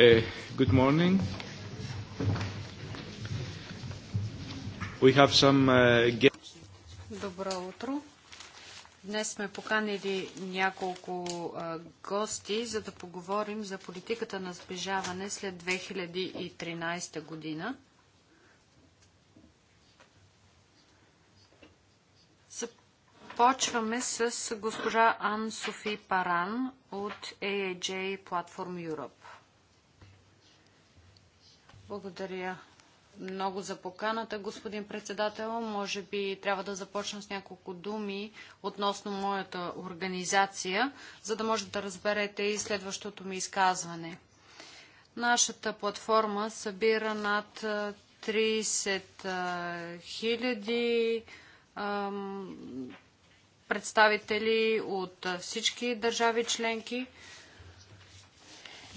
Eh, good morning. We have some eh, Добро утро. Днес сме поканили няколко гости, за да поговорим за политиката на сближаване след 2013 година. Започваме с госпожа Ан Софи Паран от AAJ Platform Europe. Благодаря много за поканата, господин председател. Може би трябва да започна с няколко думи относно моята организация, за да може да разберете и следващото ми изказване. Нашата платформа събира над 30 хиляди представители от всички държави членки –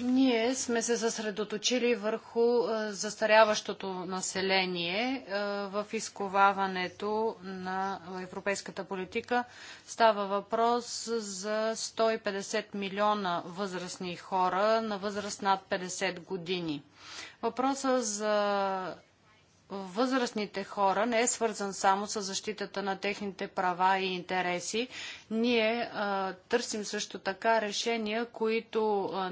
ние сме се съсредоточили върху е, застаряващото население е, в изковаването на европейската политика. Става въпрос за 150 милиона възрастни хора на възраст над 50 години. Въпросът за възрастните хора не е свързан само с защитата на техните права и интереси. Ние а, търсим също така решения, които а,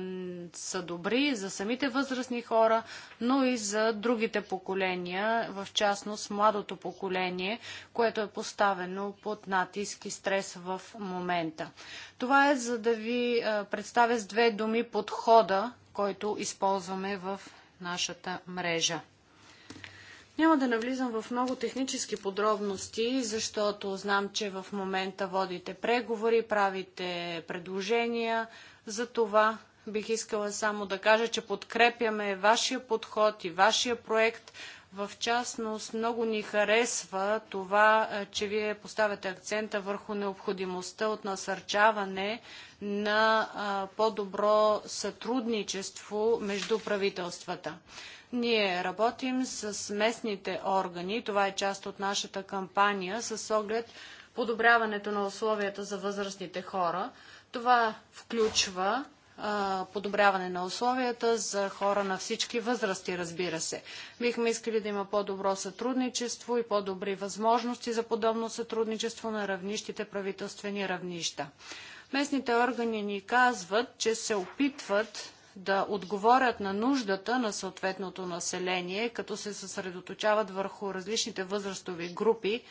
са добри за самите възрастни хора, но и за другите поколения, в частност младото поколение, което е поставено под натиск и стрес в момента. Това е за да ви а, представя с две думи подхода, който използваме в нашата мрежа. Няма да навлизам в много технически подробности, защото знам, че в момента водите преговори, правите предложения. За това бих искала само да кажа, че подкрепяме вашия подход и вашия проект. В частност, много ни харесва това, е, че вие поставяте акцента върху необходимостта от насърчаване на по-добро сътрудничество между правителствата. Ние работим с местните органи. Това е част от нашата кампания с оглед подобряването на условията за възрастните хора. Това включва подобряване на условията за хора на всички възрасти, разбира се. Бихме искали да има по-добро сътрудничество и по-добри възможности за подобно сътрудничество на равнищите правителствени равнища. Местните органи ни казват, че се опитват да отговорят на нуждата на съответното население, като се съсредоточават върху различните възрастови групи,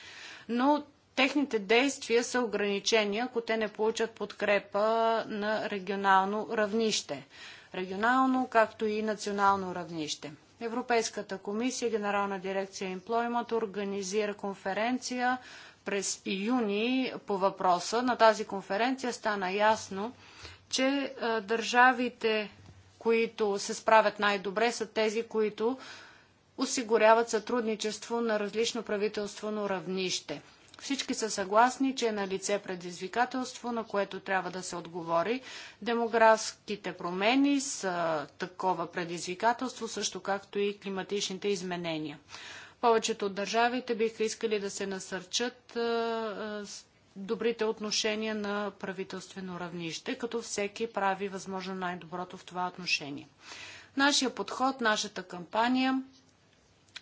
но техните действия са ограничени, ако те не получат подкрепа на регионално равнище. Регионално, както и национално равнище. Европейската комисия, Генерална дирекция Employment, организира конференция през юни по въпроса. На тази конференция стана ясно, че държавите които се справят най-добре, са тези, които осигуряват сътрудничество на различно правителствено равнище. Всички са съгласни, че е на лице предизвикателство, на което трябва да се отговори. Демографските промени са такова предизвикателство, също както и климатичните изменения. Повечето от държавите биха искали да се насърчат добрите отношения на правителствено равнище, като всеки прави възможно най-доброто в това отношение. Нашия подход, нашата кампания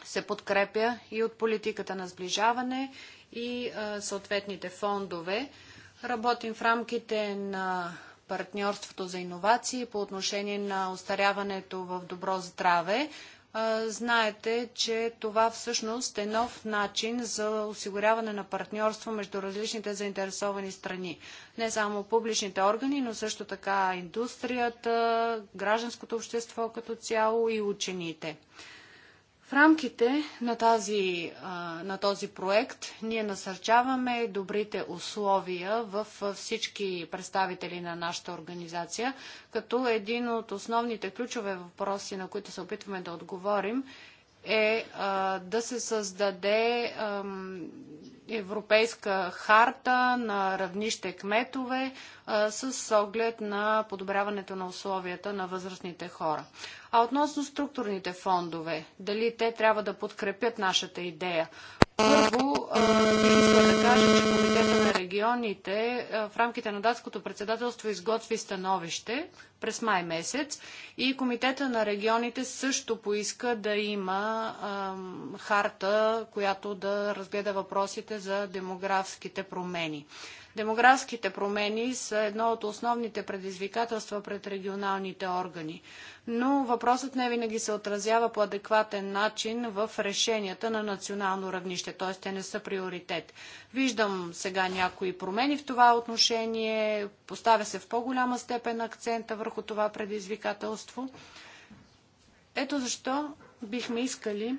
се подкрепя и от политиката на сближаване и а, съответните фондове. Работим в рамките на партньорството за иновации по отношение на остаряването в добро здраве знаете, че това всъщност е нов начин за осигуряване на партньорство между различните заинтересовани страни. Не само публичните органи, но също така индустрията, гражданското общество като цяло и учените. В рамките на, тази, на този проект ние насърчаваме добрите условия в всички представители на нашата организация, като един от основните ключове въпроси, на които се опитваме да отговорим, е да се създаде европейска харта на равнище кметове с оглед на подобряването на условията на възрастните хора. А относно структурните фондове, дали те трябва да подкрепят нашата идея? Първо, искам да кажа, че Комитета на регионите в рамките на датското председателство изготви становище през май месец и Комитета на регионите също поиска да има а, харта, която да разгледа въпросите за демографските промени. Демографските промени са едно от основните предизвикателства пред регионалните органи. Но въпросът не винаги се отразява по адекватен начин в решенията на национално равнище, т.е. те не са приоритет. Виждам сега някои промени в това отношение, поставя се в по-голяма степен акцента върху това предизвикателство. Ето защо бихме искали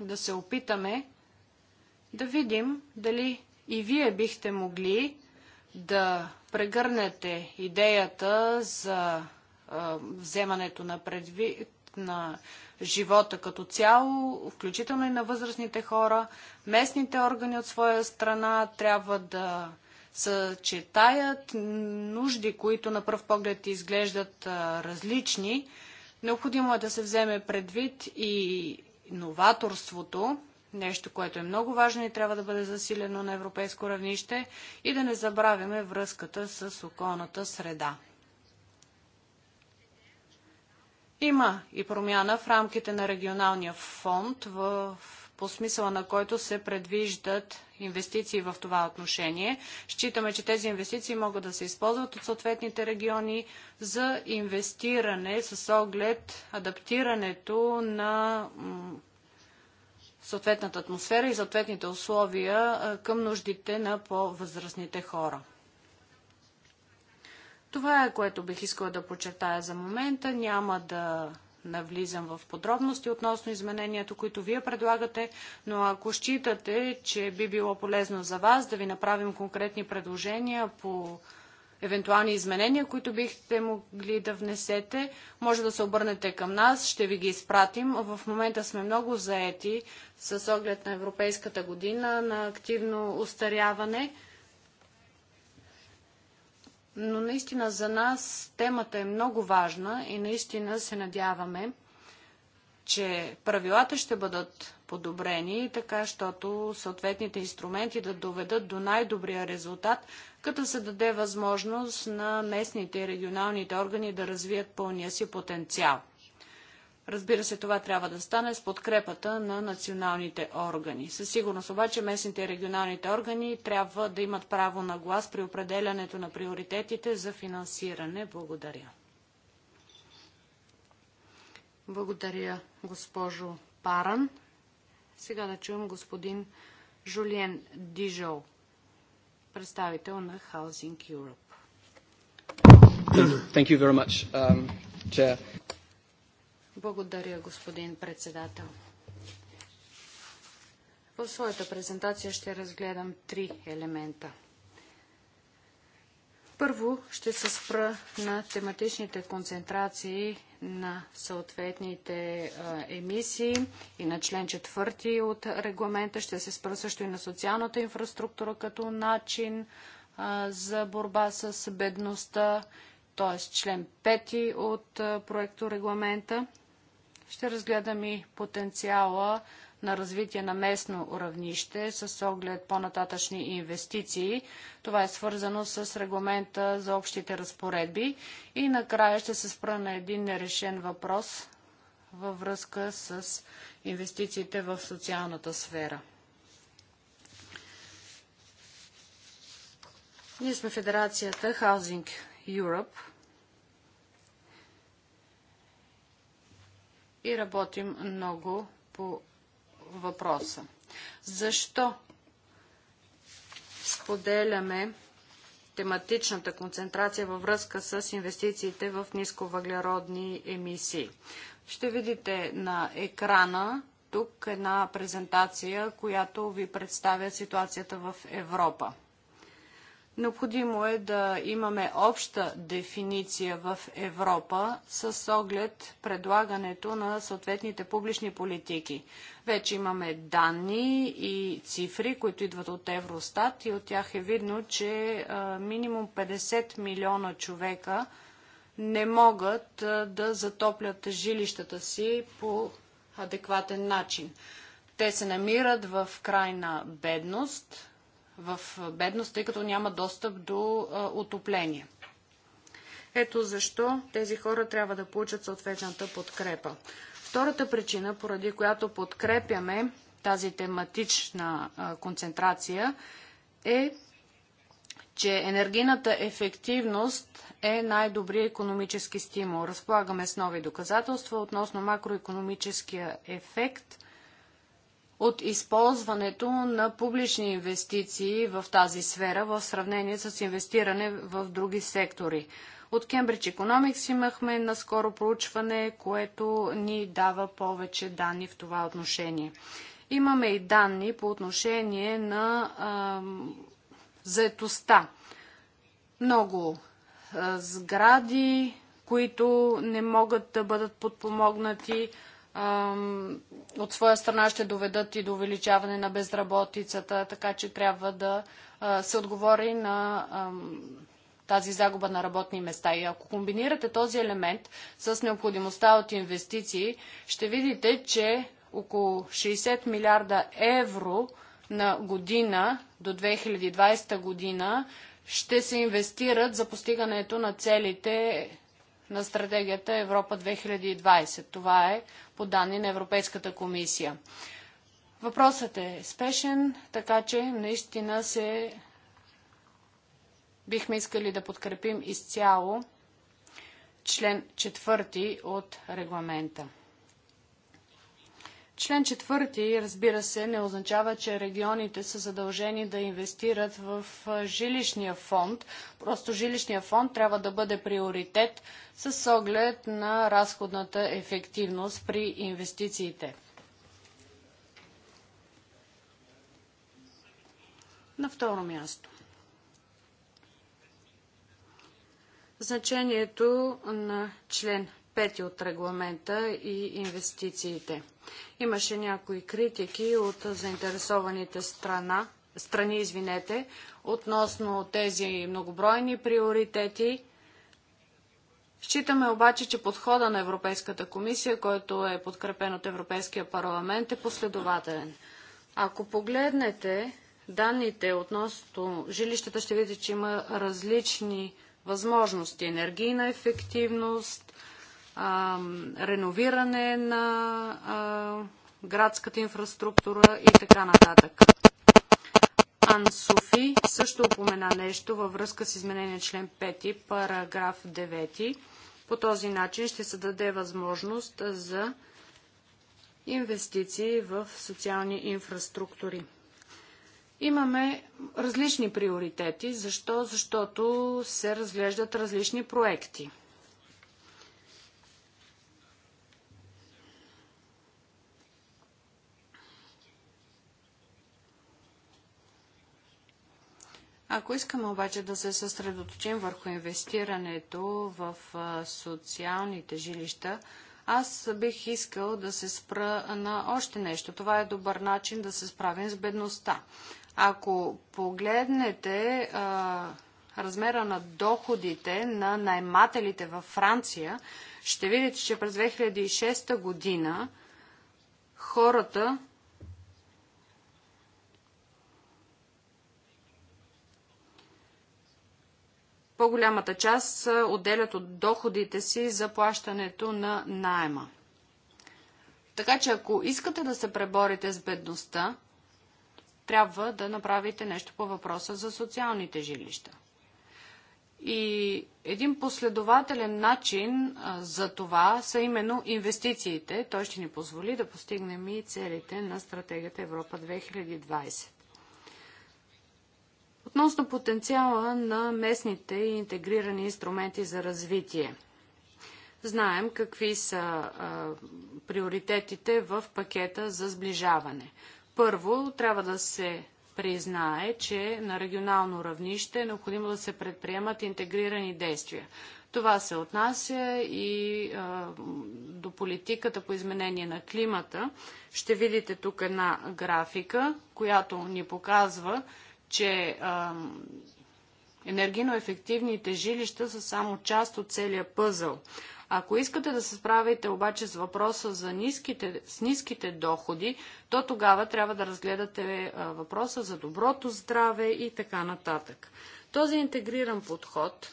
да се опитаме да видим дали и вие бихте могли да прегърнете идеята за а, вземането на предвид на живота като цяло, включително и на възрастните хора. Местните органи от своя страна трябва да съчетаят нужди, които на пръв поглед изглеждат а, различни. Необходимо е да се вземе предвид и новаторството, нещо, което е много важно и трябва да бъде засилено на европейско равнище и да не забравяме връзката с околната среда. Има и промяна в рамките на регионалния фонд, в, по смисъла на който се предвиждат инвестиции в това отношение. Считаме, че тези инвестиции могат да се използват от съответните региони за инвестиране с оглед адаптирането на съответната атмосфера и съответните условия към нуждите на по-възрастните хора. Това е което бих искала да подчертая за момента. Няма да навлизам в подробности относно изменението, които вие предлагате, но ако считате, че би било полезно за вас да ви направим конкретни предложения по евентуални изменения, които бихте могли да внесете, може да се обърнете към нас, ще ви ги изпратим. В момента сме много заети с оглед на Европейската година на активно устаряване. Но наистина за нас темата е много важна и наистина се надяваме, че правилата ще бъдат подобрени, така щото съответните инструменти да доведат до най-добрия резултат, като се даде възможност на местните и регионалните органи да развият пълния си потенциал. Разбира се, това трябва да стане с подкрепата на националните органи. Със сигурност обаче местните и регионалните органи трябва да имат право на глас при определянето на приоритетите за финансиране. Благодаря. Благодаря, госпожо Паран. Сега да чуем господин Жулиен Дижол, представител на Housing Europe. Thank you very much, um, chair. Благодаря, господин председател. В своята презентация ще разгледам три елемента – първо ще се спра на тематичните концентрации на съответните емисии и на член 4 от регламента. Ще се спра също и на социалната инфраструктура като начин за борба с бедността, т.е. член 5 от проекто регламента. Ще разгледам и потенциала на развитие на местно равнище с оглед по-нататъчни инвестиции. Това е свързано с регламента за общите разпоредби. И накрая ще се спра на един нерешен въпрос във връзка с инвестициите в социалната сфера. Ние сме федерацията Housing Europe и работим много по въпроса. Защо споделяме тематичната концентрация във връзка с инвестициите в нисковъглеродни емисии? Ще видите на екрана тук една презентация, която ви представя ситуацията в Европа. Необходимо е да имаме обща дефиниция в Европа с оглед предлагането на съответните публични политики. Вече имаме данни и цифри, които идват от Евростат и от тях е видно, че минимум 50 милиона човека не могат да затоплят жилищата си по адекватен начин. Те се намират в крайна бедност, в бедност, тъй като няма достъп до отопление. Ето защо тези хора трябва да получат съответната подкрепа. Втората причина, поради която подкрепяме тази тематична концентрация, е, че енергийната ефективност е най-добрият економически стимул. Разполагаме с нови доказателства относно макроекономическия ефект – от използването на публични инвестиции в тази сфера в сравнение с инвестиране в други сектори. От Cambridge Economics имахме наскоро проучване, което ни дава повече данни в това отношение. Имаме и данни по отношение на а, заетостта. Много а, сгради, които не могат да бъдат подпомогнати, от своя страна ще доведат и до увеличаване на безработицата, така че трябва да се отговори на тази загуба на работни места. И ако комбинирате този елемент с необходимостта от инвестиции, ще видите, че около 60 милиарда евро на година до 2020 година ще се инвестират за постигането на целите на стратегията Европа 2020. Това е по данни на Европейската комисия. Въпросът е спешен, така че наистина се бихме искали да подкрепим изцяло член 4 от регламента. Член четвърти, разбира се, не означава, че регионите са задължени да инвестират в жилищния фонд. Просто жилищния фонд трябва да бъде приоритет с оглед на разходната ефективност при инвестициите. На второ място. Значението на член пети от регламента и инвестициите. Имаше някои критики от заинтересованите страна, страни, извинете, относно тези многобройни приоритети. Считаме обаче, че подхода на Европейската комисия, който е подкрепен от Европейския парламент, е последователен. Ако погледнете данните относно жилищата, ще видите, че има различни възможности. Енергийна ефективност, а, реновиране на а, градската инфраструктура и така нататък. Ан Суфи също упомена нещо във връзка с изменение член 5, параграф 9. По този начин ще се даде възможност за инвестиции в социални инфраструктури. Имаме различни приоритети. Защо? Защото се разглеждат различни проекти. Ако искаме обаче да се съсредоточим върху инвестирането в социалните жилища, аз бих искал да се спра на още нещо. Това е добър начин да се справим с бедността. Ако погледнете а, размера на доходите на наймателите във Франция, ще видите, че през 2006 година хората по-голямата част отделят от доходите си за плащането на найема. Така че ако искате да се преборите с бедността, трябва да направите нещо по въпроса за социалните жилища. И един последователен начин за това са именно инвестициите. Той ще ни позволи да постигнем и целите на стратегията Европа 2020. Относно потенциала на местните и интегрирани инструменти за развитие. Знаем какви са а, приоритетите в пакета за сближаване. Първо, трябва да се признае, че на регионално равнище е необходимо да се предприемат интегрирани действия. Това се отнася и а, до политиката по изменение на климата. Ще видите тук една графика, която ни показва, че енергийно ефективните жилища са само част от целия пъзъл. Ако искате да се справите обаче с въпроса за ниските, с ниските доходи, то тогава трябва да разгледате въпроса за доброто здраве и така нататък. Този интегриран подход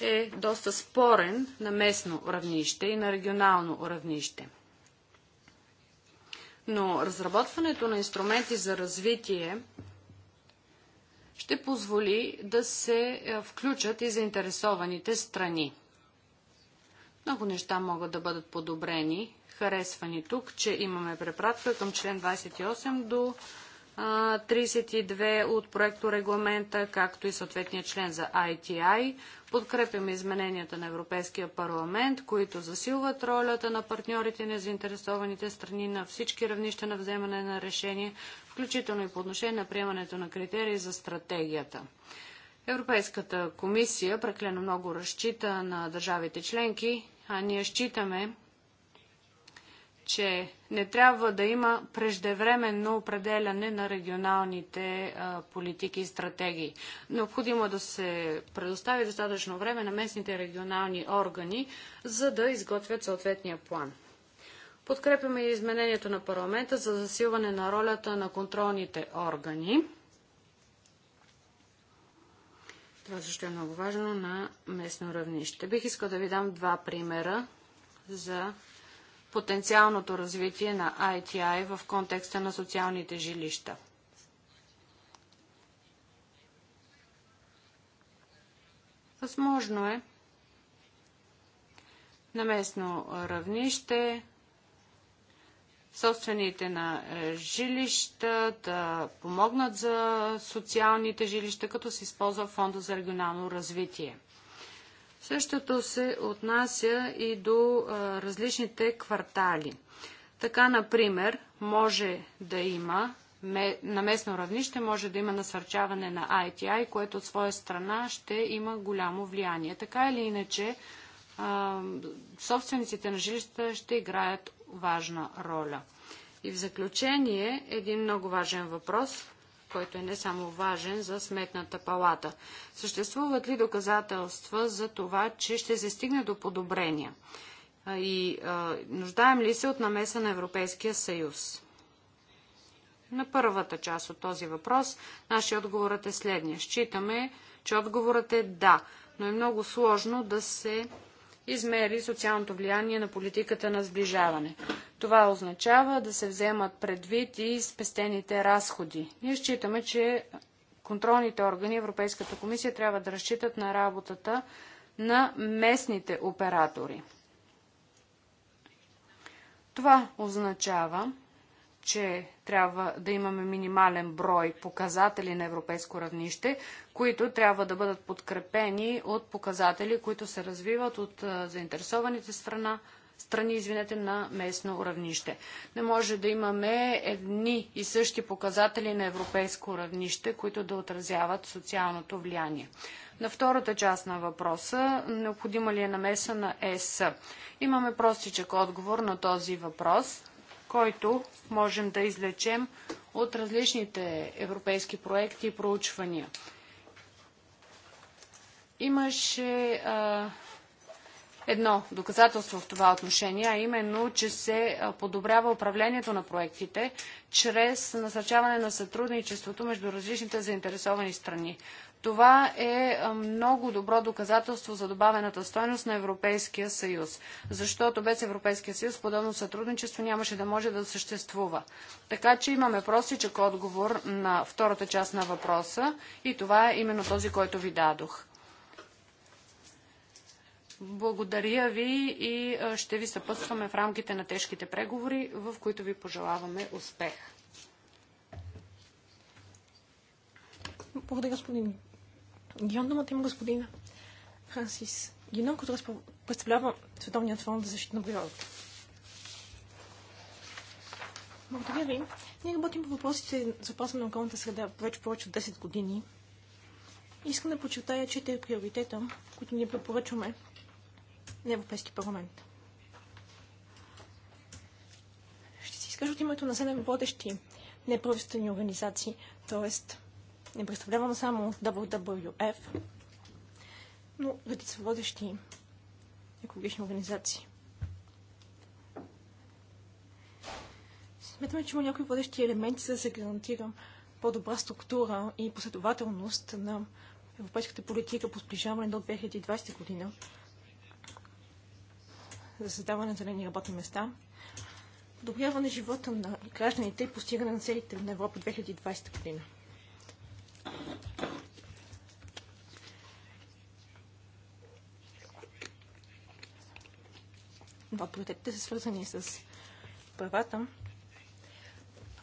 е доста спорен на местно равнище и на регионално равнище. Но разработването на инструменти за развитие ще позволи да се е, включат и заинтересованите страни. Много неща могат да бъдат подобрени. Харесвани тук, че имаме препратка към член 28 до 32 от проекто регламента, както и съответния член за ITI. Подкрепяме измененията на Европейския парламент, които засилват ролята на партньорите на заинтересованите страни на всички равнища на вземане на решение, включително и по отношение на приемането на критерии за стратегията. Европейската комисия преклено много разчита на държавите членки, а ние считаме, че не трябва да има преждевременно определяне на регионалните а, политики и стратегии. Необходимо е да се предостави достатъчно време на местните регионални органи, за да изготвят съответния план. Подкрепяме и изменението на парламента за засилване на ролята на контролните органи. Това също е много важно на местно равнище. Бих искал да ви дам два примера за потенциалното развитие на ITI в контекста на социалните жилища. Възможно е на местно равнище собствените на е, жилища да помогнат за социалните жилища, като се използва фонда за регионално развитие – Същото се отнася и до различните квартали. Така, например, може да има на местно равнище може да има насърчаване на ITI, което от своя страна ще има голямо влияние. Така или иначе, собствениците на жилища ще играят важна роля. И в заключение, един много важен въпрос – който е не само важен за сметната палата. Съществуват ли доказателства за това, че ще се стигне до подобрения? И а, нуждаем ли се от намеса на Европейския съюз? На първата част от този въпрос нашия отговорът е следния. Считаме, че отговорът е да, но е много сложно да се измери социалното влияние на политиката на сближаване. Това означава да се вземат предвид и спестените разходи. Ние считаме, че контролните органи, Европейската комисия трябва да разчитат на работата на местните оператори. Това означава, че трябва да имаме минимален брой показатели на европейско равнище, които трябва да бъдат подкрепени от показатели, които се развиват от заинтересованите страна, страни извинете, на местно равнище. Не може да имаме едни и същи показатели на европейско равнище, които да отразяват социалното влияние. На втората част на въпроса, необходима ли е намеса на ЕС? Имаме простичък отговор на този въпрос – който можем да излечем от различните европейски проекти и проучвания. Имаше а, едно доказателство в това отношение, а именно, че се подобрява управлението на проектите чрез насърчаване на сътрудничеството между различните заинтересовани страни. Това е много добро доказателство за добавената стойност на Европейския съюз, защото без Европейския съюз подобно сътрудничество нямаше да може да съществува. Така че имаме простичък отговор на втората част на въпроса и това е именно този, който ви дадох. Благодаря ви и ще ви съпътстваме в рамките на тежките преговори, в които ви пожелаваме успех. Благодаря, господин Гион думата има господин Франсис Гинон, който представлява Световният фонд за защита на природата. Благодаря ви. Ние работим по въпросите за опазване на околната среда вече повече от 10 години. Искам да почертая, четири приоритета, които ние препоръчваме на Европейски парламент. Ще си изкажа от името на 7 водещи неправителствени организации, т.е не представлявам само WWF, но редица водещи екологични организации. Сметаме, че има някои водещи елементи, за да се гарантира по-добра структура и последователност на европейската политика по сближаване до 2020 година за създаване на зелени работни места, подобряване живота на гражданите и постигане на целите на Европа 2020 година. Два приоритетите са свързани с правата,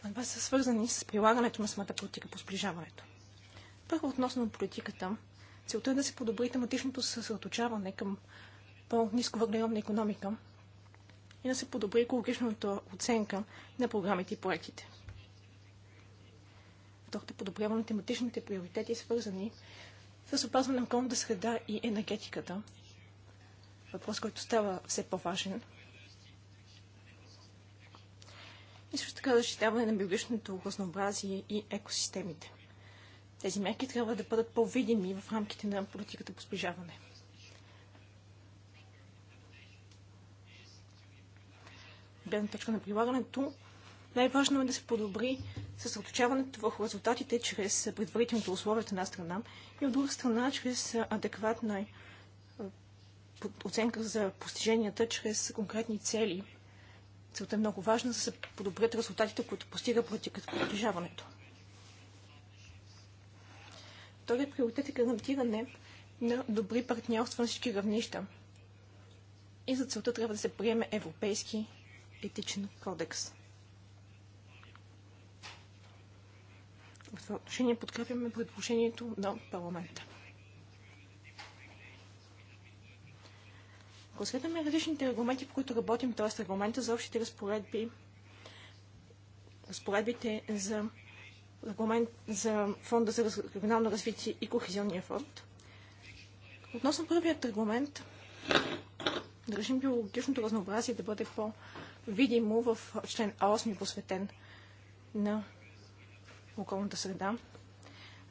а два са свързани с прилагането на самата политика по сближаването. Първо относно политиката, целта е да се подобри тематичното съсредоточаване към по-низко въглеродна економика и да се подобри екологичната оценка на програмите и проектите. Второто е подобряване на тематичните приоритети, свързани с опазване на околната среда и енергетиката въпрос, който става все по-важен. И също така защитаване на биологичното разнообразие и екосистемите. Тези мерки трябва да бъдат по-видими в рамките на политиката по сближаване. Бедна точка на прилагането, най-важно е да се подобри съсредоточаването върху резултатите чрез предварителното условие от една страна и от друга страна чрез адекватна оценка за постиженията чрез конкретни цели. Целта е много важна, за да се подобрят резултатите, които постига политиката по притежаването. Вторият приоритет е гарантиране на добри партньорства на всички равнища. И за целта трябва да се приеме Европейски етичен кодекс. В това отношение подкрепяме предложението на парламента. разгледаме различните регламенти, по които работим, т.е. регламента за общите разпоредби, разпоредбите за регламент за фонда за регионално развитие и кохезионния фонд. Относно първият регламент, държим биологичното разнообразие да бъде по-видимо в член 8, посветен на околната среда.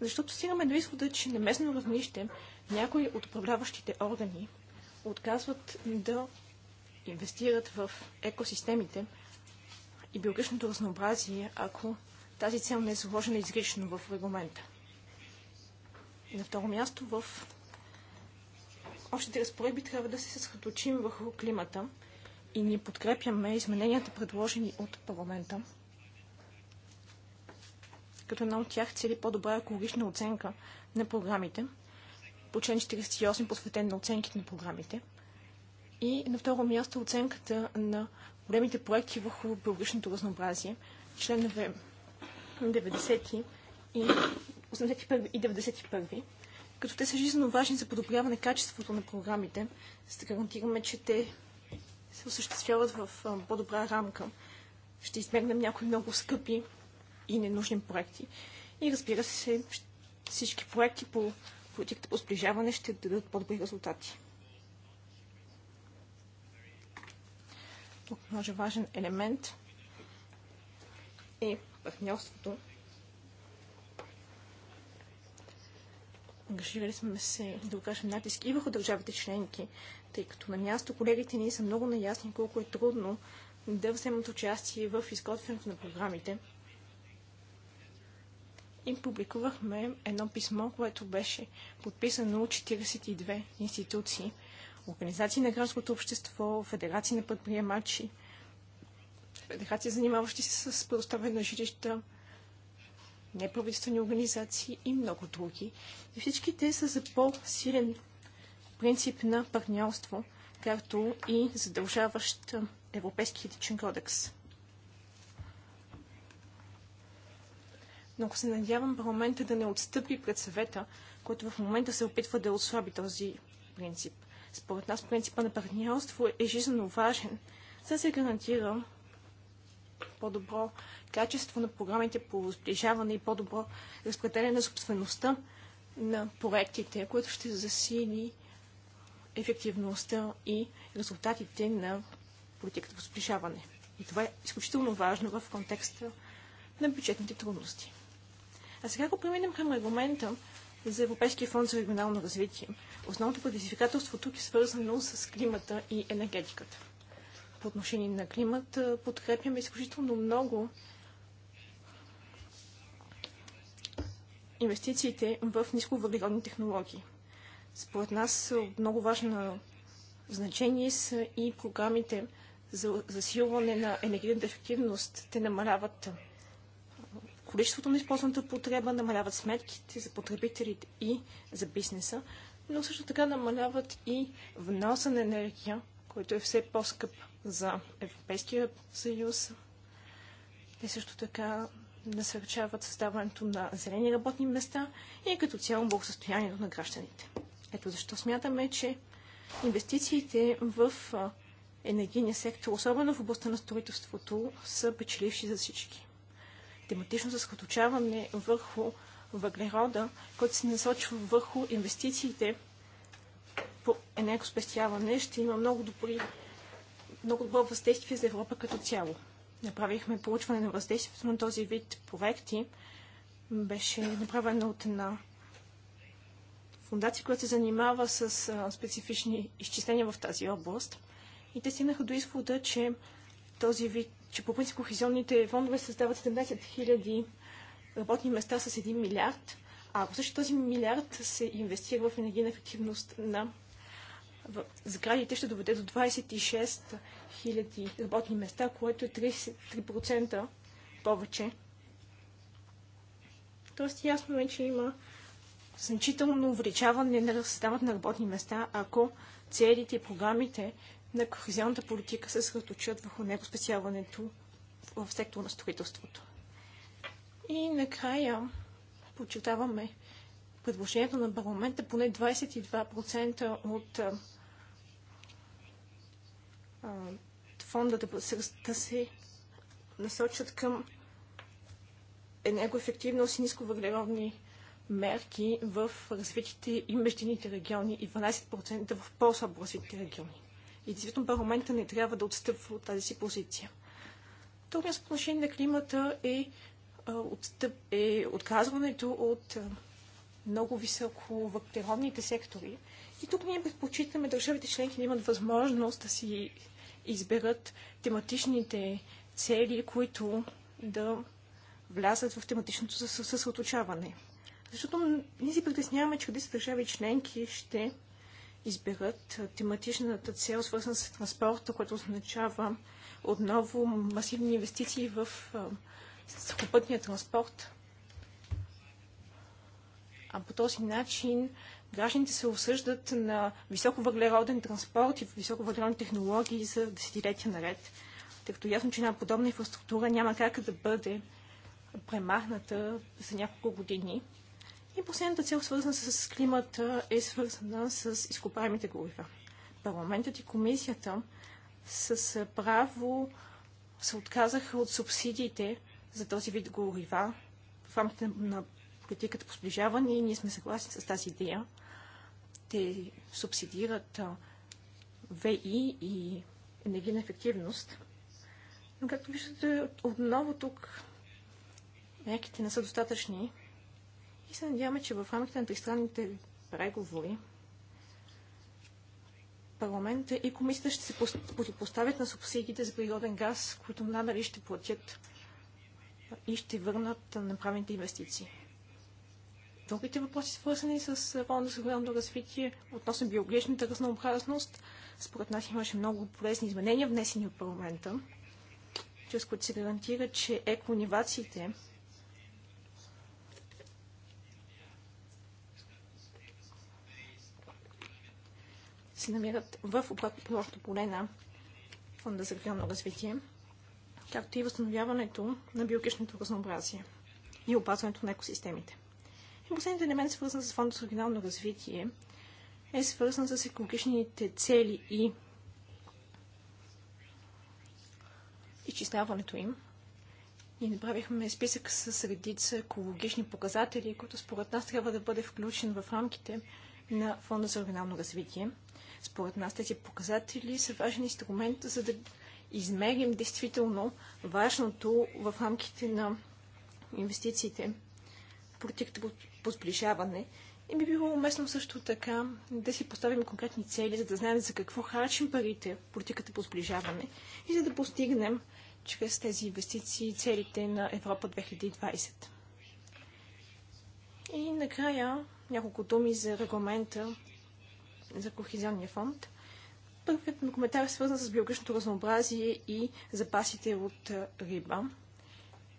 Защото стигаме до изхода, че на местно равнище някои от управляващите органи отказват да инвестират в екосистемите и биологичното разнообразие, ако тази цел не е заложена изрично в регламента. И на второ място, в общите разпоредби трябва да се съсредоточим върху климата и ние подкрепяме измененията, предложени от парламента. Като една от тях цели по-добра екологична оценка на програмите – по член 48, посветен на оценките на програмите. И на второ място оценката на големите проекти върху биологичното разнообразие, членове 90 и 81 и 91, като те са жизненно важни за подобряване качеството на програмите, за да гарантираме, че те се осъществяват в по-добра рамка. Ще избегнем някои много скъпи и ненужни проекти. И разбира се, всички проекти по политиката по сближаване ще дадат по-добри резултати. Тук може важен елемент е партньорството. Ангажирали сме се да окажем натиск и върху държавите членки, тъй като на място колегите ни са много наясни колко е трудно да вземат участие в изготвянето на програмите и публикувахме едно писмо, което беше подписано от 42 институции, организации на гражданското общество, федерации на предприемачи, федерации, занимаващи се с предоставяне на жилища, неправителствени организации и много други. И всички те са за по-силен принцип на партньорство, както и задължаващ Европейския етичен кодекс. Но ако се надявам парламента да не отстъпи пред съвета, който в момента се опитва да ослаби този принцип. Според нас принципа на партньорство е жизненно важен, за да се гарантира по-добро качество на програмите по сближаване и по-добро разпределение на собствеността на проектите, което ще засили ефективността и резултатите на политиката по сближаване. И това е изключително важно в контекста на бюджетните трудности. А сега, ако преминем към регламента за Европейския фонд за регионално развитие, основното предизвикателство тук е свързано с климата и енергетиката. По отношение на климата подкрепяме изключително много инвестициите в нисковъглеродни технологии. Според нас много важно значение са и програмите за засилване на енергийната ефективност. Те намаляват количеството на използваната потреба, намаляват сметките за потребителите и за бизнеса, но също така намаляват и вноса на енергия, който е все по-скъп за Европейския съюз. Те също така насърчават създаването на зелени работни места и като цяло благосъстоянието на гражданите. Ето защо смятаме, че инвестициите в енергийния сектор, особено в областта на строителството, са печеливши за всички тематично съсредоточаване върху въглерода, който се насочва върху инвестициите по енергоспестяване, ще има много добри много добро въздействие за Европа като цяло. Направихме получване на въздействието на този вид проекти. Беше направено от една фундация, която се занимава с специфични изчисления в тази област. И те стигнаха до извода, че този вид че по принцип кохезионните фондове създават 17 000 работни места с 1 милиард, а ако също този милиард се инвестира в енергийна ефективност на в сградите, ще доведе до 26 000 работни места, което е 33% повече. Тоест ясно е, че има значително увеличаване на създаването на работни места, ако целите и програмите на кохезионната политика се съсредоточат върху него спесяването в сектора на строителството. И накрая подчертаваме предложението на парламента поне 22% от а, фонда да, да се насочат към енергоефективност и нисковъглеродни мерки в развитите и междинните региони и 12% в по-слабо развитите региони. И действительно, парламента не трябва да отстъпва от тази си позиция. Втория по отношение на климата е, отстъп, е отказването от много високо въглеродните сектори. И тук ние предпочитаме държавите членки да имат възможност да си изберат тематичните цели, които да влязат в тематичното съсредоточаване. Защото ние си притесняваме, че къде са държави членки ще изберат тематичната цел, свързана с транспорта, което означава отново масивни инвестиции в сухопътния транспорт. А по този начин гражданите се осъждат на високовъглероден транспорт и високовъглеродни технологии за десетилетия наред, тъй като ясно, че една подобна инфраструктура няма как да бъде премахната за няколко години. И последната цел, свързана с климата, е свързана с изкопаемите горива. Парламентът и комисията с право се отказаха от субсидиите за този вид горива в рамките на политиката по сближаване и ние сме съгласни с тази идея. Те субсидират ВИ и енергийна ефективност. Но както виждате, отново тук мерките не са достатъчни, и се надяваме, че в рамките на тристранните преговори парламента и комисията ще се противопоставят на субсидиите за природен газ, които надали ще платят и ще върнат направените инвестиции. Другите въпроси, свързани с фонда за регионално развитие относно биологичната разнообразност, според нас имаше много полезни изменения, внесени от парламента, чрез които се гарантира, че екоинновациите се намират в обратното поле на Фонда за регионално развитие, както и възстановяването на биологичното разнообразие и опазването на екосистемите. И последният елемент, свързан с Фонда за регионално развитие, е свързан с екологичните цели и изчисляването им. и направихме списък с редица екологични показатели, които според нас трябва да бъде включен в рамките на Фонда за регионално развитие. Според нас тези показатели са важен инструмент, за да измерим действително важното в рамките на инвестициите в политиката по сближаване. И би било уместно също така да си поставим конкретни цели, за да знаем за какво харчим парите в политиката по сближаване и за да постигнем чрез тези инвестиции целите на Европа 2020. И накрая няколко думи за регламента за Кохизионния фонд. Първият ми коментар е свързан с биологичното разнообразие и запасите от риба.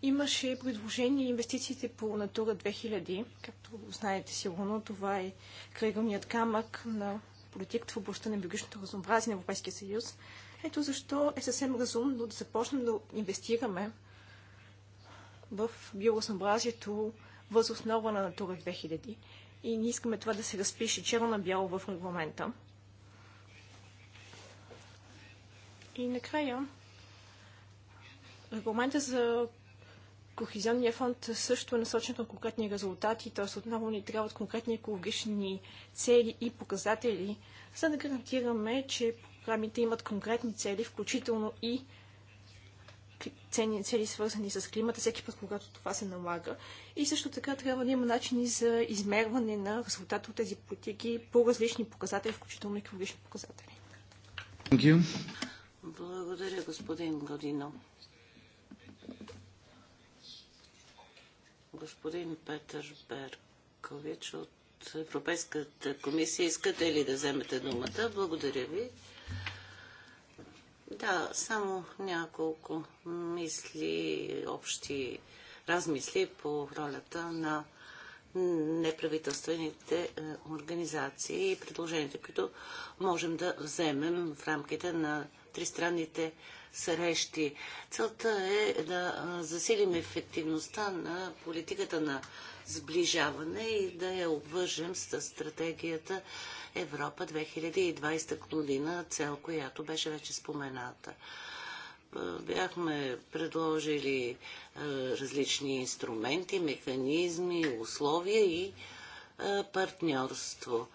Имаше предложение инвестициите по Натура 2000. Както знаете сигурно, това е кръгълният камък на политиката в областта на биологичното разнообразие на Европейския съюз. Ето защо е съвсем разумно да започнем да инвестираме в биоразнообразието въз основа на Натура 2000 и не искаме това да се разпише черно на бяло в регламента. И накрая, регламента за Кохизионния фонд също е насочен към конкретни резултати, т.е. отново ни трябват конкретни екологични цели и показатели, за да гарантираме, че програмите имат конкретни цели, включително и цели, цели свързани с климата, всеки път, когато това се налага. И също така трябва да има начини за измерване на резултата от тези политики по различни показатели, включително и екологични показатели. Благодаря, господин Годино. Господин Петър Беркович от Европейската комисия, искате ли да вземете думата? Благодаря ви. Да, само няколко мисли, общи размисли по ролята на неправителствените е, организации и предложенията, които можем да вземем в рамките на тристранните срещи. Целта е да засилим ефективността на политиката на сближаване и да я обвържем с стратегията Европа 2020 година, цел, която беше вече спомената. Бяхме предложили различни инструменти, механизми, условия и партньорство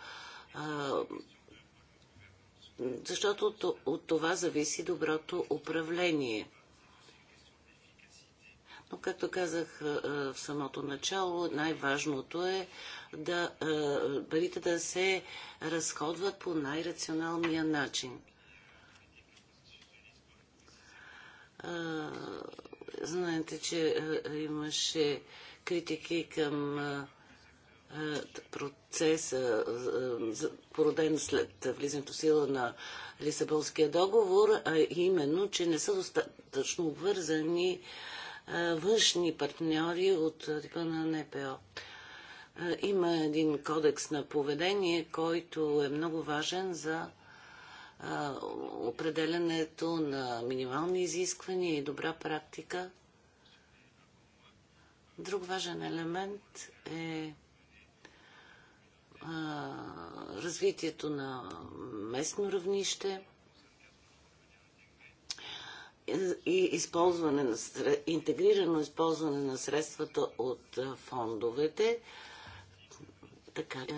защото от това зависи доброто управление. Но, както казах в самото начало, най-важното е да парите да се разходват по най-рационалния начин. Знаете, че имаше критики към е, процеса, е, породен след влизането сила на Лисабонския договор, а именно, че не са достатъчно обвързани е, външни партньори от типа на НПО. Има един кодекс на поведение, който е много важен за определенето на минимални изисквания и добра практика. Друг важен елемент е развитието на местно равнище и използване на, интегрирано използване на средствата от фондовете, така, е,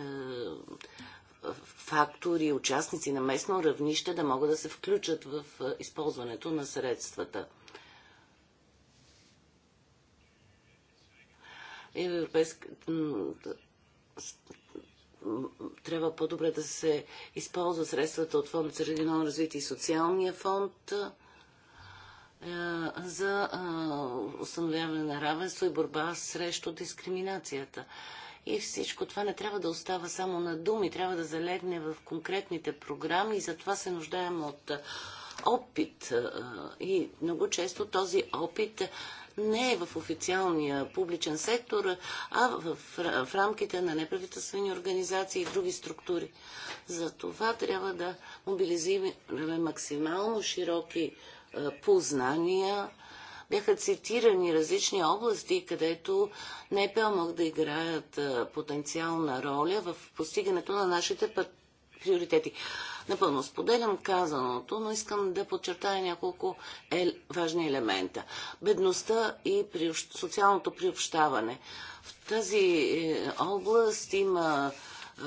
фактори, участници на местно равнище да могат да се включат в използването на средствата. Европейска трябва по-добре да се използват средствата от фонд за регионално развитие и социалния фонд е, за е, установяване на равенство и борба срещу дискриминацията. И всичко това не трябва да остава само на думи, трябва да залегне в конкретните програми и затова се нуждаем от е, опит. И много често този опит не е в официалния публичен сектор, а в, в рамките на неправителствени организации и други структури. За това трябва да мобилизираме максимално широки е, познания. Бяха цитирани различни области, където НПО могат да играят е, потенциална роля в постигането на нашите път приоритети. Напълно споделям казаното, но искам да подчертая няколко е, важни елемента. Бедността и при- социалното приобщаване. В тази е, област има е,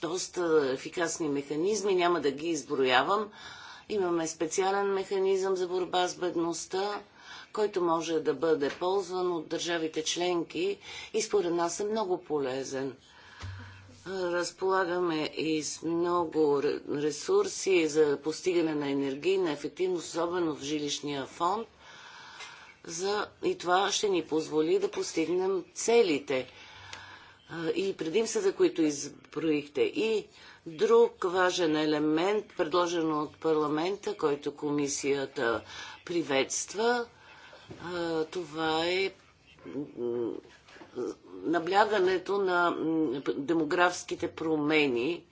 доста ефикасни механизми, няма да ги изброявам. Имаме специален механизъм за борба с бедността, който може да бъде ползван от държавите членки и според нас е много полезен Разполагаме и с много ресурси за постигане на енергийна ефективност, особено в жилищния фонд. За... И това ще ни позволи да постигнем целите и предимствата, които изброихте. И друг важен елемент, предложен от парламента, който комисията приветства, това е наблягането на демографските промени.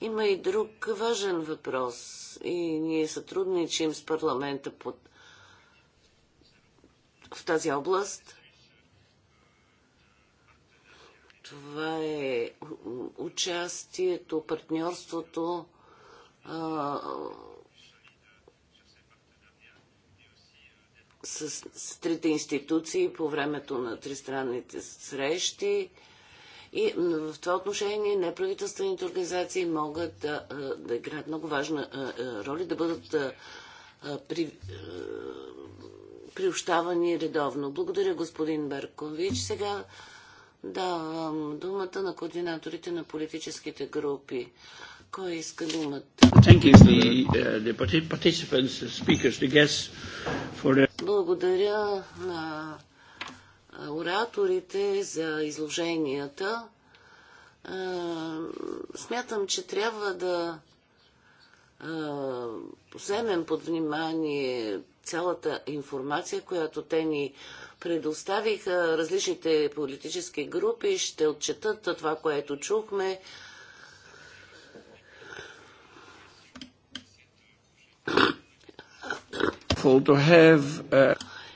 Има и друг важен въпрос и ние сътрудничим с парламента под... в тази област. Това е участието, партньорството а, с, с трите институции по времето на тристранните срещи. И в това отношение неправителствените организации могат да, да играят много важна роля, да бъдат при, приобщавани редовно. Благодаря, господин Беркович. Сега давам думата на координаторите на политическите групи. Кой иска думата? Благодаря на ораторите за изложенията. Смятам, че трябва да вземем под внимание цялата информация, която те ни предоставиха. Различните политически групи ще отчетат това, което чухме helpful to have... Uh,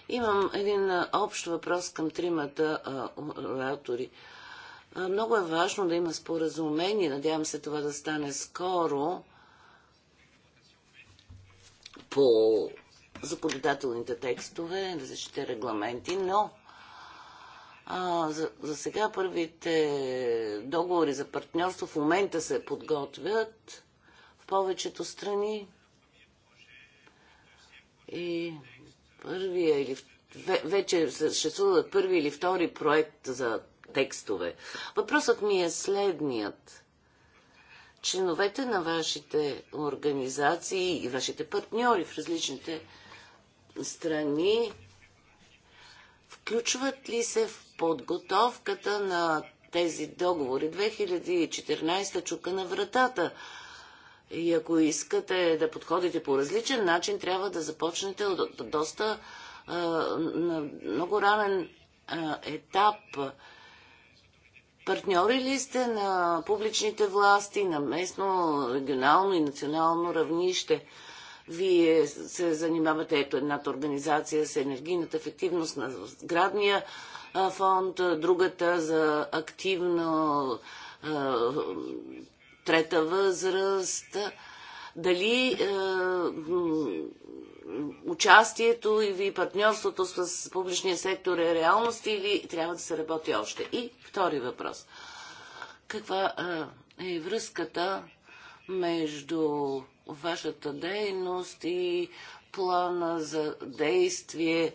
Имам един общ въпрос към тримата оратори. Много е важно да има споразумение, надявам се това да стане скоро, по законодателните текстове, различните регламенти, но а, за, за сега първите договори за партньорство в момента се подготвят в повечето страни. И първия или вече съществуват първи или втори проект за текстове. Въпросът ми е следният. Членовете на вашите организации и вашите партньори в различните страни включват ли се в подготовката на тези договори? 2014 чука на вратата и ако искате да подходите по различен начин, трябва да започнете от доста на много ранен етап. Партньори ли сте на публичните власти, на местно, регионално и национално равнище? Вие се занимавате, ето едната организация с енергийната ефективност на сградния фонд, другата за активно трета възраст, дали е, участието и партньорството с публичния сектор е реалност или трябва да се работи още? И втори въпрос. Каква е, е връзката между вашата дейност и плана за действие, е,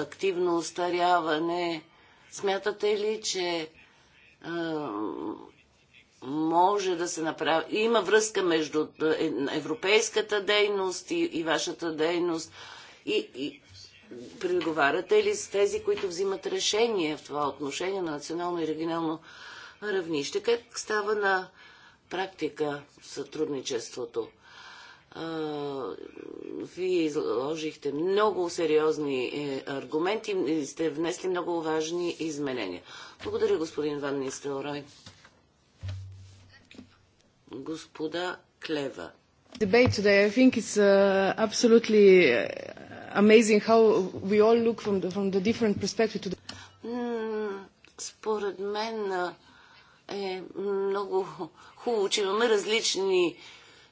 активно устаряване? Смятате ли, че е, може да се направи. Има връзка между е, европейската дейност и, и вашата дейност. И, и преговаряте ли с тези, които взимат решение в това отношение на национално и регионално равнище? Как става на практика сътрудничеството? Вие изложихте много сериозни е, аргументи и сте внесли много важни изменения. Благодаря, господин Ван Нистелрой. Господа Клева. Debate today, I think it's uh, absolutely amazing how we all look from the, from the different perspective to the... Mm, според мен е много хубаво, че имаме различни uh,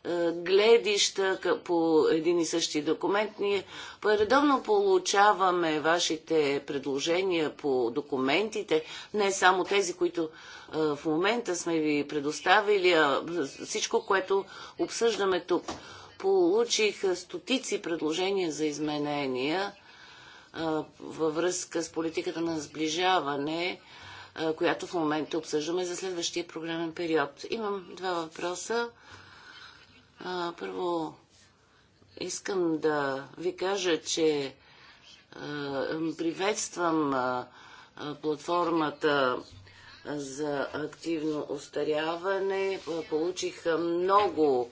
е, гледища по един и същи документ. Ние редовно получаваме вашите предложения по документите, не само тези, които е, в момента сме ви предоставили, а всичко, което обсъждаме тук. Получих стотици предложения за изменения е, във връзка с политиката на сближаване, която в момента обсъждаме за следващия програмен период. Имам два въпроса. А, първо, искам да ви кажа, че а, приветствам а, платформата за активно остаряване. Получих много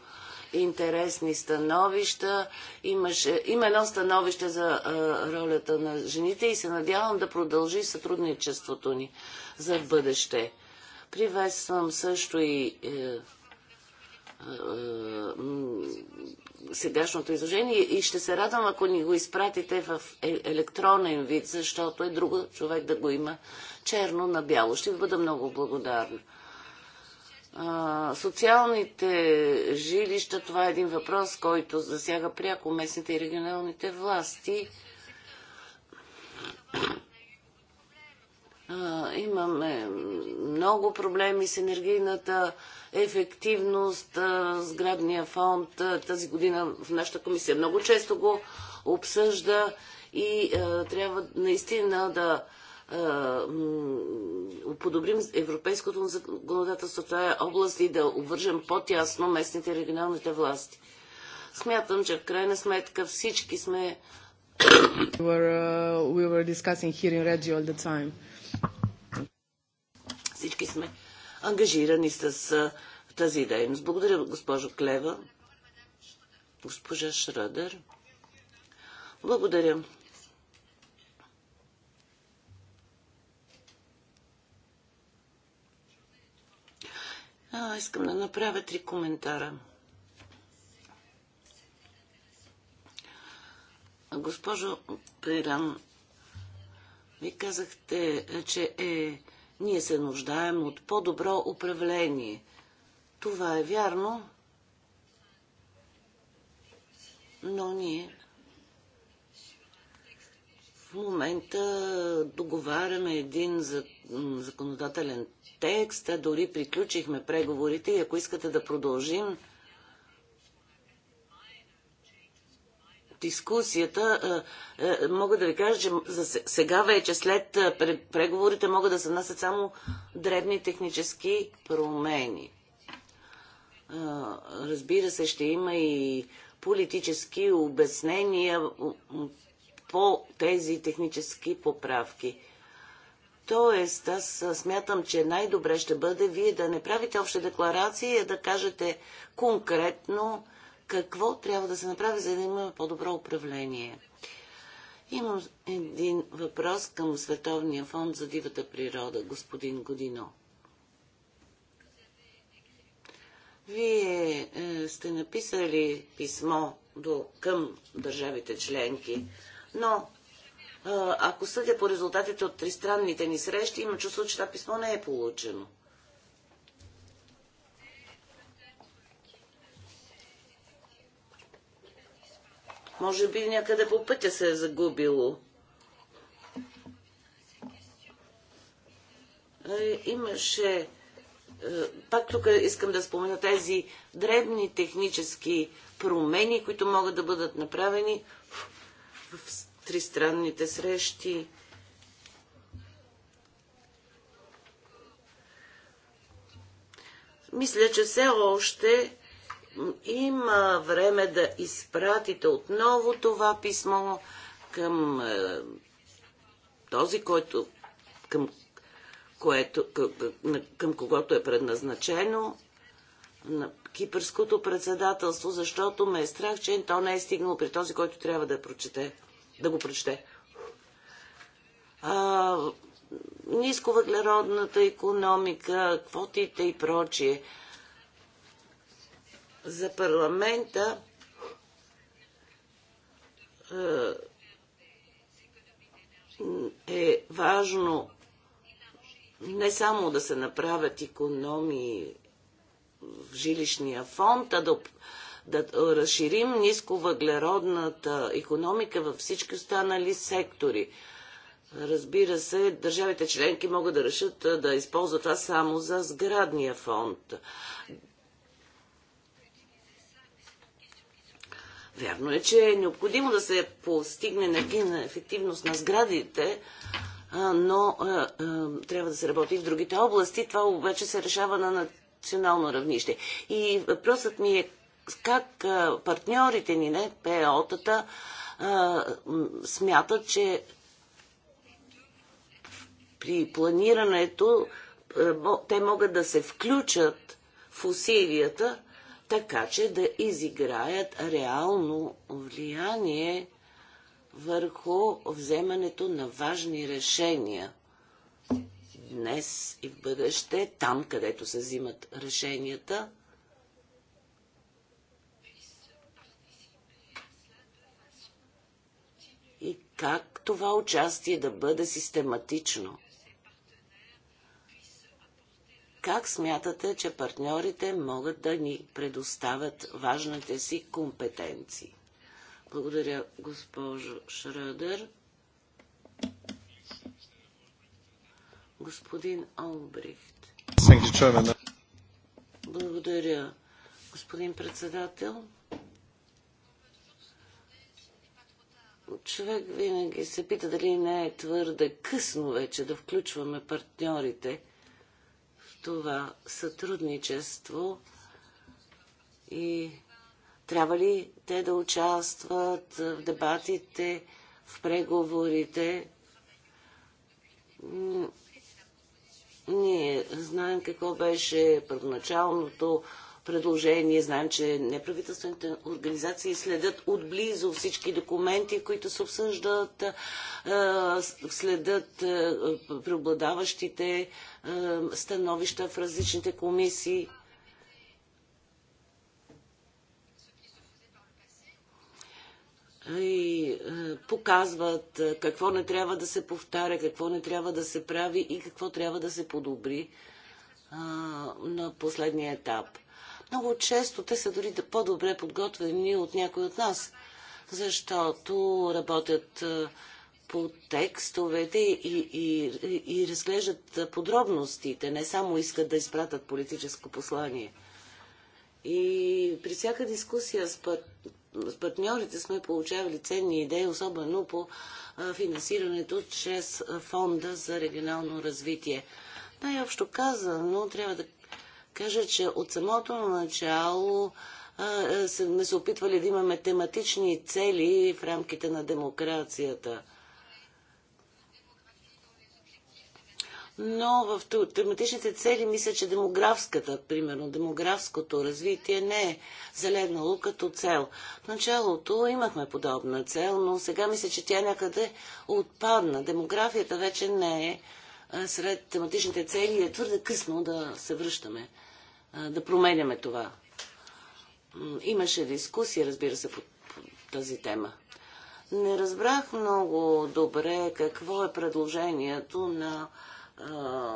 интересни становища. Имаше, има едно становище за а, ролята на жените и се надявам да продължи сътрудничеството ни за бъдеще. Приветствам също и е, е, е, сегашното изложение и ще се радвам, ако ни го изпратите в е, електронен вид, защото е друго човек да го има черно на бяло. Ще ви бъда много благодарна. социалните жилища, това е един въпрос, който засяга пряко местните и регионалните власти. Имаме много проблеми с енергийната ефективност, сградния фонд. Тази година в нашата комисия много често го обсъжда и трябва наистина да подобрим европейското законодателство в тази е област и да обвържем по-тясно местните и регионалните власти. Смятам, че в крайна сметка всички сме. We were, uh, we were discussing here in Reggio all the time всички сме ангажирани с тази дейност. Благодаря, госпожо Клева. Госпожа Шрадер. Благодаря. А, искам да направя три коментара. Госпожо Приран, ви казахте, че е ние се нуждаем от по-добро управление. Това е вярно, но ние в момента договаряме един законодателен текст, а дори приключихме преговорите и ако искате да продължим, дискусията мога да ви кажа, че сега вече след преговорите могат да се насят само дребни технически промени. Разбира се, ще има и политически обяснения по тези технически поправки. Тоест, аз смятам, че най-добре ще бъде вие да не правите обща декларация а да кажете конкретно какво трябва да се направи, за да имаме по-добро управление. Имам един въпрос към Световния фонд за дивата природа, господин Годино. Вие е, сте написали писмо до, към държавите членки, но е, ако съдя по резултатите от тристранните ни срещи, има чувство, че това писмо не е получено. Може би някъде по пътя се е загубило. Е, имаше. Е, пак тук искам да спомена тези дребни технически промени, които могат да бъдат направени в тристранните срещи. Мисля, че все още има време да изпратите отново това писмо към е, този, който, към, което, към, към когото е предназначено на кипърското председателство, защото ме е страх, че то не е стигнало при този, който трябва да, прочете, да го прочете. А, нисковъглеродната економика, квотите и прочие – за парламента е, е важно не само да се направят економии в жилищния фонд, а да, да разширим нисковъглеродната економика във всички останали сектори. Разбира се, държавите членки могат да решат да използват това само за сградния фонд. Вярно е, че е необходимо да се постигне енергийна ефективност на сградите, но трябва да се работи и в другите области. Това обаче се решава на национално равнище. И въпросът ми е как партньорите ни, не ПО-тата, смятат, че при планирането те могат да се включат в усилията така че да изиграят реално влияние върху вземането на важни решения днес и в бъдеще, там където се взимат решенията, и как това участие да бъде систематично – как смятате, че партньорите могат да ни предоставят важните си компетенции? Благодаря, госпожо Шрадер. Господин Олбрихт. Благодаря, господин председател. Човек винаги се пита дали не е твърде късно вече да включваме партньорите – това сътрудничество и трябва ли те да участват в дебатите, в преговорите? Ние знаем какво беше първоначалното предложение. Знаем, че неправителствените организации следят отблизо всички документи, които се обсъждат, следят преобладаващите становища в различните комисии. и показват какво не трябва да се повтаря, какво не трябва да се прави и какво трябва да се подобри на последния етап. Много често те са дори да по-добре подготвени от някой от нас, защото работят по текстовете и, и, и разглеждат подробностите, не само искат да изпратят политическо послание. И при всяка дискусия с, пар... с партньорите сме получавали ценни идеи, особено по финансирането чрез фонда за регионално развитие. Най-общо казано, трябва да кажа, че от самото начало сме се опитвали да имаме тематични цели в рамките на демокрацията. Но в тематичните цели мисля, че демографската, примерно демографското развитие не е залегнало като цел. В началото имахме подобна цел, но сега мисля, че тя някъде отпадна. Демографията вече не е сред тематичните цели и е твърде късно да се връщаме да променяме това. Имаше дискусия, разбира се, по тази тема. Не разбрах много добре какво е предложението на а,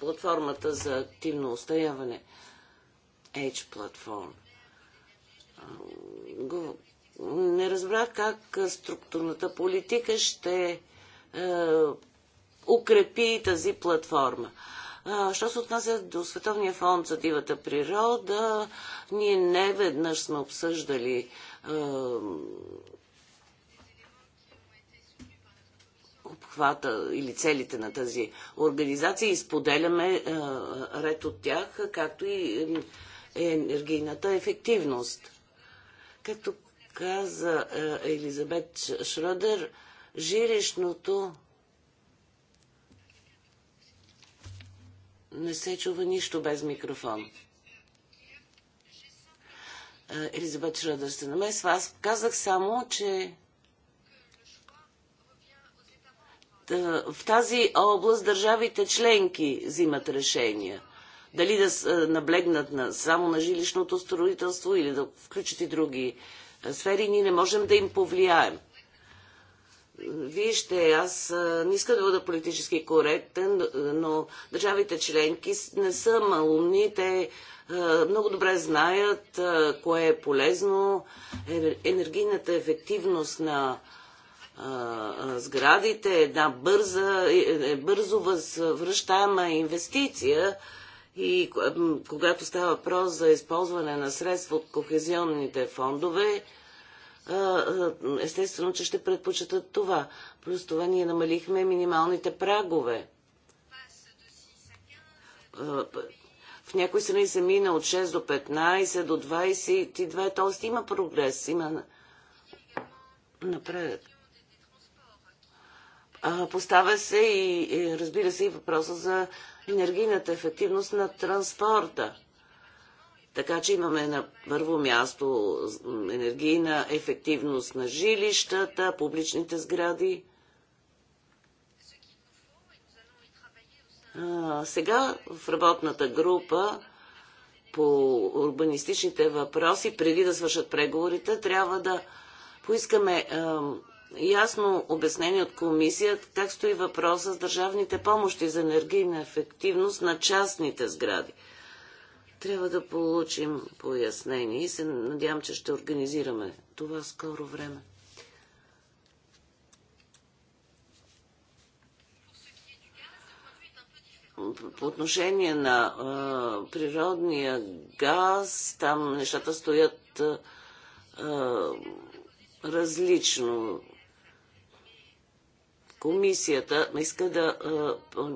платформата за активно устояване. H платформ. Не разбрах как структурната политика ще а, укрепи тази платформа. Що се отнася до Световния фонд за дивата природа, ние не веднъж сме обсъждали обхвата или целите на тази организация и споделяме ред от тях, както и енергийната ефективност. Както каза Елизабет Шродер, жилищното Не се чува нищо без микрофон. Елизабет Шрадър се намесва. Аз казах само, че в тази област държавите членки взимат решения. Дали да наблегнат на, само на жилищното строителство или да включат и други сфери, ние не можем да им повлияем. Вижте, аз не искам да бъда политически коректен, но държавите членки не са малумни. Те много добре знаят кое е полезно. Е, енергийната ефективност на сградите е една бърза, е, е, бързо възвръщаема инвестиция. И когато става въпрос за използване на средства от кохезионните фондове, естествено, че ще предпочитат това. Плюс това ние намалихме минималните прагове. В някои страни се мина от 6 до 15, до 22, т.е. има прогрес, има напредък. Поставя се и, разбира се, и въпроса за енергийната ефективност на транспорта. Така че имаме на първо място енергийна ефективност на жилищата, публичните сгради. А, сега в работната група по урбанистичните въпроси, преди да свършат преговорите, трябва да поискаме а, ясно обяснение от комисията как стои въпроса с държавните помощи за енергийна ефективност на частните сгради. Трябва да получим пояснение и се надявам, че ще организираме това скоро време. по отношение на а, природния газ, там нещата стоят а, различно. Комисията иска да а,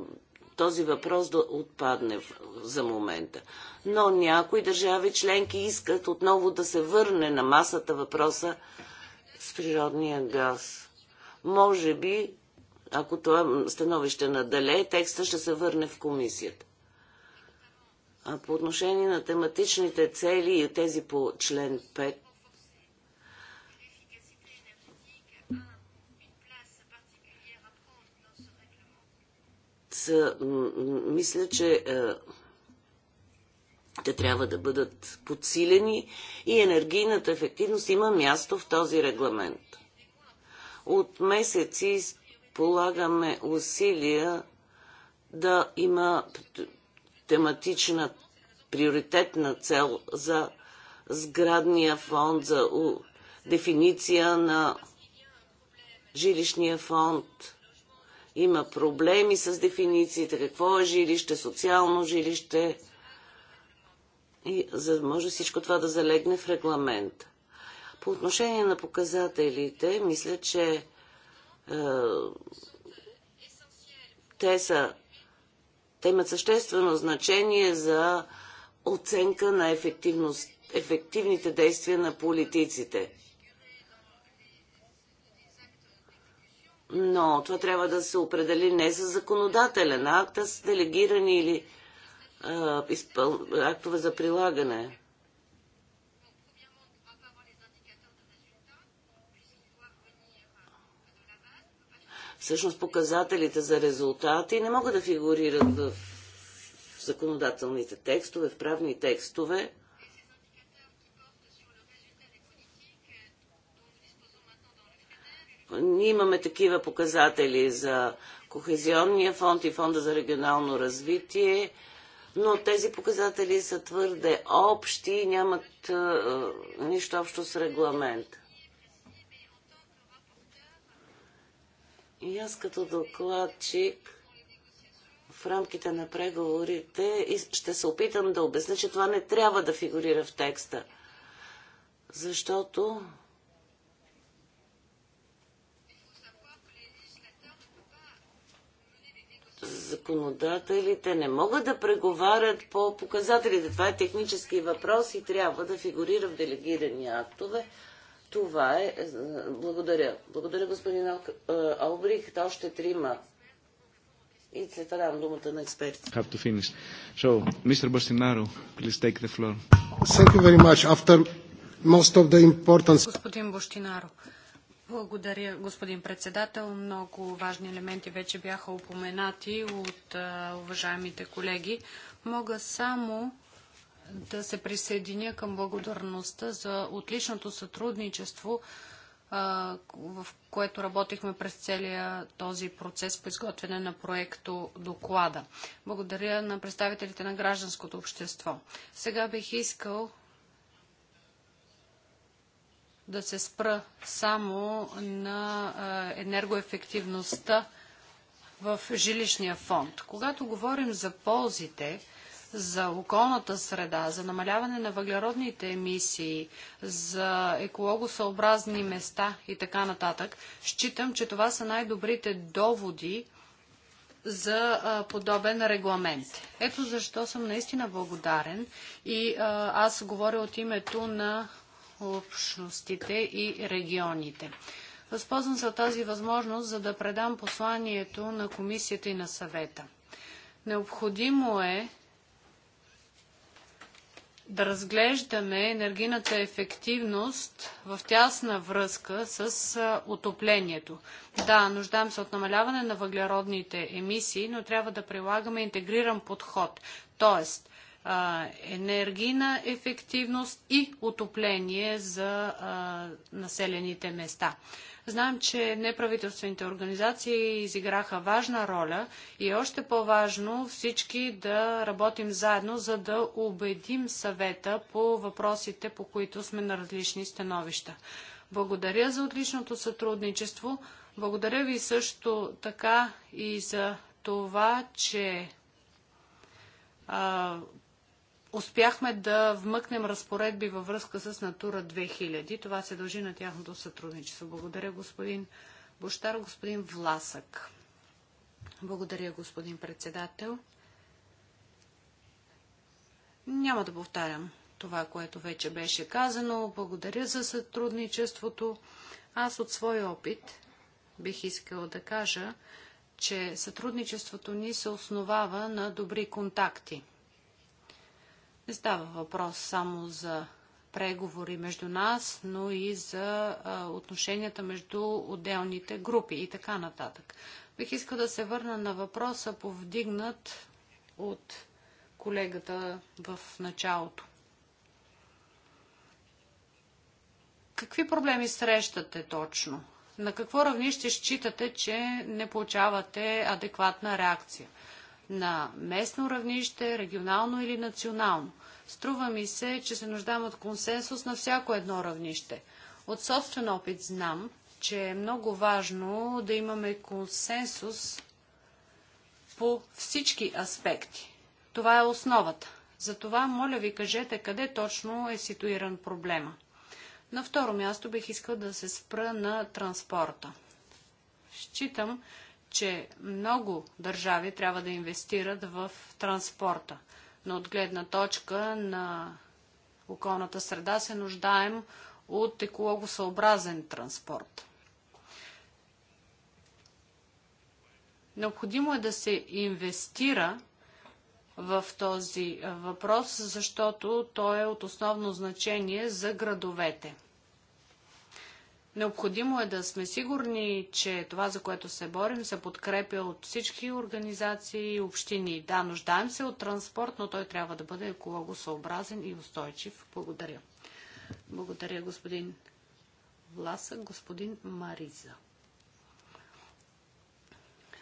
този въпрос да отпадне за момента. Но някои държави членки искат отново да се върне на масата въпроса с природния газ. Може би, ако това становище надале, текста ще се върне в комисията. А по отношение на тематичните цели и тези по член 5, мисля, че е, те трябва да бъдат подсилени и енергийната ефективност има място в този регламент. От месеци полагаме усилия да има тематична приоритетна цел за сградния фонд, за дефиниция на жилищния фонд. Има проблеми с дефинициите, какво е жилище, социално жилище. И за да може всичко това да залегне в регламент. По отношение на показателите, мисля, че е, те са те имат съществено значение за оценка на ефективност, ефективните действия на политиците. но това трябва да се определи не с законодателен акт, а с делегирани или а, изпъл... актове за прилагане. Всъщност показателите за резултати не могат да фигурират в законодателните текстове, в правни текстове. Имаме такива показатели за Кохезионния фонд и Фонда за регионално развитие, но тези показатели са твърде общи и нямат а, нищо общо с регламент. И аз като докладчик в рамките на преговорите ще се опитам да обясня, че това не трябва да фигурира в текста. Защото законодателите не могат да преговарят по показателите. Това е технически въпрос и трябва да фигурира в делегирани актове. Това е. е благодаря. Благодаря, господин е, Албрих. Още трима. И след това давам думата на експерти. Have to finish. So, Mr. Bostinaro, please take the floor. Thank you very much. After most of the importance... Господин Бощинаро, благодаря, господин председател. Много важни елементи вече бяха упоменати от а, уважаемите колеги. Мога само да се присъединя към благодарността за отличното сътрудничество, а, в което работихме през целия този процес по изготвяне на проекто доклада. Благодаря на представителите на гражданското общество. Сега бих искал да се спра само на енергоефективността в жилищния фонд. Когато говорим за ползите, за околната среда, за намаляване на въглеродните емисии, за екологосъобразни места и така нататък, считам, че това са най-добрите доводи за подобен регламент. Ето защо съм наистина благодарен и аз говоря от името на общностите и регионите. Възползвам се от тази възможност, за да предам посланието на комисията и на съвета. Необходимо е да разглеждаме енергийната ефективност в тясна връзка с отоплението. Да, нуждаем се от намаляване на въглеродните емисии, но трябва да прилагаме интегриран подход. Тоест, енергийна ефективност и отопление за населените места. Знаем, че неправителствените организации изиграха важна роля и е още по-важно всички да работим заедно, за да убедим съвета по въпросите, по които сме на различни становища. Благодаря за отличното сътрудничество. Благодаря ви също така и за това, че успяхме да вмъкнем разпоредби във връзка с Натура 2000. Това се дължи на тяхното сътрудничество. Благодаря, господин Бощар, господин Власък. Благодаря, господин председател. Няма да повтарям това, което вече беше казано. Благодаря за сътрудничеството. Аз от своя опит бих искала да кажа, че сътрудничеството ни се основава на добри контакти – не става въпрос само за преговори между нас, но и за отношенията между отделните групи и така нататък. Бих искал да се върна на въпроса, повдигнат от колегата в началото. Какви проблеми срещате точно? На какво равнище считате, че не получавате адекватна реакция? на местно равнище, регионално или национално. Струва ми се, че се нуждаем от консенсус на всяко едно равнище. От собствен опит знам, че е много важно да имаме консенсус по всички аспекти. Това е основата. Затова, моля ви, кажете къде точно е ситуиран проблема. На второ място бих искал да се спра на транспорта. Считам, че много държави трябва да инвестират в транспорта. Но от гледна точка на околната среда се нуждаем от екологосъобразен транспорт. Необходимо е да се инвестира в този въпрос, защото той е от основно значение за градовете – Необходимо е да сме сигурни, че това, за което се борим, се подкрепя от всички организации и общини. Да, нуждаем се от транспорт, но той трябва да бъде екологосъобразен и устойчив. Благодаря. Благодаря, господин Власа, господин Мариза.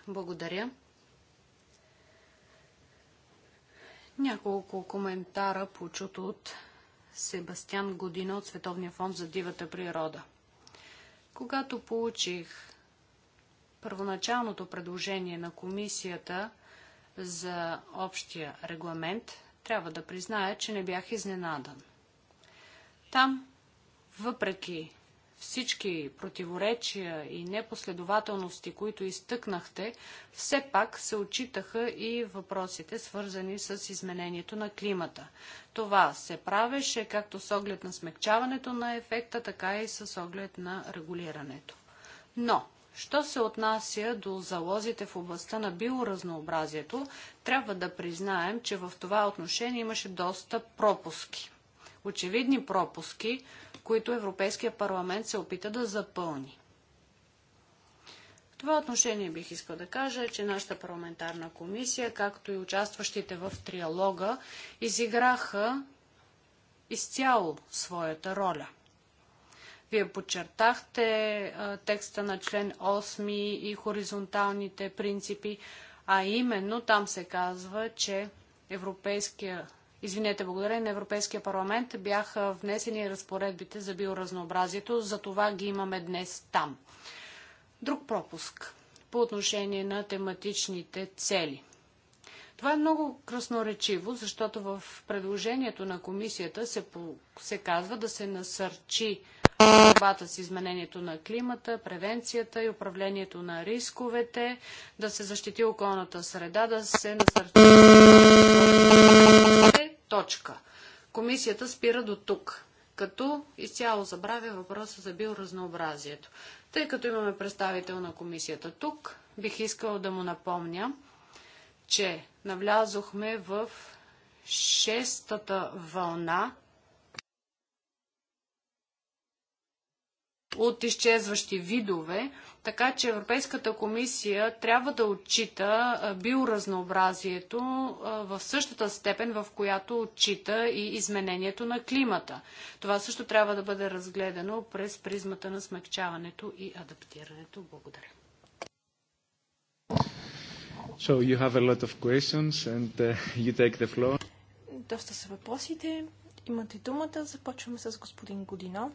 Благодаря. Няколко коментара по чуто от Себастьян Година от Световния фонд за дивата природа – когато получих първоначалното предложение на комисията за общия регламент, трябва да призная, че не бях изненадан. Там, въпреки всички противоречия и непоследователности, които изтъкнахте, все пак се отчитаха и въпросите, свързани с изменението на климата. Това се правеше както с оглед на смягчаването на ефекта, така и с оглед на регулирането. Но, що се отнася до залозите в областта на биоразнообразието, трябва да признаем, че в това отношение имаше доста пропуски. Очевидни пропуски, които Европейския парламент се опита да запълни. В това отношение бих искал да кажа, че нашата парламентарна комисия, както и участващите в триалога, изиграха изцяло своята роля. Вие подчертахте текста на член 8 и хоризонталните принципи, а именно там се казва, че Европейския извинете, благодаря на Европейския парламент бяха внесени разпоредбите за биоразнообразието, за това ги имаме днес там. Друг пропуск по отношение на тематичните цели. Това е много красноречиво, защото в предложението на комисията се, по, се казва да се насърчи борбата с изменението на климата, превенцията и управлението на рисковете, да се защити околната среда, да се насърчи точка. Комисията спира до тук, като изцяло забравя въпроса за биоразнообразието. Тъй като имаме представител на комисията тук, бих искала да му напомня, че навлязохме в шестата вълна от изчезващи видове така че Европейската комисия трябва да отчита биоразнообразието в същата степен, в която отчита и изменението на климата. Това също трябва да бъде разгледано през призмата на смягчаването и адаптирането. Благодаря. So you have a lot of questions and uh, you take the floor. Доста са въпросите. Имате думата. Започваме с господин Годино.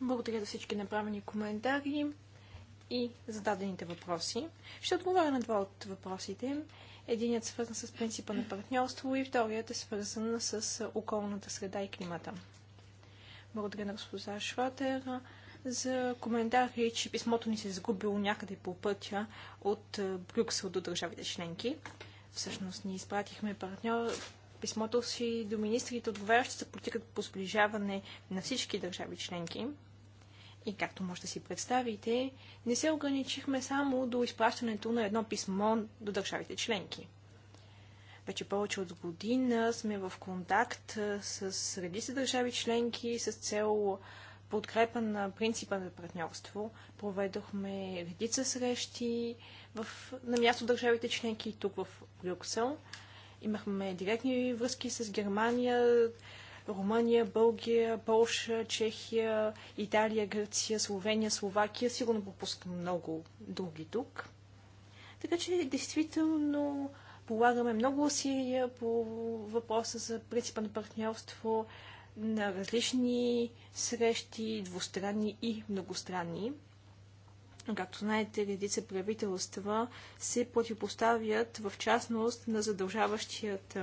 Благодаря за всички направени коментари и зададените въпроси. Ще отговоря на два от въпросите. Единият е свързан с принципа на партньорство и вторият е свързан с околната среда и климата. Благодаря на госпожа Шватер за коментари, че писмото ни се е загубило някъде по пътя от е, Брюксел до държавите членки. Всъщност ни изпратихме партньор, писмото си до министрите, отговарящи за политиката по сближаване на всички държави членки. И както може да си представите, не се ограничихме само до изпращането на едно писмо до държавите членки. Вече повече от година сме в контакт с редица държави членки с цел подкрепа на принципа на партньорство. Проведохме редица срещи в, на място държавите членки тук в Брюксел. Имахме директни връзки с Германия, Румъния, Бългия, Полша, Чехия, Италия, Гърция, Словения, Словакия. Сигурно пропускам много други тук. Така че, действително, полагаме много усилия по въпроса за принципа на партньорство на различни срещи, двустранни и многостранни. Както знаете, редица правителства се противопоставят в частност на задължаващият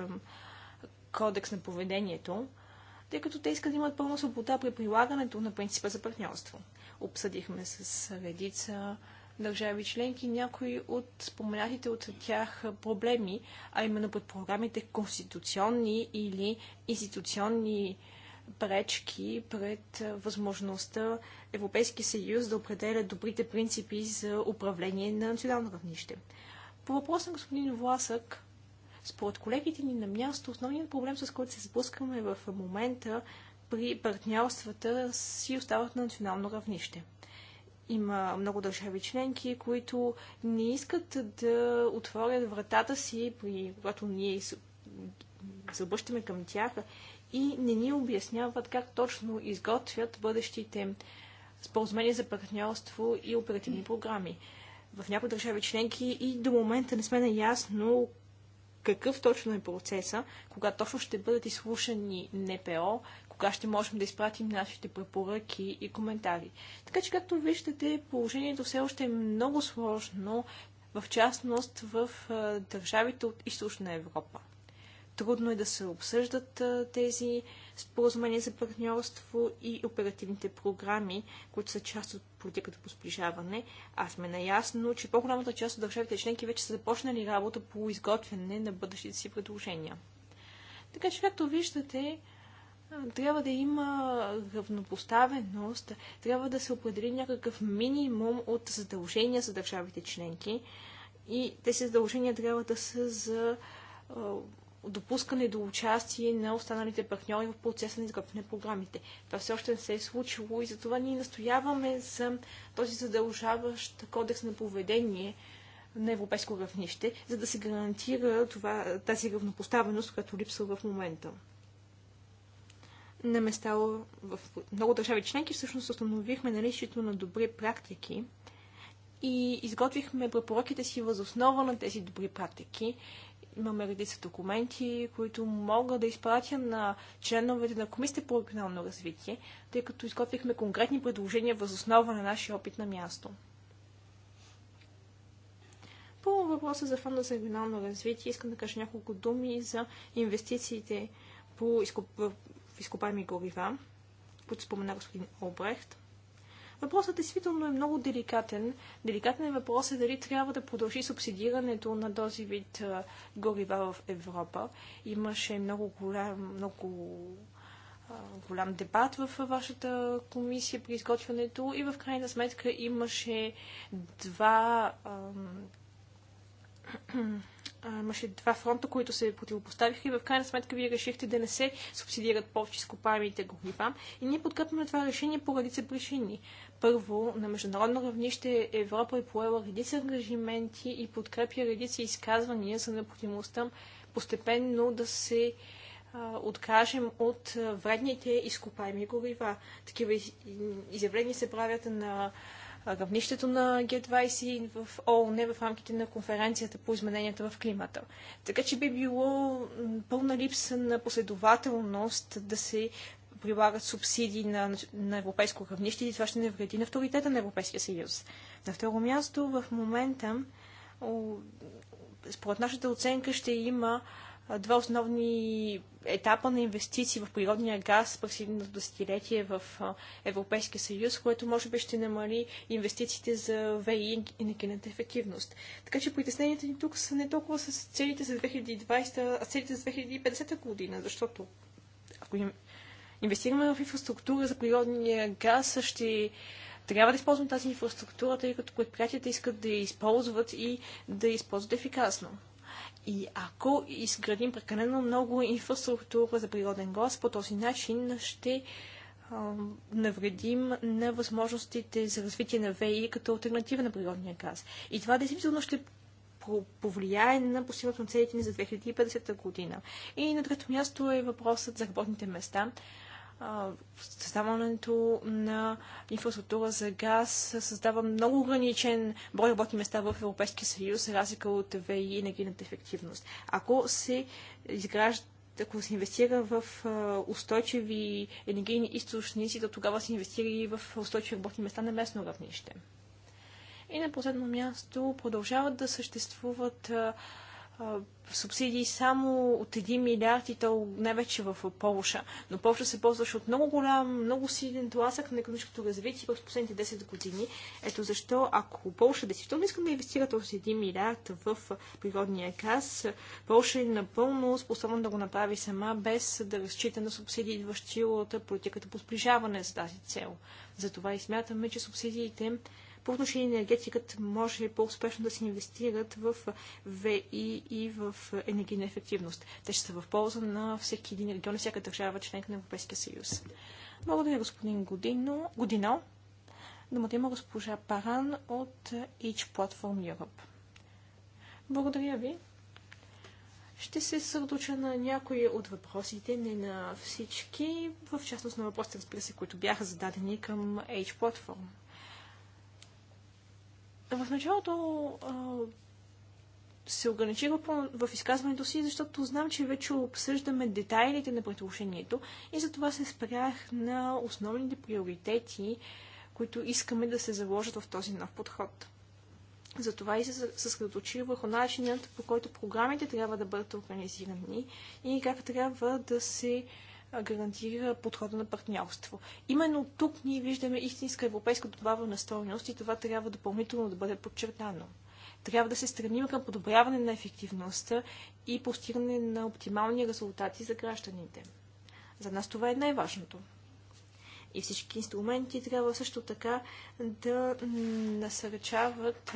кодекс на поведението тъй като те искат да имат пълна свобода при прилагането на принципа за партньорство. Обсъдихме с редица държави членки някои от споменатите от тях проблеми, а именно под програмите конституционни или институционни пречки пред възможността Европейски съюз да определя добрите принципи за управление на национално равнище. По въпрос на господин Власък, според колегите ни на място, основният проблем, с който се сблъскваме в момента при партньорствата, си остават на национално равнище. Има много държави членки, които не искат да отворят вратата си, при, когато ние се обръщаме към тях и не ни обясняват как точно изготвят бъдещите споразумения за партньорство и оперативни програми. В някои държави членки и до момента не сме наясно какъв точно е процеса, кога точно ще бъдат изслушани НПО, кога ще можем да изпратим нашите препоръки и коментари. Така че, както виждате, положението все още е много сложно, в частност в държавите от Източна Европа. Трудно е да се обсъждат тези споразумения за партньорство и оперативните програми, които са част от политиката по сближаване. Аз сме наясно, че по-голямата част от държавите членки вече са започнали работа по изготвяне на бъдещите си предложения. Така че, както виждате, трябва да има равнопоставеност, трябва да се определи някакъв минимум от задължения за държавите членки и тези задължения трябва да са за допускане до участие на останалите партньори в процеса на изготвяне на програмите. Това все още не се е случило и затова ние настояваме за този задължаващ кодекс на поведение на европейско равнище, за да се гарантира това, тази равнопоставеност, която липсва в момента. На места в много държави членки всъщност установихме наличието на добри практики, и изготвихме препоръките си въз основа на тези добри практики Имаме редица документи, които мога да изпратя на членовете на Комисията по регионално развитие, тъй като изготвихме конкретни предложения въз основа на нашия опит на място. По въпроса за фонда за регионално развитие искам да кажа няколко думи за инвестициите по изкуп... изкупаеми горива, които спомена господин Обрехт. Въпросът действително е много деликатен. Деликатен е дали трябва да продължи субсидирането на този вид горива в Европа. Имаше много голям, много голям дебат в вашата комисия при изготвянето и в крайна сметка имаше два имаше два фронта, които се противопоставиха и в крайна сметка вие решихте да не се субсидират повече изкопаемите горива. И ние подкрепяме това решение по редица причини. Първо, на международно равнище Европа е поела редица ангажименти и подкрепя редица изказвания за необходимостта постепенно да се откажем от вредните изкопаеми горива. Такива изявления се правят на равнището на g 20 в ООН е, в рамките на конференцията по измененията в климата. Така че би било пълна липса на последователност да се прилагат субсидии на, на европейско равнище и това ще не вреди на авторитета на Европейския съюз. На второ място, в момента, според нашата оценка, ще има два основни етапа на инвестиции в природния газ през едното десетилетие в Европейския съюз, което може би ще намали инвестициите за ВИ и енергийната ефективност. Така че притесненията ни тук са не толкова с целите за 2020, а целите за 2050 година, защото ако инвестираме в инфраструктура за природния газ, ще трябва да използваме тази инфраструктура, тъй като предприятията искат да я използват и да я използват ефикасно. И ако изградим прекалено много инфраструктура за природен газ, по този начин ще а, навредим на възможностите за развитие на ВИ като альтернатива на природния газ. И това действително ще повлияе на постигането на целите ни за 2050 година. И на трето място е въпросът за работните места създаването на инфраструктура за газ създава много ограничен брой работни места в Европейския съюз, разлика от ВИ и енергийната ефективност. Ако се изгражда ако се инвестира в устойчиви енергийни източници, то тогава се инвестира и в устойчиви работни места на местно равнище. И на последно място продължават да съществуват субсидии само от 1 милиард и то най-вече в Полша. Но Полша се ползваше от много голям, много силен тласък на економическото развитие през последните 10 години. Ето защо, ако Полша действително иска да инвестира този 1 милиард в природния газ, Полша е напълно способна да го направи сама, без да разчита на субсидии, идващи от политиката по сближаване с тази цел. Затова и смятаме, че субсидиите по отношение на енергетиката може по-успешно да се инвестират в ВИ и в енергийна ефективност. Те ще са в полза на всеки един регион и всяка държава, членка на Европейския съюз. Благодаря, господин Годино. Годино. Думата има госпожа Паран от H Platform Europe. Благодаря ви. Ще се съдоча на някои от въпросите, не на всички, в частност на въпросите, разбира се, които бяха зададени към H Platform. В началото а, се ограничих в изказването си, защото знам, че вече обсъждаме детайлите на предложението и затова се спрях на основните приоритети, които искаме да се заложат в този нов подход. Затова и се съсредоточих върху начинът, по който програмите трябва да бъдат организирани и как трябва да се а, гарантира подхода на партньорство. Именно тук ние виждаме истинска европейска добавена стойност и това трябва допълнително да бъде подчертано. Трябва да се стремим към подобряване на ефективността и постигане на оптимални резултати за гражданите. За нас това е най-важното. И всички инструменти трябва също така да насърчават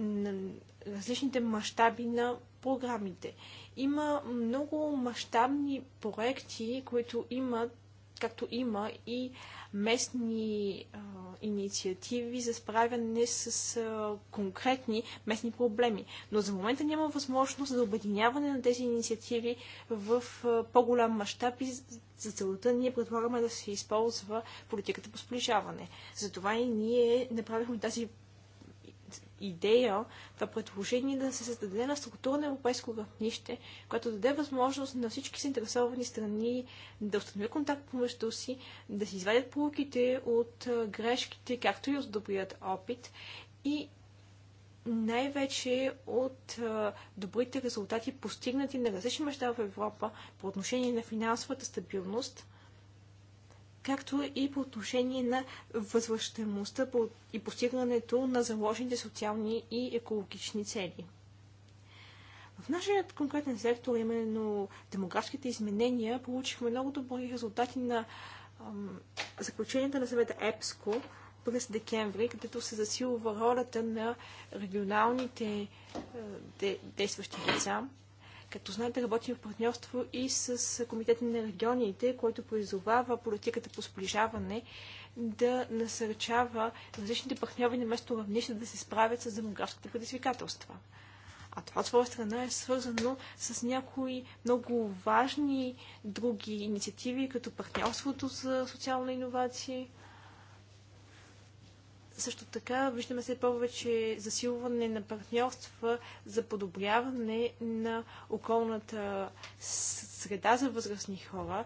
на различните мащаби на програмите. Има много мащабни проекти, които имат, както има и местни а, инициативи за справяне с а, конкретни местни проблеми. Но за момента няма възможност за обединяване на тези инициативи в а, по-голям мащаб и за целта ние предлагаме да се използва политиката по сближаване. Затова и ние направихме тази идея, това предложение да се създаде на структура на европейско равнище, която даде възможност на всички заинтересовани страни да установят контакт помежду си, да си извадят полуките от грешките, както и от добрият опит и най-вече от добрите резултати, постигнати на различни мащаба в Европа по отношение на финансовата стабилност – както и по отношение на възвръщаемостта и постигането на заложените социални и екологични цели. В нашия конкретен сектор, именно демографските изменения, получихме много добри резултати на ам, заключенията на съвета ЕПСКО през декември, където се засилва ролята на регионалните е, де, действащи лица като знаете, работим в партньорство и с Комитета на регионите, който произовава политиката по сближаване да насърчава различните партньори на место равнище да се справят с демографските предизвикателства. А това от своя страна е свързано с някои много важни други инициативи, като партньорството за социална иновация, също така виждаме се повече засилване на партньорства за подобряване на околната среда за възрастни хора.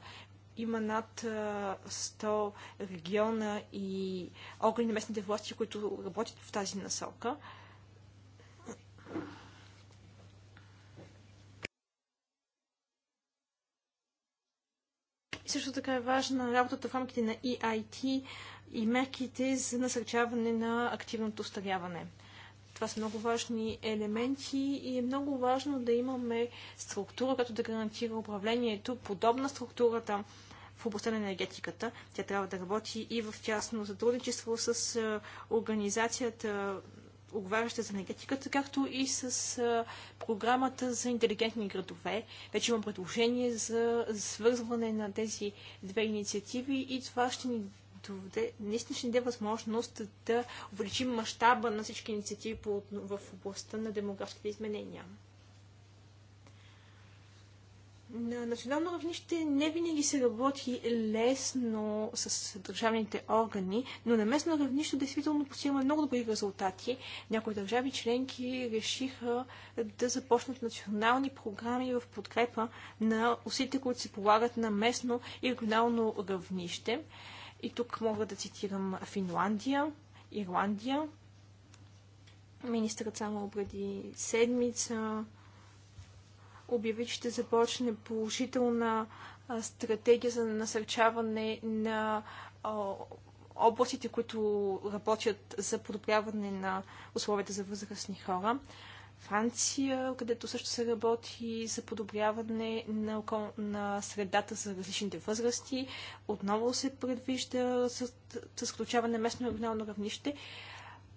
Има над 100 региона и органи на местните власти, които работят в тази насока. Също така е важна работата в рамките на EIT и мерките за насърчаване на активното старяване. Това са много важни елементи и е много важно да имаме структура, която да гарантира управлението, подобна структурата в областта на енергетиката. Тя трябва да работи и в тясно сътрудничество с е, организацията отговаряща за енергетиката, както и с а, програмата за интелигентни градове. Вече имам предложение за свързване на тези две инициативи и това ще ни доведе, наистина ще ни даде възможност да увеличим мащаба на всички инициативи в областта на демографските изменения. На национално равнище не винаги се работи лесно с държавните органи, но на местно равнище действително постигаме много добри резултати. Някои държави членки решиха да започнат национални програми в подкрепа на усилите, които се полагат на местно и регионално равнище. И тук мога да цитирам Финландия, Ирландия. Министърът само преди седмица обяви, че ще започне положителна стратегия за насърчаване на областите, които работят за подобряване на условията за възрастни хора. Франция, където също се работи за подобряване на, окол... на средата за различните възрасти. Отново се предвижда с, съсключаване на местно регионално равнище.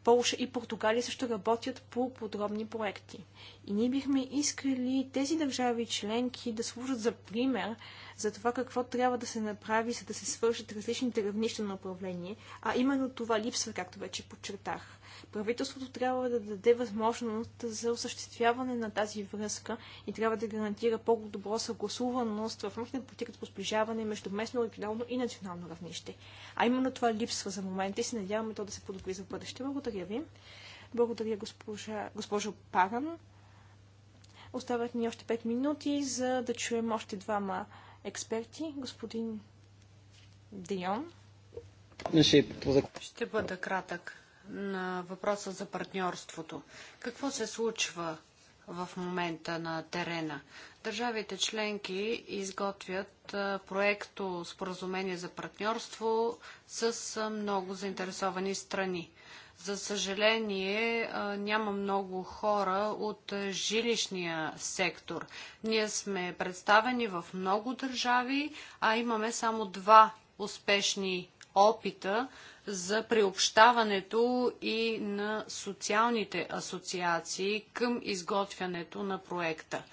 Полша и Португалия също работят по подробни проекти. И ние бихме искали тези държави членки да служат за пример за това какво трябва да се направи, за да се свършат различните равнища на управление, а именно това липсва, както вече подчертах. Правителството трябва да даде възможност за осъществяване на тази връзка и трябва да гарантира по-добро съгласуваност в рамките на политиката по сближаване между местно, регионално и национално равнище. А именно това липсва за момента и се надяваме то да се подобри за бъдеще. Благодаря ви. Благодаря, госпожа, госпожо Паран. Остават ни още 5 минути, за да чуем още двама експерти. Господин Дион. Ще бъда кратък на въпроса за партньорството. Какво се случва в момента на терена? Държавите членки изготвят проекто споразумение за партньорство с много заинтересовани страни. За съжаление, няма много хора от жилищния сектор. Ние сме представени в много държави, а имаме само два успешни опита за приобщаването и на социалните асоциации към изготвянето на проекта.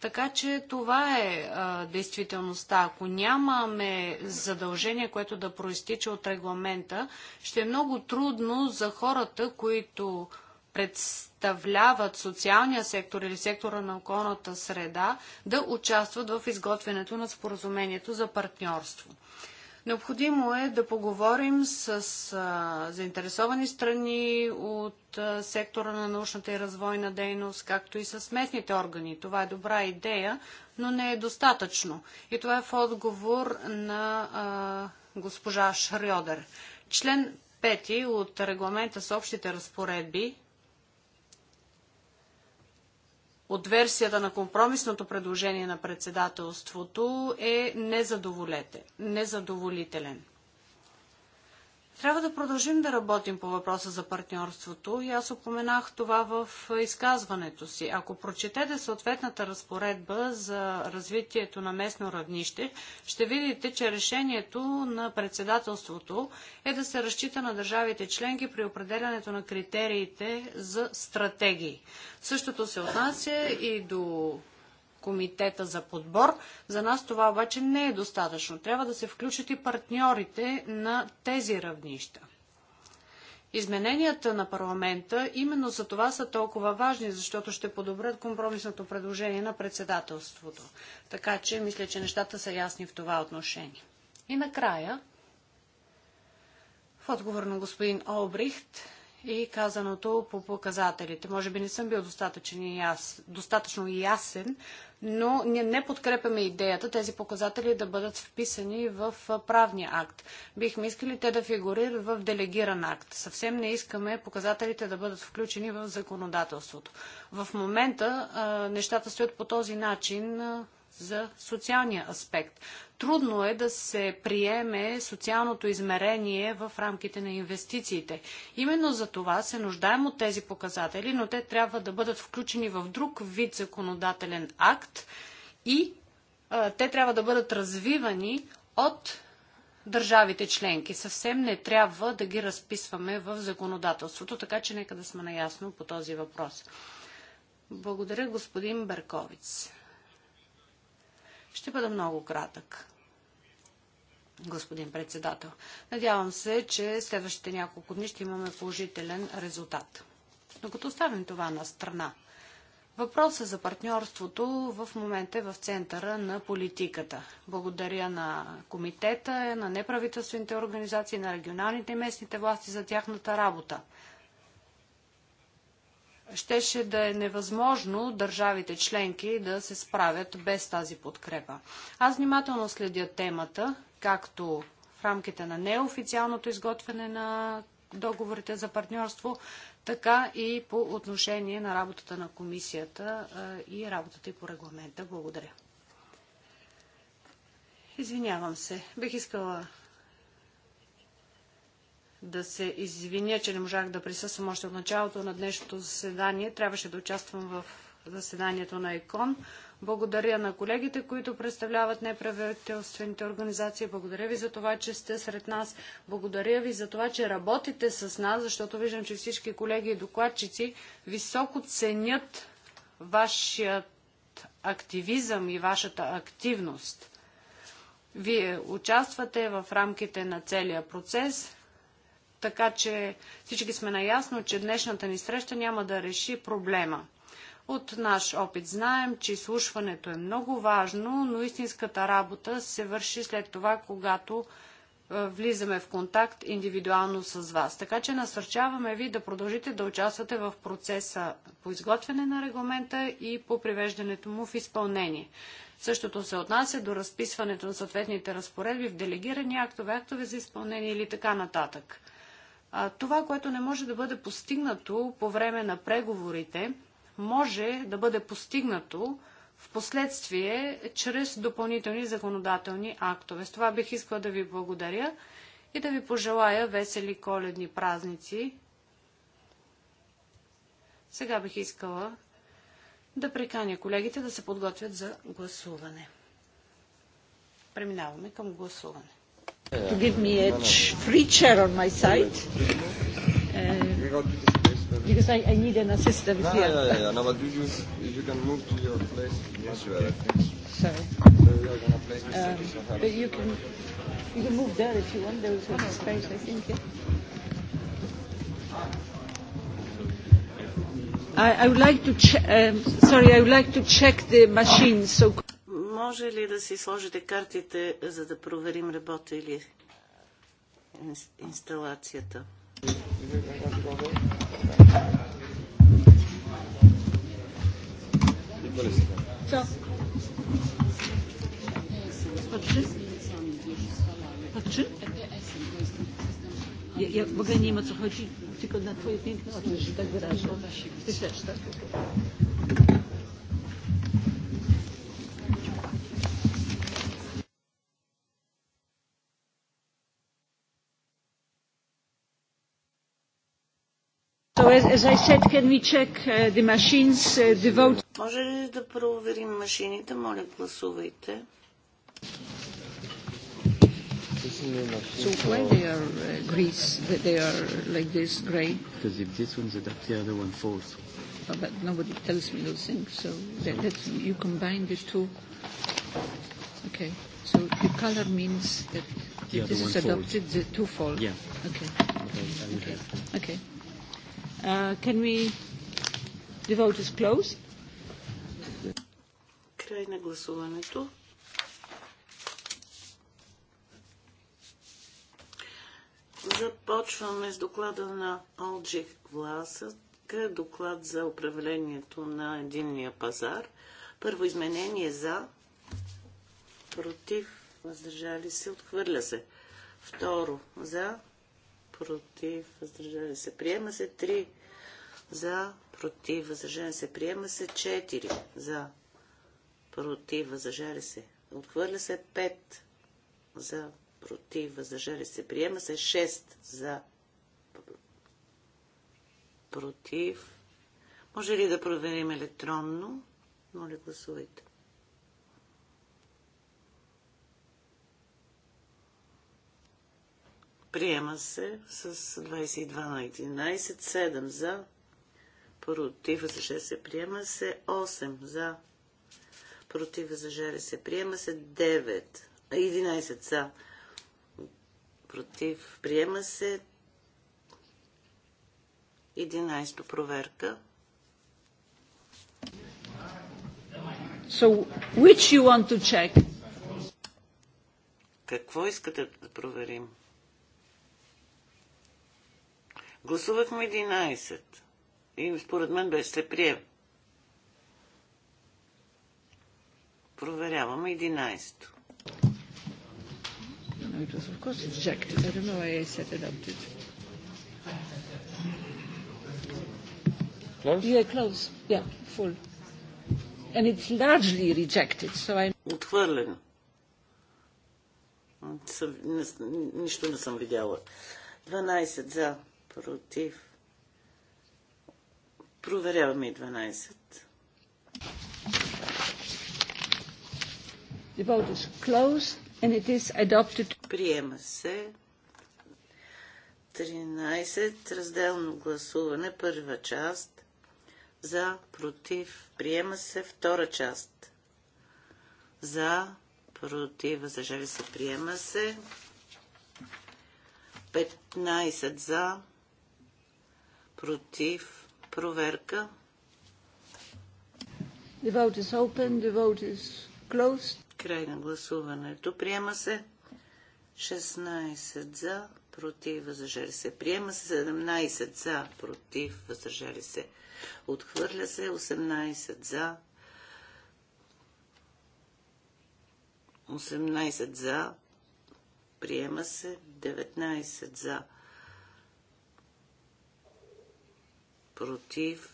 Така че това е а, действителността. Ако нямаме задължение, което да проистича от регламента, ще е много трудно за хората, които представляват социалния сектор или сектора на околната среда, да участват в изготвянето на споразумението за партньорство. Необходимо е да поговорим с а, заинтересовани страни от а, сектора на научната и развойна дейност, както и с местните органи. Това е добра идея, но не е достатъчно. И това е в отговор на а, госпожа Шрьодер. Член 5 от регламента с общите разпоредби от версията на компромисното предложение на председателството е незадоволителен. Трябва да продължим да работим по въпроса за партньорството и аз упоменах това в изказването си. Ако прочетете съответната разпоредба за развитието на местно равнище, ще видите, че решението на председателството е да се разчита на държавите членки при определянето на критериите за стратегии. Същото се отнася и до комитета за подбор. За нас това обаче не е достатъчно. Трябва да се включат и партньорите на тези равнища. Измененията на парламента именно за това са толкова важни, защото ще подобрят компромисното предложение на председателството. Така че мисля, че нещата са ясни в това отношение. И накрая, в отговор на господин Олбрихт, и казаното по показателите. Може би не съм бил достатъчно, достатъчно ясен, но ние не подкрепяме идеята тези показатели да бъдат вписани в правния акт. Бихме искали те да фигурират в делегиран акт. Съвсем не искаме показателите да бъдат включени в законодателството. В момента а, нещата стоят по този начин а, за социалния аспект. Трудно е да се приеме социалното измерение в рамките на инвестициите. Именно за това се нуждаем от тези показатели, но те трябва да бъдат включени в друг вид законодателен акт и а, те трябва да бъдат развивани от държавите членки. Съвсем не трябва да ги разписваме в законодателството, така че нека да сме наясно по този въпрос. Благодаря, господин Берковиц. Ще бъда много кратък, господин председател. Надявам се, че следващите няколко дни ще имаме положителен резултат. Но като оставим това на страна, Въпросът за партньорството в момента е в центъра на политиката. Благодаря на комитета, на неправителствените организации, на регионалните и местните власти за тяхната работа щеше да е невъзможно държавите членки да се справят без тази подкрепа. Аз внимателно следя темата, както в рамките на неофициалното изготвяне на договорите за партньорство, така и по отношение на работата на комисията и работата и по регламента. Благодаря. Извинявам се. Бих искала да се извиня, че не можах да присъствам още от началото на днешното заседание. Трябваше да участвам в заседанието на ЕКОН. Благодаря на колегите, които представляват неправителствените организации. Благодаря ви за това, че сте сред нас. Благодаря ви за това, че работите с нас, защото виждам, че всички колеги и докладчици високо ценят вашият активизъм и вашата активност. Вие участвате в рамките на целия процес така че всички сме наясно, че днешната ни среща няма да реши проблема. От наш опит знаем, че изслушването е много важно, но истинската работа се върши след това, когато е, влизаме в контакт индивидуално с вас. Така че насърчаваме ви да продължите да участвате в процеса по изготвяне на регламента и по привеждането му в изпълнение. Същото се отнася до разписването на съответните разпоредби в делегирани актове, актове за изпълнение или така нататък това, което не може да бъде постигнато по време на преговорите, може да бъде постигнато в последствие чрез допълнителни законодателни актове. С това бих искала да ви благодаря и да ви пожелая весели коледни празници. Сега бих искала да приканя колегите да се подготвят за гласуване. Преминаваме към гласуване to give me a ch- free chair on my side. Uh, because I, I need an assistant no, here. Yeah, yeah, yeah. no, but you, you, you can move to your place much better. Sorry. So we are going to place um, But you can, you can move there if you want. There is some space, I think. Yeah. I, I would like to check, um, sorry, I would like to check the machine. So може ли да си сложите картите, за да проверим работа или инсталацията? Ciao. Patrzy? Patrzy? Ja, ja w ogóle nie wiem o co chodzi, tylko na twoje piękne oczy, że tak wyrażę. Ty też, tak? So as, I said, can we check uh, the machines, uh, the vote? Може ли да проверим машините? Моля, гласувайте. So why they are uh, grease, that They are like this grey? Because if this one's adapted, the other one falls. Oh, but nobody tells me those things. So that, that's, you combine the two. Okay. So the color means that if this is adopted, the two fall. Yeah. Okay. Okay. Okay. Uh, can we... The vote is closed. Край на гласуването. Започваме с доклада на Олджих Власък, доклад за управлението на единния пазар. Първо изменение за, против, въздържали се, отхвърля се. Второ, за, против, въздържане се, приема се 3 за, против, въздържане се, приема се 4 за, против, въздържане се, отхвърля се 5 за, против, въздържане се, приема се 6 за, против. Може ли да проверим електронно? Моля, гласувайте. Приема се с 22 на 11, 7 за, против, 6 се, приема се, 8 за, против, 6 се, приема се, 9, 11 за, против, приема се, 11 проверка. So, which you want to check? Какво искате да проверим? Гласувахме 11. И според мен беше се прием. Проверяваме 11. Отхвърлен. Нищо не съм видяла. 12 за против. Проверяваме и 12. The vote is closed and it is adopted. Приема се. 13. Разделно гласуване. Първа част. За, против. Приема се. Втора част. За, против. Въздържали се. Приема се. 15 за, против, проверка. The vote is open, the vote is closed. Край на гласуването. Приема се 16 за, против, въздържали се. Приема се 17 за, против, въздържали се. Отхвърля се 18 за, 18 за, приема се 19 за, против,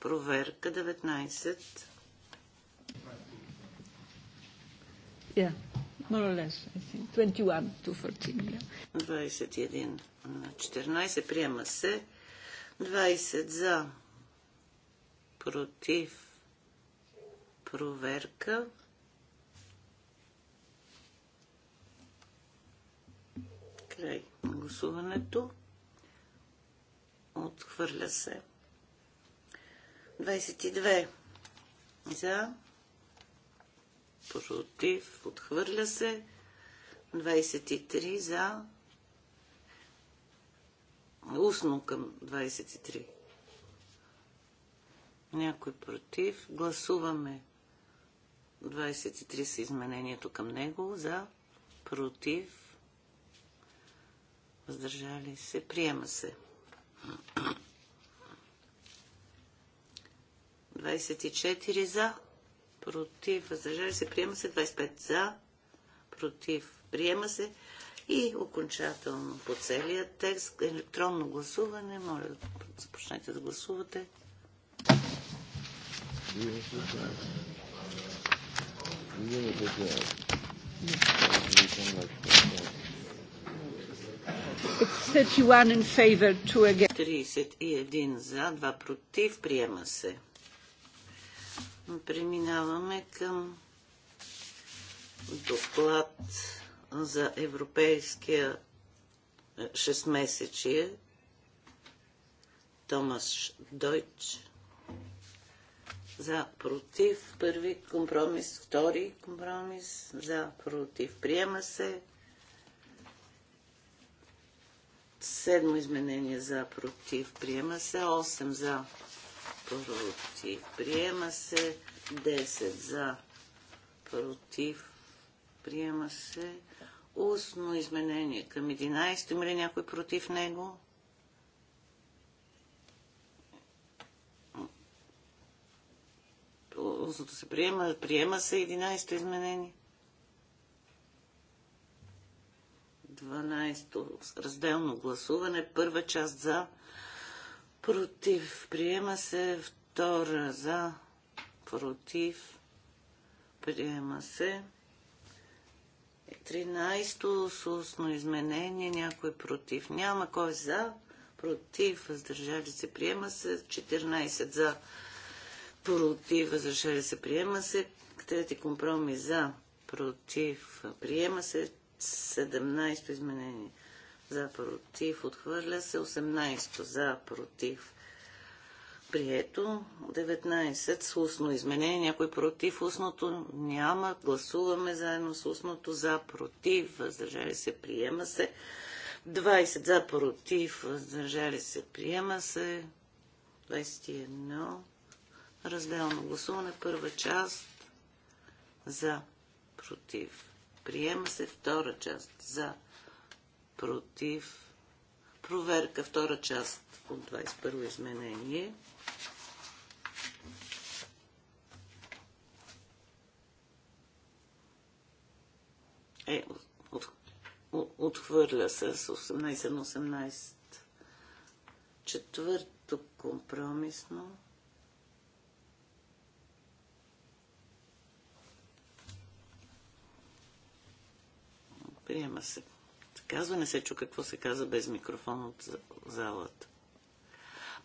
проверка 19. Yeah, more or less, I think. 21 to 14. Yeah. 21 на 14 приема се. 20 за против проверка. Край на гласуването. Отхвърля се. 22. За. Против. Отхвърля се. 23. За. Устно към 23. Някой против. Гласуваме 23 са изменението към него. За. Против. Въздържали се. Приема се. 24 за, против, въздържали се, приема се 25 за, против, приема се и окончателно по целия текст електронно гласуване. Моля да започнете да гласувате. Ние не 31 in favor, 2 against. 31 за, 2 против. Приема се. Преминаваме към доклад за европейския 6-месечие. Е, Томас Дойч. За, против. Първи компромис. Втори компромис. За, против. Приема се. Седмо изменение за против. Приема се. 8 за против. Приема се. 10 за против. Приема се. Устно изменение към 11. Има ли някой против него? Устното се приема. Приема се 11 изменение. 12-то разделно гласуване. Първа част за, против, приема се. Втора за, против, приема се. 13-то е, с устно изменение, някой против. Няма кой за, против, въздържали се, приема се. 14 за, против, въздържали се, приема се. Трети компромис за, против, приема се. 17 изменение за против, отхвърля се 18 за против. Прието 19 с устно изменение. Някой против устното няма. Гласуваме заедно с устното за против. Въздържали се, приема се. 20 за против, въздържали се, приема се. 21. Разделно гласуване. Първа част за против. Приема се втора част. За. Против. Проверка втора част от 21 изменение. Е, от, от, отхвърля се с 18 на 18. Четвърто компромисно. Приема се. Казва, не се чу какво се каза без микрофон от залата.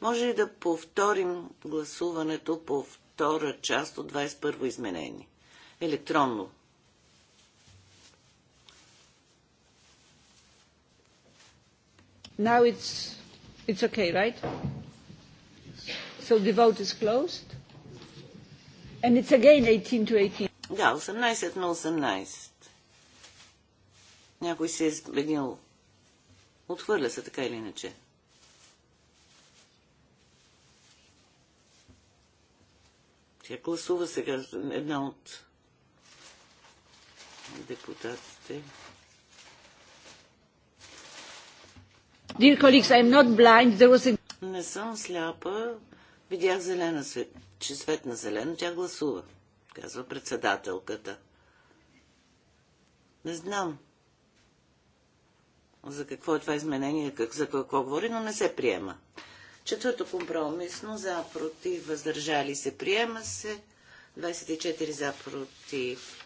Може ли да повторим гласуването по втора част от 21-во изменение? Електронно. Now it's, it's okay, right? So the vote is closed. And it's again 18 to 18. Да, 18 на 18. Някой се е сбегнал. Отхвърля се така или иначе. Тя гласува сега една от депутатите. Dear colleagues, I'm not blind. There was a... Не съм сляпа. Видях зелена свет, че свет на зелено тя гласува, казва председателката. Не знам за какво е това изменение, как, за какво говори, но не се приема. Четвърто компромисно, за, против, въздържали се, приема се. 24 за, против,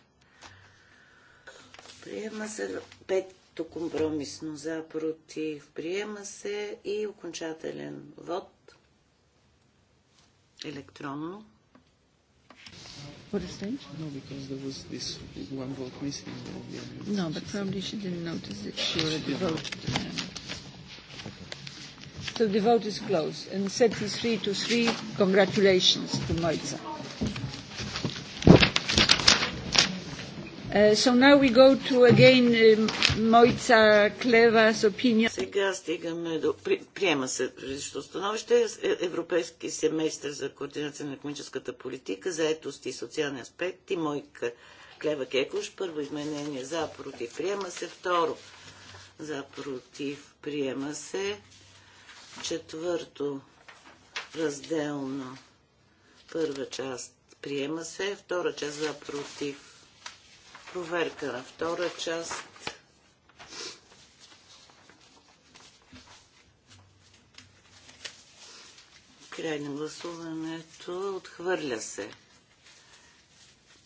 приема се. Пето компромисно, за, против, приема се. И окончателен вод електронно. What is strange? No, because there was this one vote missing. No, but probably she didn't notice that she already voted. Okay. So the vote is closed. And 73 to 3, congratulations to Moitza. Uh, so now we go to again uh, Moica Kleva's opinion. Сега стигаме до... При, приема се различно становище. Европейски семестър за координация на економическата политика, заетост и социални аспекти. Мойка Клева Кекуш. Първо изменение за против. Приема се. Второ за против. Приема се. Четвърто разделно. Първа част приема се. Втора част за против Проверка на втора част. Край на гласуването. Отхвърля се.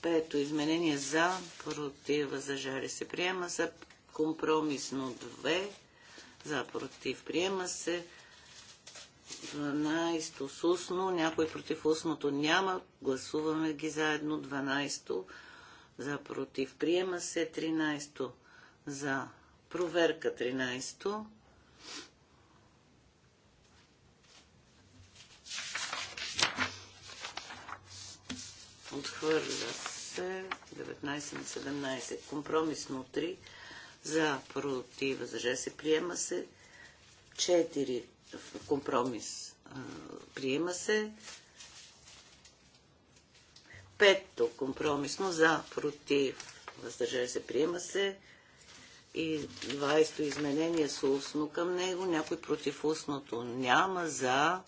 Пето изменение за, против, въздържали се. Приема се компромисно 2. За, против, приема се. 12 с устно, някой против устното няма. Гласуваме ги заедно. 12 за против. Приема се 13 за проверка 13 Отхвърля се 19 на 17. Компромисно 3 за против. Въздържа се. Приема се 4 компромис. Приема се Пето компромисно за, против, въздържали се, приема се. И 20-то изменение с устно към него. Някой против устното няма. За,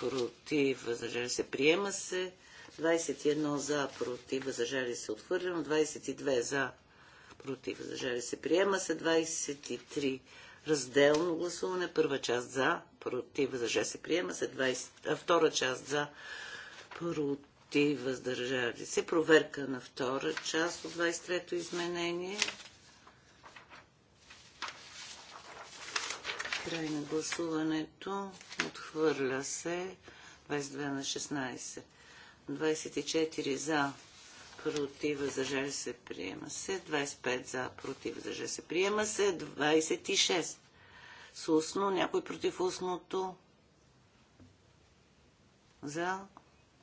против, въздържали се, приема се. 21 за, против, въздържали се, отхвърлено. 22 за, против, въздържали се, приема се. 23 разделно гласуване. Първа част за, против, въздържали се, приема се. 20, втора част за, против, въздържали се. Проверка на втора част от 23-то изменение. Край на гласуването. Отхвърля се. 22 на 16. 24 за, против, въздържали се, приема се. 25 за, против, въздържали се, приема се. 26 с устно. Някой против устното? За,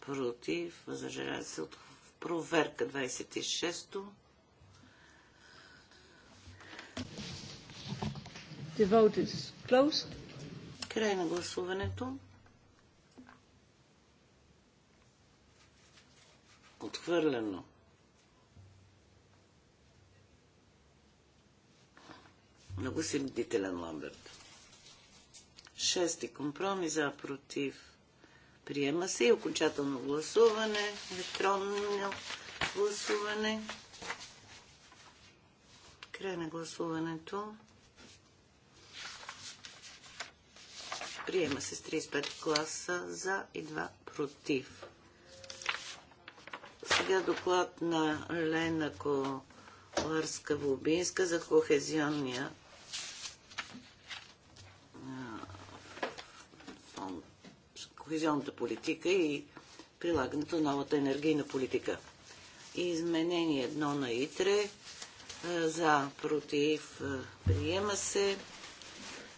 против, Възражава се от проверка 26-то. The vote is closed. Край на гласуването. Отхвърлено. Много си бдителен, Ламберт. Шести компромиза против Приема се и окончателно гласуване, електронно гласуване. Край на гласуването. Приема се с 35 гласа за и 2 против. Сега доклад на Лена коларска вубинска за кохезионния кохезионната политика и прилагането на новата енергийна политика. Изменение едно на ИТРЕ е, за, против, е, приема се.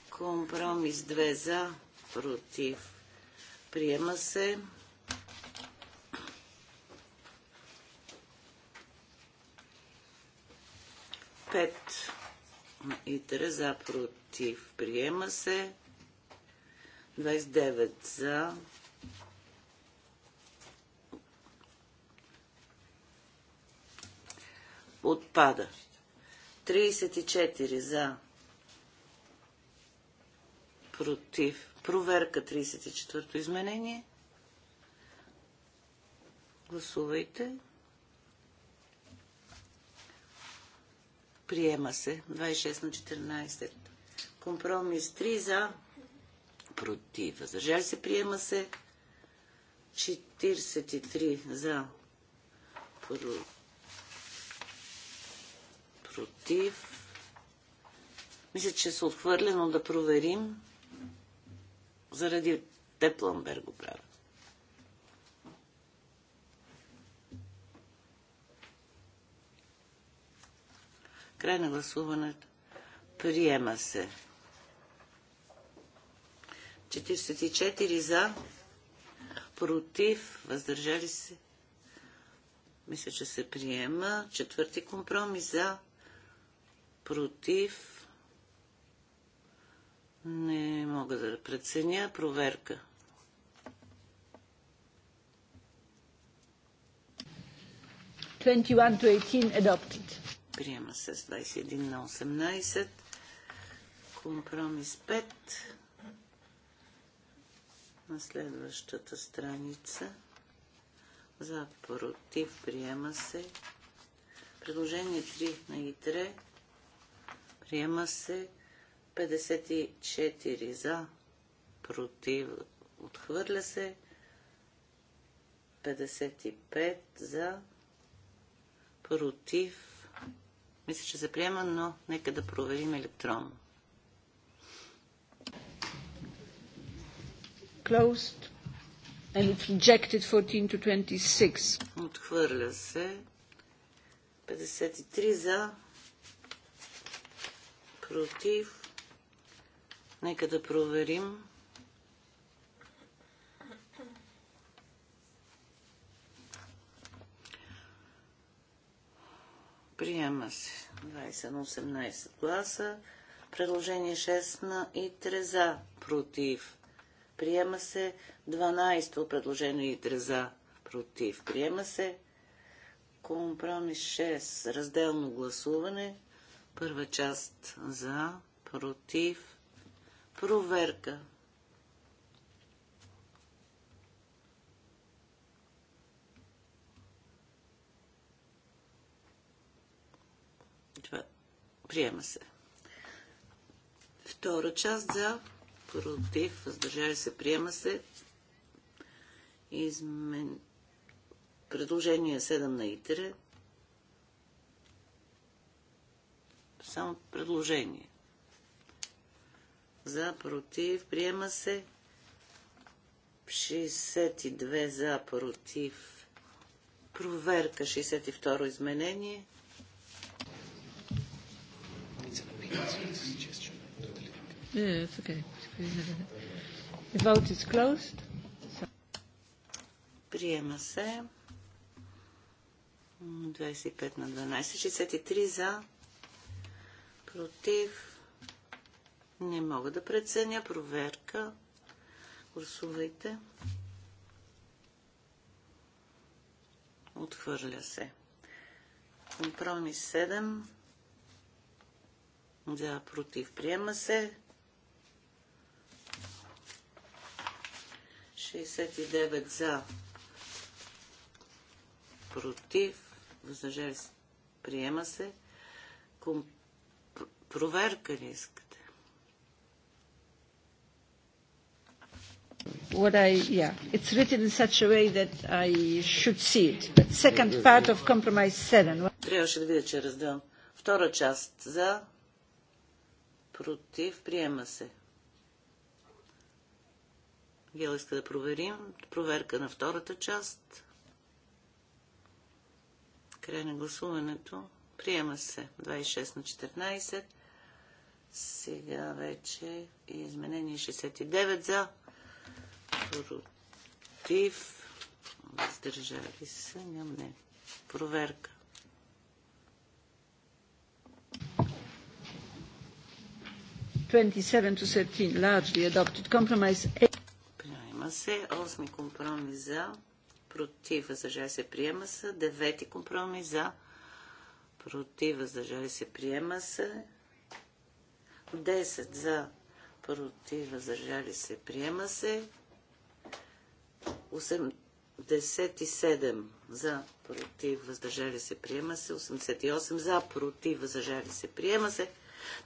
Компромис 2 за, против, приема се. Пет на Итре за, против, приема се. 29 за. Отпада. 34 за. Против. Проверка 34-то изменение. Гласувайте. Приема се. 26 на 14. Компромис 3 за против, въздържали се, приема се. 43 за, против. Мисля, че се отхвърля, но да проверим. Заради Тепланбер го правя. Край на гласуването. Приема се. 44 за, против, въздържали се. Мисля, че се приема. Четвърти компромис за, против. Не мога да преценя. Проверка. Приема се с 21 на 18. Компромис 5 на следващата страница. За, против, приема се. Предложение 3 на ИТРЕ. Приема се 54 за, против, отхвърля се. 55 за, против. Мисля, че се приема, но нека да проверим електронно. Closed. And rejected 14 to 26. Отхвърля се. 53 за. Против. Нека да проверим. Приема се 20 на 18 гласа. Предложение 6 на и 3 за. Против. Приема се 12-то предложение и за против. Приема се компромис 6. Разделно гласуване. Първа част за против. Проверка. Приема се. Втора част за против, въздържали се, приема се. Измен... Предложение 7 на ИТРЕ. Само предложение. За, против, приема се. 62 за, против. Проверка 62 изменение. Yeah, it's okay. The vote is closed. Приема се. 25 на 12. 63 за. Против. Не мога да преценя. Проверка. Гласувайте. Отхвърля се. Компромис 7. За, против. Приема се. 69 за. Против. Въздържали се. Приема се. Ком... Проверка ли искате? What I, yeah, it's written in such a way that I should see it. But second part of compromise seven. Трябваше да видя, че е раздел. Втора част за, против, приема се. Гел иска да проверим. Проверка на втората част. Край на гласуването. Приема се 26 на 14. Сега вече е изменение 69 за. Против. Сдържали се. Ням не. Проверка. Twenty-seven to thirteen, largely adopted. Compromise приема се. Осми компромис за, против, въздържали се, приема се. Девети компромис за, против, въздържали се, приема се. Десет за, против, въздържали се, приема се. 87 за, против, въздържали се, приема се. 88 за, против, въздържали се, приема се.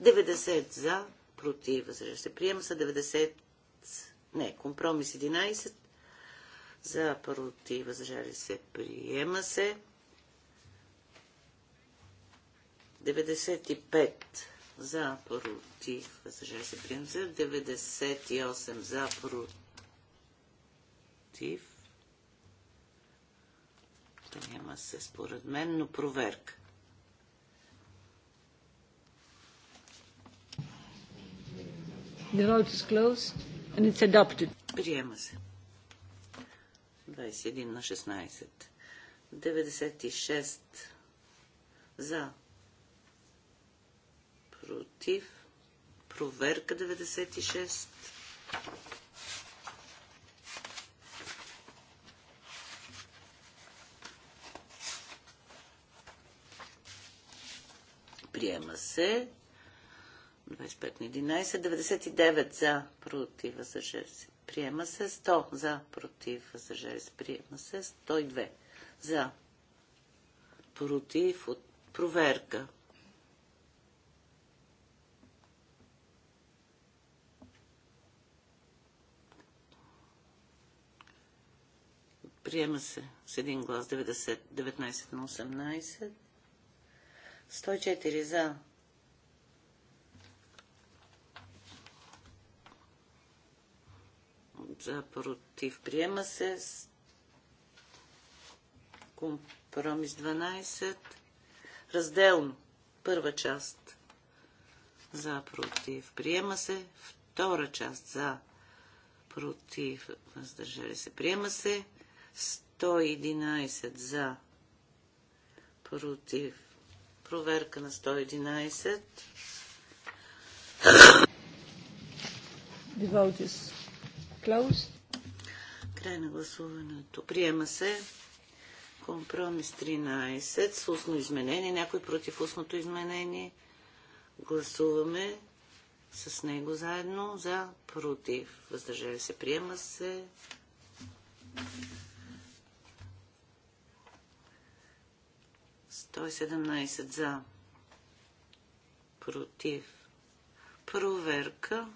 90 за, против, въздържали се, приема се. 90 не, компромис 11. За против, въздържали се, приема се. 95 за против, възражали се, приема се. 98 за против. Приема се според мен, но проверка. The vote is closed. And it's adopted. Приема се. 21 на 16. 96 за. Против. Проверка 96. Приема се. 25 на 11, 99 за, против, въздържали се. Приема се 100 за, против, въздържали се. Приема се 102 за, против, от проверка. Приема се с един глас 90, 19 на 18. 104 за, за против приема се. Компромис 12. Разделно. Първа част. За против приема се. Втора част за против въздържали се. Приема се. 111 за против. Проверка на 111. Девалтис closed. Край на гласуването. Приема се компромис 13 с устно изменение. Някой против устното изменение. Гласуваме с него заедно за против. Въздържали се. Приема се. Той 17 за. Против. Проверка.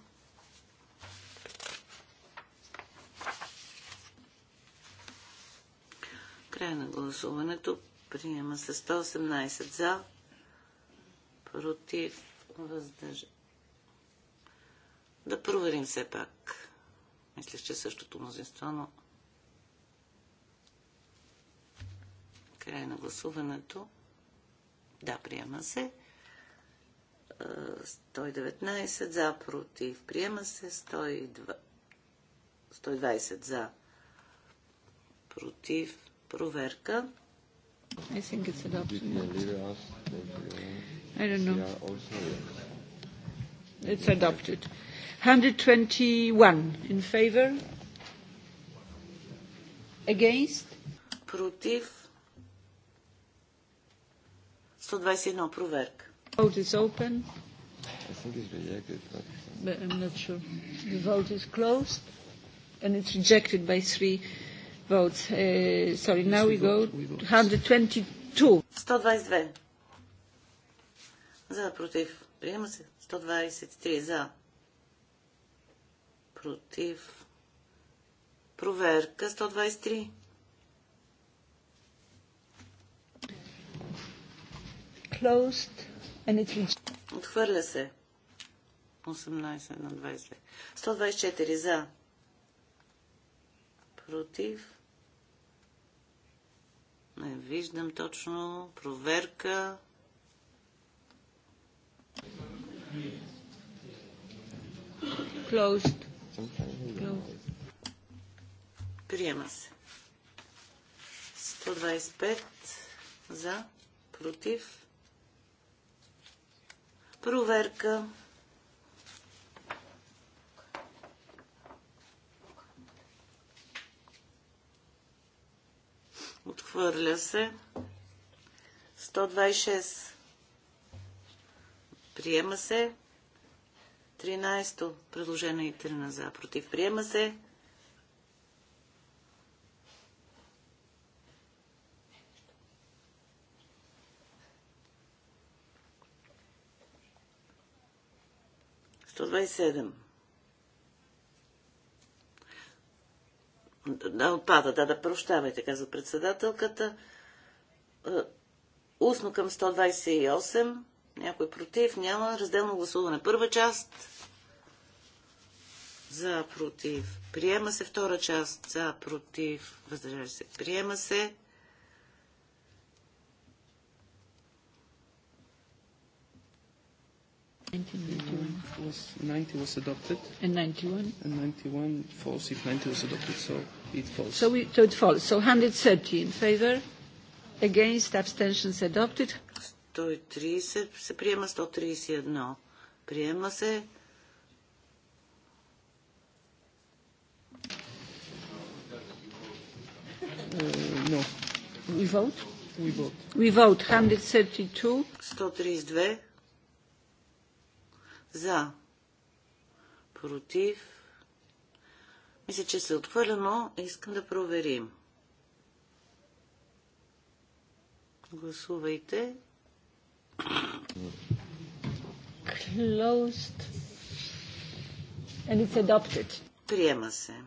Край на гласуването. Приема се 118 за. Против. Въздържа. Да проверим все пак. Мисля, че е същото мнозинство, но... Край на гласуването. Да, приема се. 119 за, против. Приема се 102... 120 за, против. Проверка. I think it's adopted. I don't know. It's adopted. 121 in favor. Against. Против. 121 проверка. Vote is open. I think it's rejected. but But I'm not sure. The vote is closed and it's rejected by three votes. Uh, sorry, now we go 122. 122. За, против. Приема се. 123 за. Против. Проверка 123. Closed and Отхвърля се. 18 на 22. 124 за. Против. Не виждам точно. Проверка. Closed. Closed. Приема се. 125 за, против. Проверка. Отхвърля се. 126. Приема се. 13-то. Предложение и 3 назад. Против. Приема се. Сто двадесет седем. Да, отпада, да, да прощавайте, казва председателката. Е, устно към 128. Някой против? Няма. Разделно гласуване. Първа част. За, против. Приема се втора част. За, против. Въздържали се. Приема се. 1991 was, 90 was adopted. And 91? And 91 falls if 90 was adopted, so it falls. So, we, so it falls. So 130 in favor, against, abstentions adopted. 130 се приема, 131 приема се. Uh, no. We vote? We vote. We vote 132. 132. За. Против. Мисля, че се отхвърля, но Искам да проверим. Гласувайте. Closed. And it's adopted. Приема се.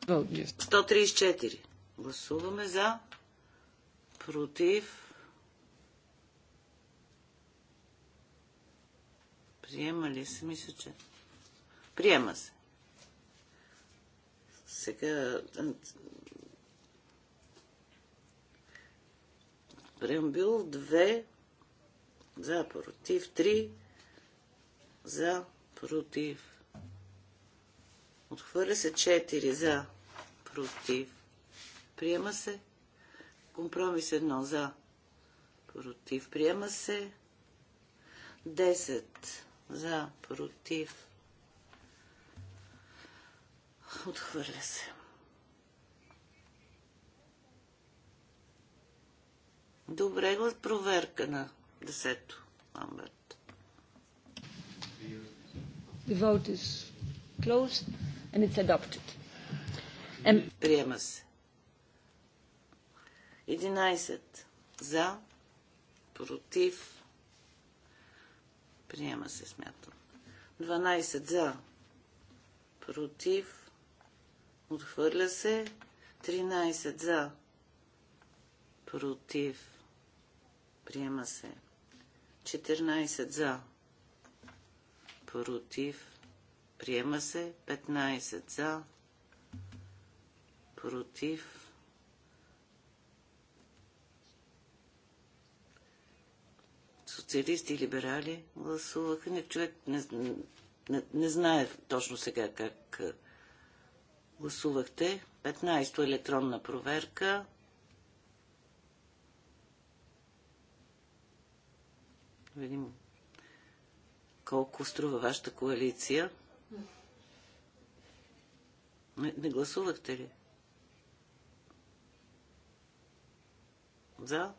Vote. 134. Гласуваме за против, приема ли се, мисля, че приема се. Сега преамбил 2 за против 3 за против Отхвърля се 4 за, против. Приема се Компромис едно за. Против. Приема се. 10 за. Против. Отхвърля се. Добре, го проверка на десето, Амберт. The vote is closed and it's adopted. Приема се. 11. За. Против. Приема се, смятам. 12. За. Против. Отхвърля се. 13. За. Против. Приема се. 14. За. Против. Приема се. 15. За. Против. социалисти и либерали гласуваха. Не, човек не, не, не знае точно сега как гласувахте. 15-то електронна проверка. Видим колко струва вашата коалиция. Не, не гласувахте ли? За?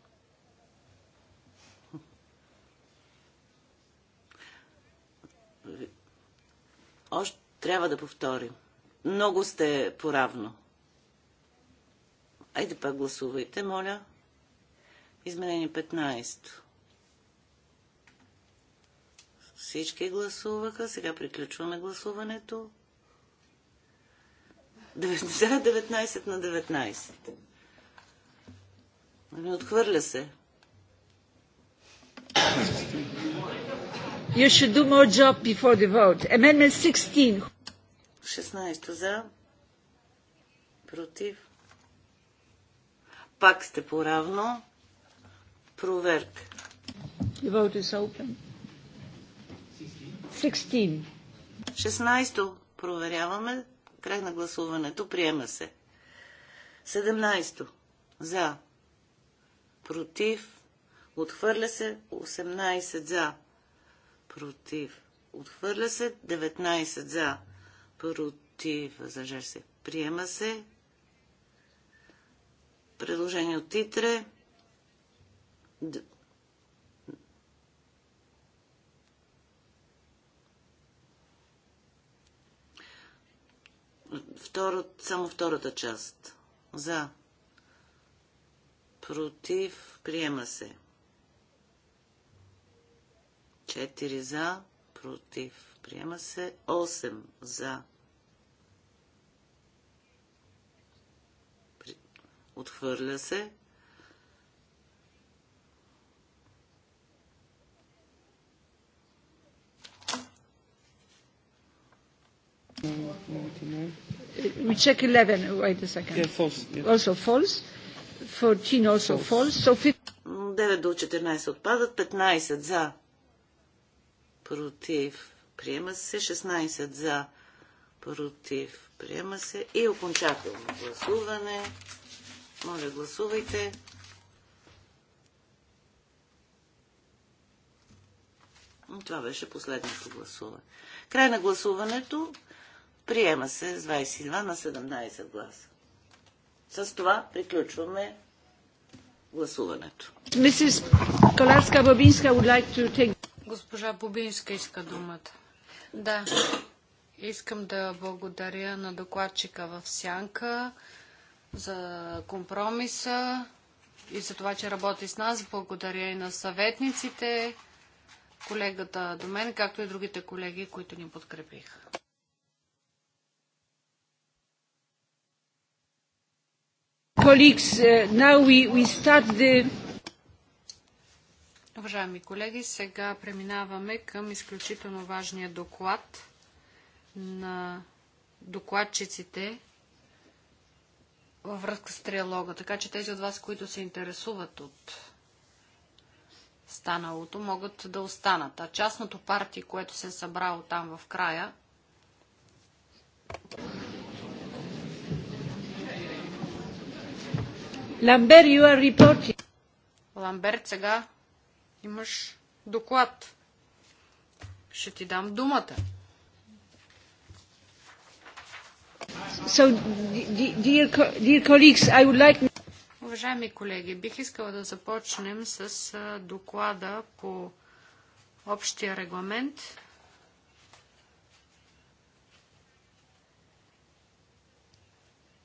Още трябва да повторим. Много сте поравно. Айде пак гласувайте, моля. Изменение 15. Всички гласуваха. Сега приключваме гласуването. 19 на 19. Не отхвърля се. You should do more job before the vote. Amendment 16. 16 за. Против. Пак сте поравно. Проверка. The vote is open. 16. 16 проверяваме. Край на гласуването. Приема се. 17 за. Против. Отхвърля се. 18 за против, отхвърля се, 19 за, против, въздържали се, приема се. Предложение от титре. Д... само втората част. За. Против. Приема се. 4 за, против. Приема се 8 за. Отхвърля се. We check 11. Wait a second. Yeah, false. Yeah. Also false. 14 also false. false. So 9 до 14 отпадат. 15 за против, приема се. 16 за, против, приема се. И окончателно гласуване. Моля, гласувайте. Това беше последното гласуване. Край на гласуването приема се с 22 на 17 гласа. С това приключваме гласуването. Mrs. Kolarska-Bobinska would like to take... Госпожа Бубинска иска думата. Да, искам да благодаря на докладчика в Сянка за компромиса и за това, че работи с нас. Благодаря и на съветниците, колегата до мен, както и другите колеги, които ни подкрепиха. Colleagues, uh, now we, we start the Уважаеми колеги, сега преминаваме към изключително важния доклад на докладчиците във връзка с триалога. Така че тези от вас, които се интересуват от станалото, могат да останат. А частното парти, което се е събрало там в края, Ламбер, you are reporting. Ламберт, сега Имаш доклад. Ще ти дам думата. So, dear, dear colleagues, I would like... Уважаеми колеги, бих искала да започнем с доклада по общия регламент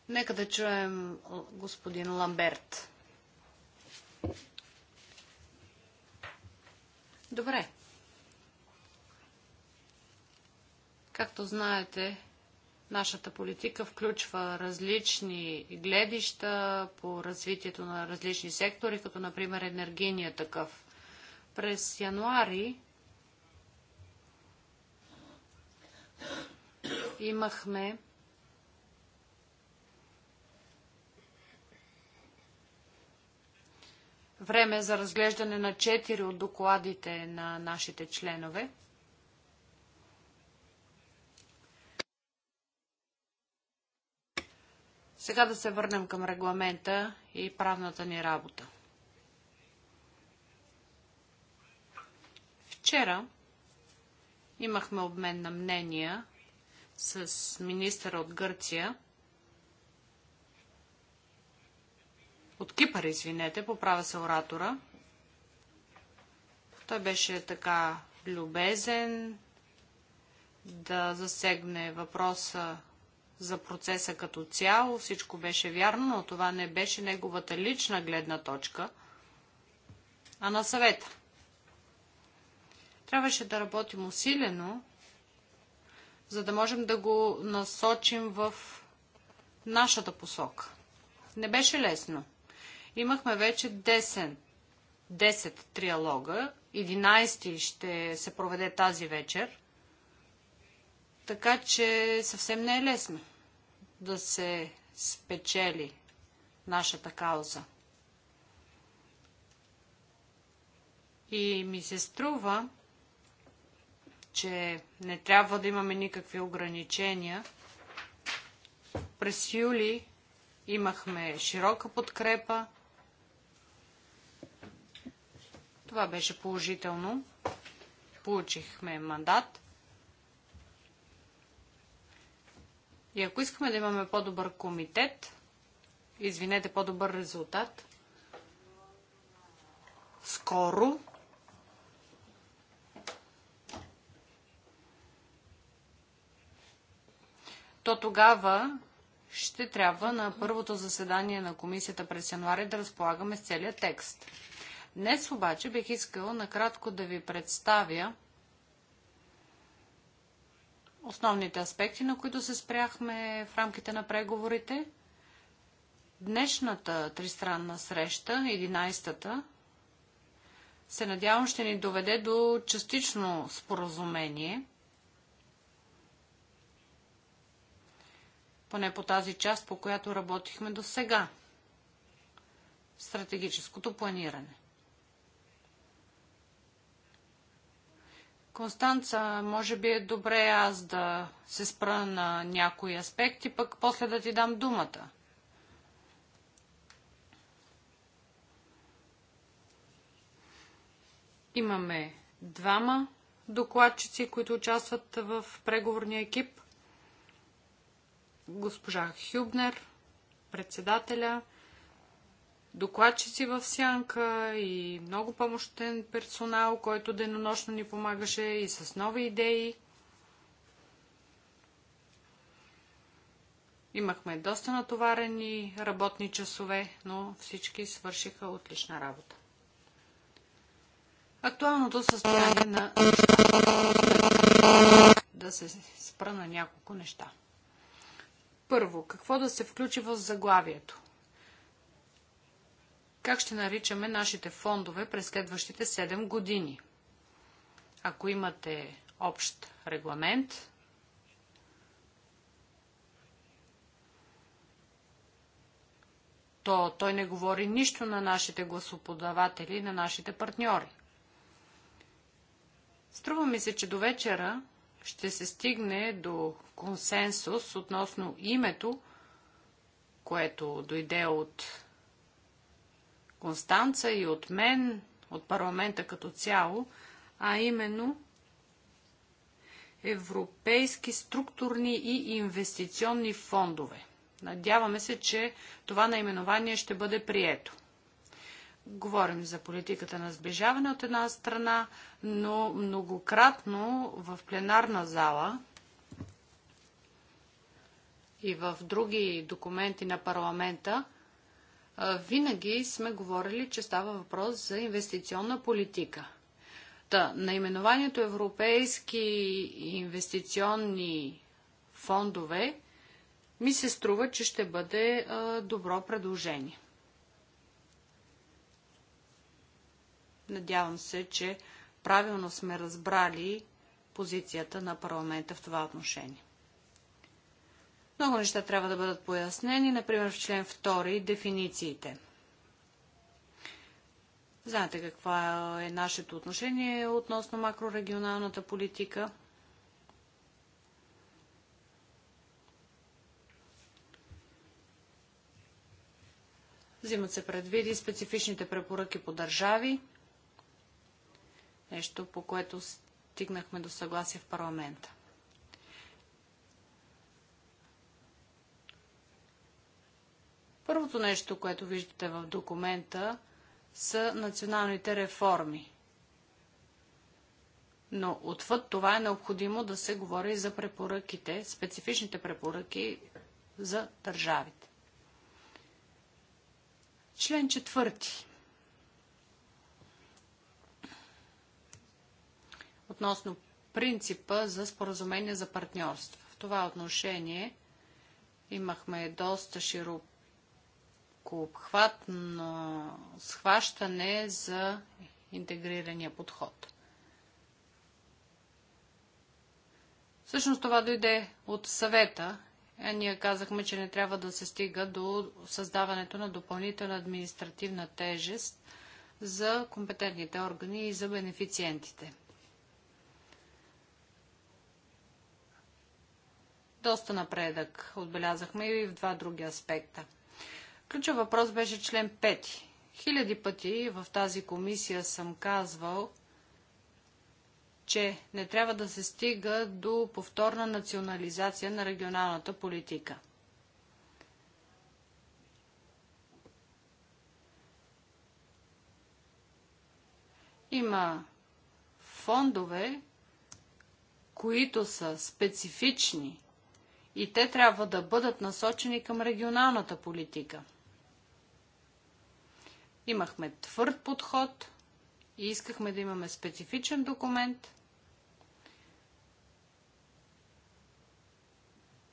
Нека да чуем господин Ламберт. Добре. Както знаете, нашата политика включва различни гледища по развитието на различни сектори, като например енергийния такъв. През януари имахме време за разглеждане на четири от докладите на нашите членове. Сега да се върнем към регламента и правната ни работа. Вчера имахме обмен на мнения с министъра от Гърция от Кипър, извинете, поправя се оратора. Той беше така любезен да засегне въпроса за процеса като цяло. Всичко беше вярно, но това не беше неговата лична гледна точка, а на съвета. Трябваше да работим усилено, за да можем да го насочим в нашата посока. Не беше лесно. Имахме вече 10, 10 триалога, 11 ще се проведе тази вечер, така че съвсем не е лесно да се спечели нашата кауза. И ми се струва, че не трябва да имаме никакви ограничения. През юли имахме широка подкрепа Това беше положително. Получихме мандат. И ако искаме да имаме по-добър комитет, извинете, по-добър резултат, скоро, то тогава ще трябва на първото заседание на комисията през януари да разполагаме с целият текст. Днес обаче бих искала накратко да ви представя основните аспекти, на които се спряхме в рамките на преговорите. Днешната тристранна среща, 11-та, се надявам ще ни доведе до частично споразумение. Поне по тази част, по която работихме до сега. Стратегическото планиране. Констанца, може би е добре аз да се спра на някои аспекти, пък после да ти дам думата. Имаме двама докладчици, които участват в преговорния екип. Госпожа Хюбнер, председателя, докладчици в сянка и много помощен персонал, който денонощно ни помагаше и с нови идеи. Имахме доста натоварени работни часове, но всички свършиха отлична работа. Актуалното състояние на Да се спра на няколко неща. Първо, какво да се включи в заглавието? Как ще наричаме нашите фондове през следващите 7 години? Ако имате общ регламент, то той не говори нищо на нашите гласоподаватели, на нашите партньори. Струва ми се, че до вечера ще се стигне до консенсус относно името, което дойде от Констанца и от мен, от парламента като цяло, а именно европейски структурни и инвестиционни фондове. Надяваме се, че това наименование ще бъде прието. Говорим за политиката на сближаване от една страна, но многократно в пленарна зала и в други документи на парламента винаги сме говорили, че става въпрос за инвестиционна политика. Та, наименованието Европейски инвестиционни фондове ми се струва, че ще бъде а, добро предложение. Надявам се, че правилно сме разбрали позицията на парламента в това отношение. Много неща трябва да бъдат пояснени, например в член 2 дефинициите. Знаете какво е нашето отношение относно макрорегионалната политика. Взимат се предвиди специфичните препоръки по държави, нещо по което стигнахме до съгласие в парламента. Първото нещо, което виждате в документа, са националните реформи. Но отвъд това е необходимо да се говори и за препоръките, специфичните препоръки за държавите. Член четвърти. Относно принципа за споразумение за партньорство. В това отношение имахме доста широк всеобхватно схващане за интегрирания подход. Всъщност това дойде от съвета. А ние казахме, че не трябва да се стига до създаването на допълнителна административна тежест за компетентните органи и за бенефициентите. Доста напредък отбелязахме и в два други аспекта. Ключов въпрос беше член 5. Хиляди пъти в тази комисия съм казвал, че не трябва да се стига до повторна национализация на регионалната политика. Има фондове, които са специфични и те трябва да бъдат насочени към регионалната политика – Имахме твърд подход и искахме да имаме специфичен документ,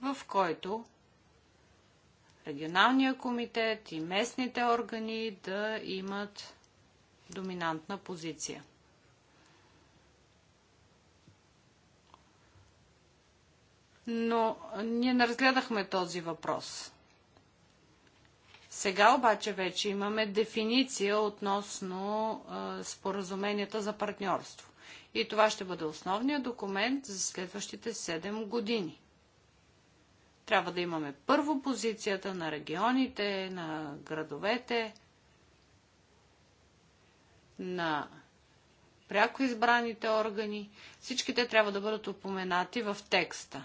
в който регионалния комитет и местните органи да имат доминантна позиция. Но ние не разгледахме този въпрос. Сега обаче вече имаме дефиниция относно а, споразуменията за партньорство. И това ще бъде основният документ за следващите 7 години. Трябва да имаме първо позицията на регионите, на градовете, на пряко избраните органи. Всички те трябва да бъдат упоменати в текста.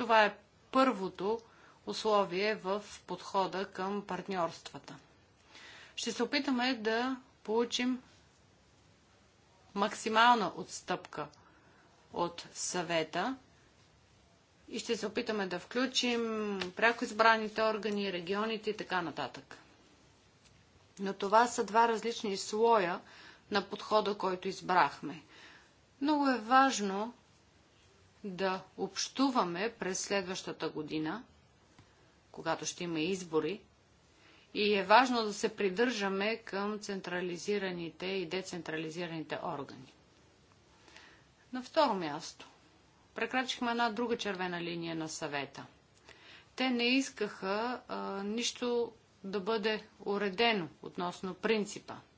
Това е първото условие в подхода към партньорствата. Ще се опитаме да получим максимална отстъпка от съвета и ще се опитаме да включим пряко избраните органи, регионите и така нататък. Но това са два различни слоя на подхода, който избрахме. Много е важно да общуваме през следващата година, когато ще има избори, и е важно да се придържаме към централизираните и децентрализираните органи. На второ място, прекрачихме една друга червена линия на съвета. Те не искаха а, нищо да бъде уредено относно принципа –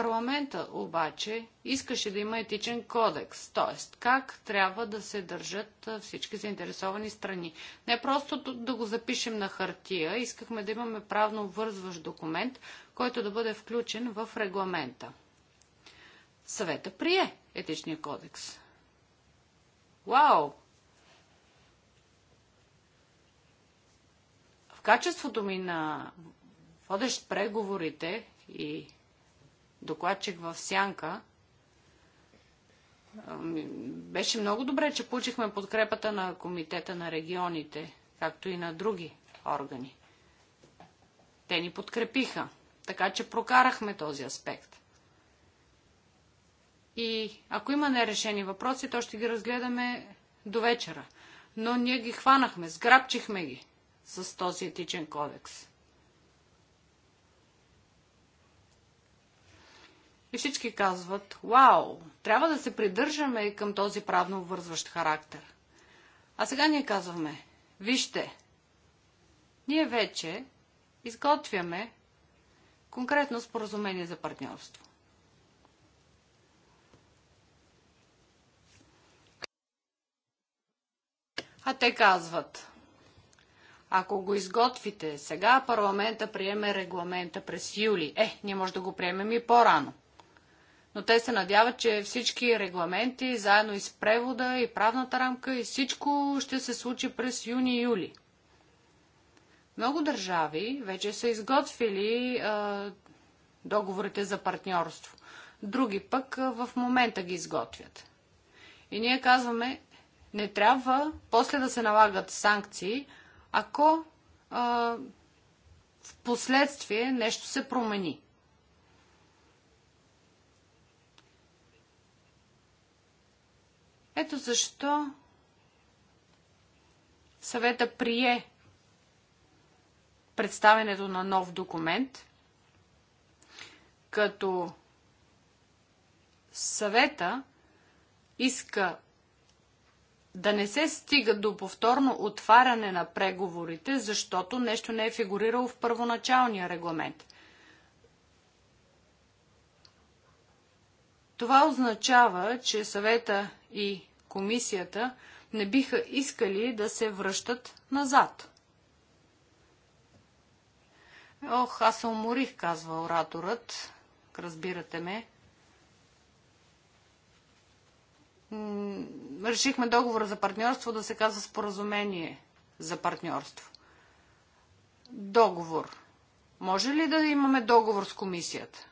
Парламента обаче искаше да има етичен кодекс, т.е. как трябва да се държат всички заинтересовани страни. Не просто да го запишем на хартия, искахме да имаме правно вързващ документ, който да бъде включен в регламента. Съвета прие етичния кодекс. Вау! В качеството ми на водещ преговорите и докладчик в Сянка, ами, беше много добре, че получихме подкрепата на Комитета на регионите, както и на други органи. Те ни подкрепиха, така че прокарахме този аспект. И ако има нерешени въпроси, то ще ги разгледаме до вечера. Но ние ги хванахме, сграбчихме ги с този етичен кодекс. И всички казват, вау, трябва да се придържаме към този правно вързващ характер. А сега ние казваме, вижте, ние вече изготвяме конкретно споразумение за партньорство. А те казват, ако го изготвите сега, парламента приеме регламента през юли. Е, ние може да го приемем и по-рано но те се надяват, че всички регламенти, заедно и с превода и правната рамка и всичко ще се случи през юни-юли. Много държави вече са изготвили а, договорите за партньорство. Други пък а, в момента ги изготвят. И ние казваме, не трябва после да се налагат санкции, ако а, в последствие нещо се промени. Ето защо съвета прие представенето на нов документ, като съвета иска да не се стига до повторно отваряне на преговорите, защото нещо не е фигурирало в първоначалния регламент. Това означава, че съвета и комисията не биха искали да се връщат назад. Ох, аз се уморих, казва ораторът. Разбирате ме. Решихме договора за партньорство да се казва споразумение за партньорство. Договор. Може ли да имаме договор с комисията?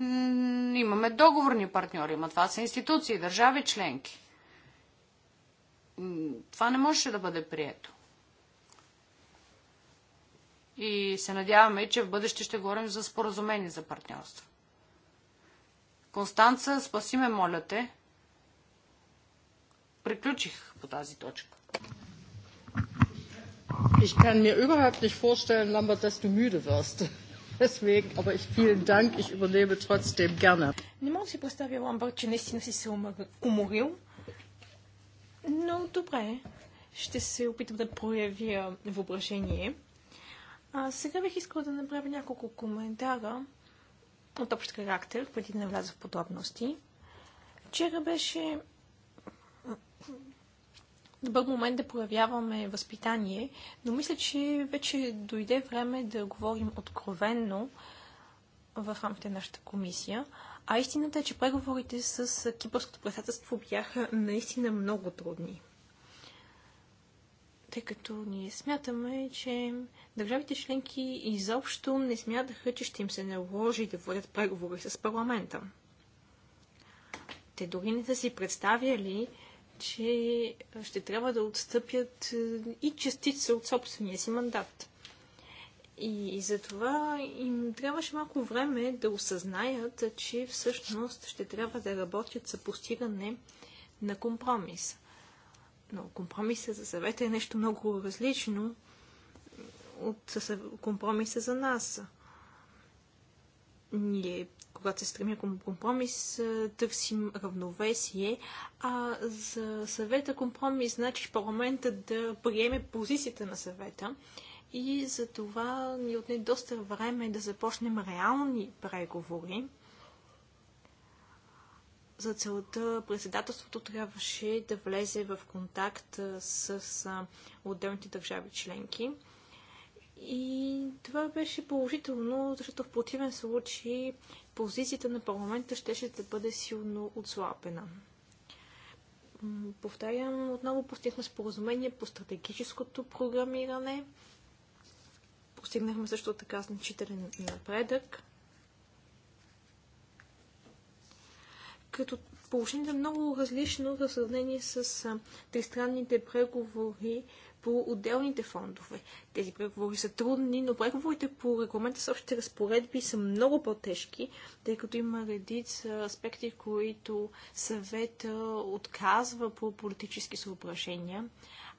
имаме договорни партньори, ма това са институции, държави членки. Това не можеше да бъде прието. И се надяваме, че в бъдеще ще говорим за споразумение за партньорство. Констанца, спаси ме, моля те. Приключих по тази точка. Ich kann mir überhaupt nicht vorstellen, Lambert, dass du müde wirst. Deswegen, aber ich vielen Dank, ich übernehme trotzdem gerne. Не мога да си представя, Ламбър, че наистина си се уморил. Но добре, ще се опитам да проявя въображение. А, сега бих искала да направя няколко коментара от общ характер, преди да навляза в подробности. Вчера беше добър момент да проявяваме възпитание, но мисля, че вече дойде време да говорим откровенно в рамките на нашата комисия. А истината е, че преговорите с кипърското председателство бяха наистина много трудни. Тъй като ние смятаме, че държавите членки изобщо не смятаха, че ще им се наложи да водят преговори с парламента. Те дори не са си представяли, че ще трябва да отстъпят и частица от собствения си мандат. И, и затова им трябваше малко време да осъзнаят, че всъщност ще трябва да работят за постигане на компромис. Но компромиса за съвета е нещо много различно от компромиса за нас. Ние, когато се стремим към компромис, търсим равновесие, а за съвета компромис значи парламента да приеме позицията на съвета. И за това ни отне доста време да започнем реални преговори. За целта председателството трябваше да влезе в контакт с отделните държави членки. И това беше положително, защото в противен случай позицията на парламента щеше ще да бъде силно отслабена. Повтарям, отново постигнахме споразумение по стратегическото програмиране. Постигнахме също така значителен напредък. Като положението е много различно в сравнение с тристранните преговори по отделните фондове. Тези преговори са трудни, но преговорите по регламента с общите разпоредби са много по-тежки, тъй като има редица аспекти, които съвета отказва по политически съображения,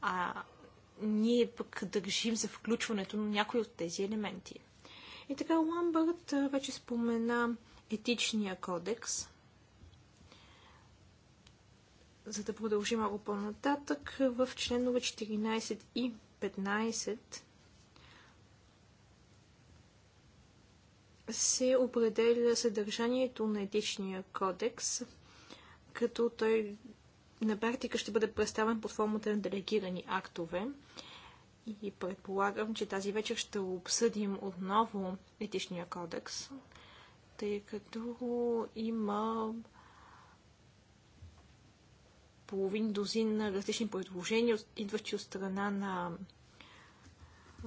а ние пък държим за включването на някои от тези елементи. И така Ламбърт вече спомена етичния кодекс – за да продължим малко по-нататък, в членове 14 и 15 се определя съдържанието на етичния кодекс, като той на практика ще бъде представен под формата на делегирани актове. И предполагам, че тази вечер ще обсъдим отново етичния кодекс, тъй като има половин дозин различни предложения, идващи от страна на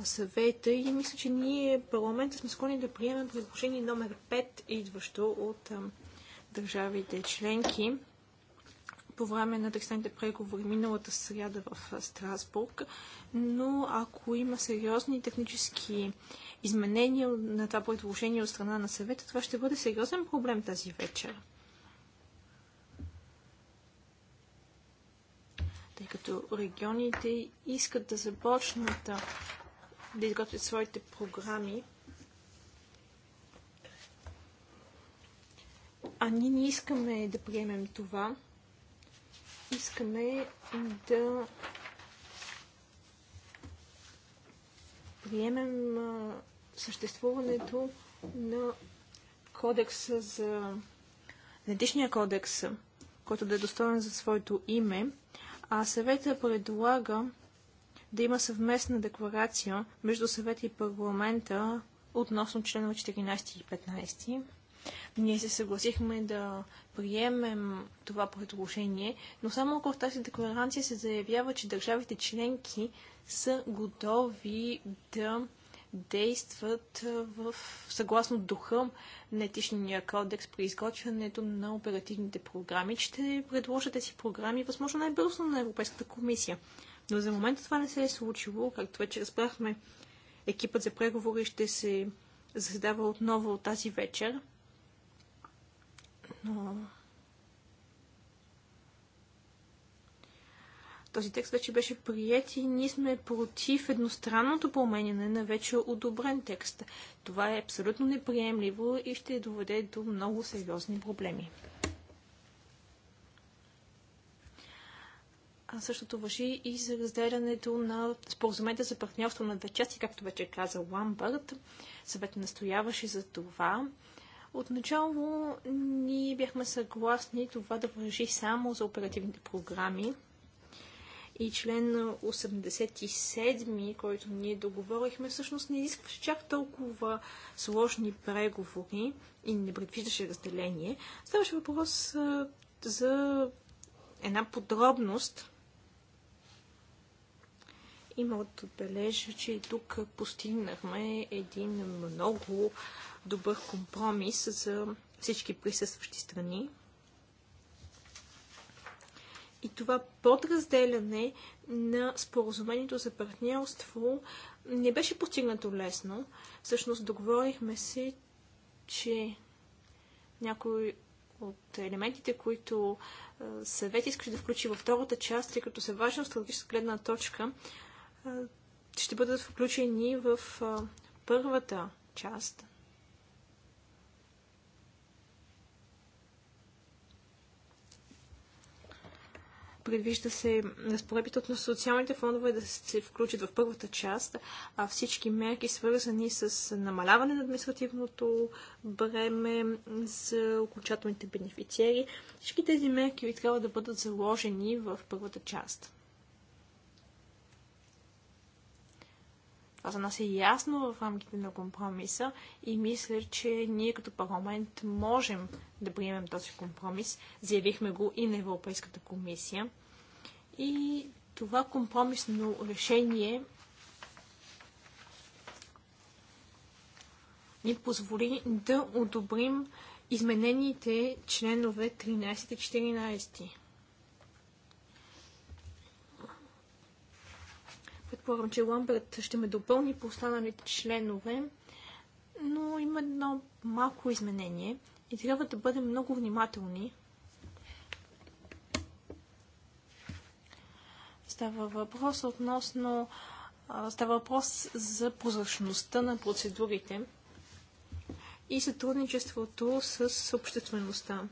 съвета и мисля, че ние парламента сме склонни да приемем предложение номер 5, идващо от а, държавите членки по време на тристаните преговори миналата сряда в Страсбург, но ако има сериозни технически изменения на това предложение от страна на съвета, това ще бъде сериозен проблем тази вечер. тъй като регионите искат да започнат да изготвят своите програми, а ние не искаме да приемем това. Искаме да приемем съществуването на кодекса за генетичния кодекс, който да е достоен за своето име, а съвета предлага да има съвместна декларация между съвета и парламента относно членове 14 и 15. Ние се съгласихме да приемем това предложение, но само ако в тази декларация се заявява, че държавите членки са готови да действат в съгласно духа на етичния кодекс при изготвянето на оперативните програми. Ще предложат тези програми възможно най-бързо на Европейската комисия. Но за момента това не се е случило. Както вече разбрахме, екипът за преговори ще се заседава отново тази вечер. Но Този текст вече беше прият и ние сме против едностранното променяне на вече одобрен текст. Това е абсолютно неприемливо и ще доведе до много сериозни проблеми. А същото въжи и за разделянето на споразумението за партньорство на две части, както вече каза Ламбърт. Съвет настояваше за това. Отначало ние бяхме съгласни това да въжи само за оперативните програми, и член 87, който ние договорихме, всъщност не изискваше чак толкова сложни преговори и не предвиждаше разделение. Ставаше въпрос за една подробност. Има отбележа, че тук постигнахме един много добър компромис за всички присъстващи страни. И това подразделяне на споразумението за партньорство не беше постигнато лесно. Всъщност договорихме се, че някои от елементите, които съвет искаше да включи във втората част, тъй като са важни от стратегическа гледна точка, ще бъдат включени в първата част Предвижда се разпоредбите от социалните фондове да се включат в първата част, а всички мерки, свързани с намаляване на административното бреме за окончателните бенефициери, всички тези мерки ви трябва да бъдат заложени в първата част. Това за нас е ясно в рамките на компромиса и мисля, че ние като парламент можем да приемем този компромис. Заявихме го и на Европейската комисия. И това компромисно решение ни позволи да одобрим изменените членове 13 и 14. Предполагам, че Ламберт ще ме допълни по останалите членове, но има едно малко изменение и трябва да бъдем много внимателни, Става въпрос относно става въпрос за прозрачността на процедурите и сътрудничеството с обществеността.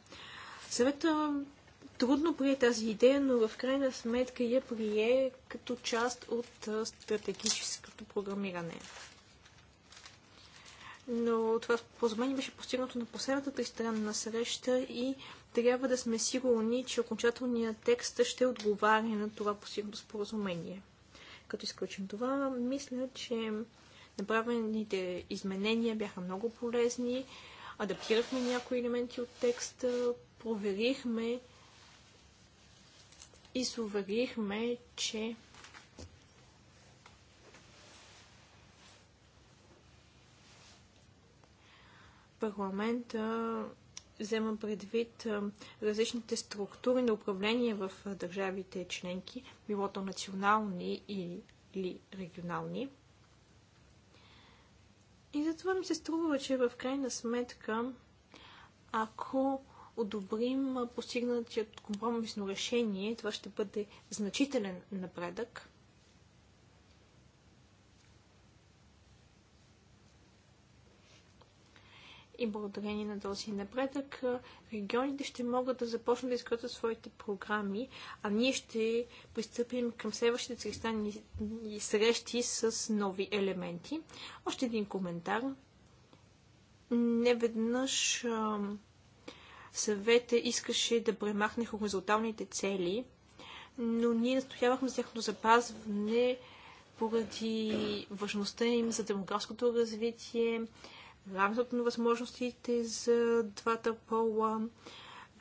Съвета трудно прие тази идея, но в крайна сметка я прие като част от стратегическото програмиране но това споразумение беше постигнато на последната тристранна среща и трябва да сме сигурни, че окончателният текст ще отговаря на това постигнато споразумение. Като изключим това, мисля, че направените изменения бяха много полезни, адаптирахме някои елементи от текста, проверихме и се уверихме, че парламента взема предвид различните структури на управление в държавите членки, било то национални или регионални. И затова ми се струва, че в крайна сметка, ако одобрим постигнатият компромисно решение, това ще бъде значителен напредък. и благодарение на този напредък регионите ще могат да започнат да изготвят своите програми, а ние ще пристъпим към следващите тристани срещи с нови елементи. Още един коментар. Не веднъж съвета искаше да премахне хоризонталните цели, но ние настоявахме за тяхното запазване поради важността им за демографското развитие, равенството на възможностите за двата пола,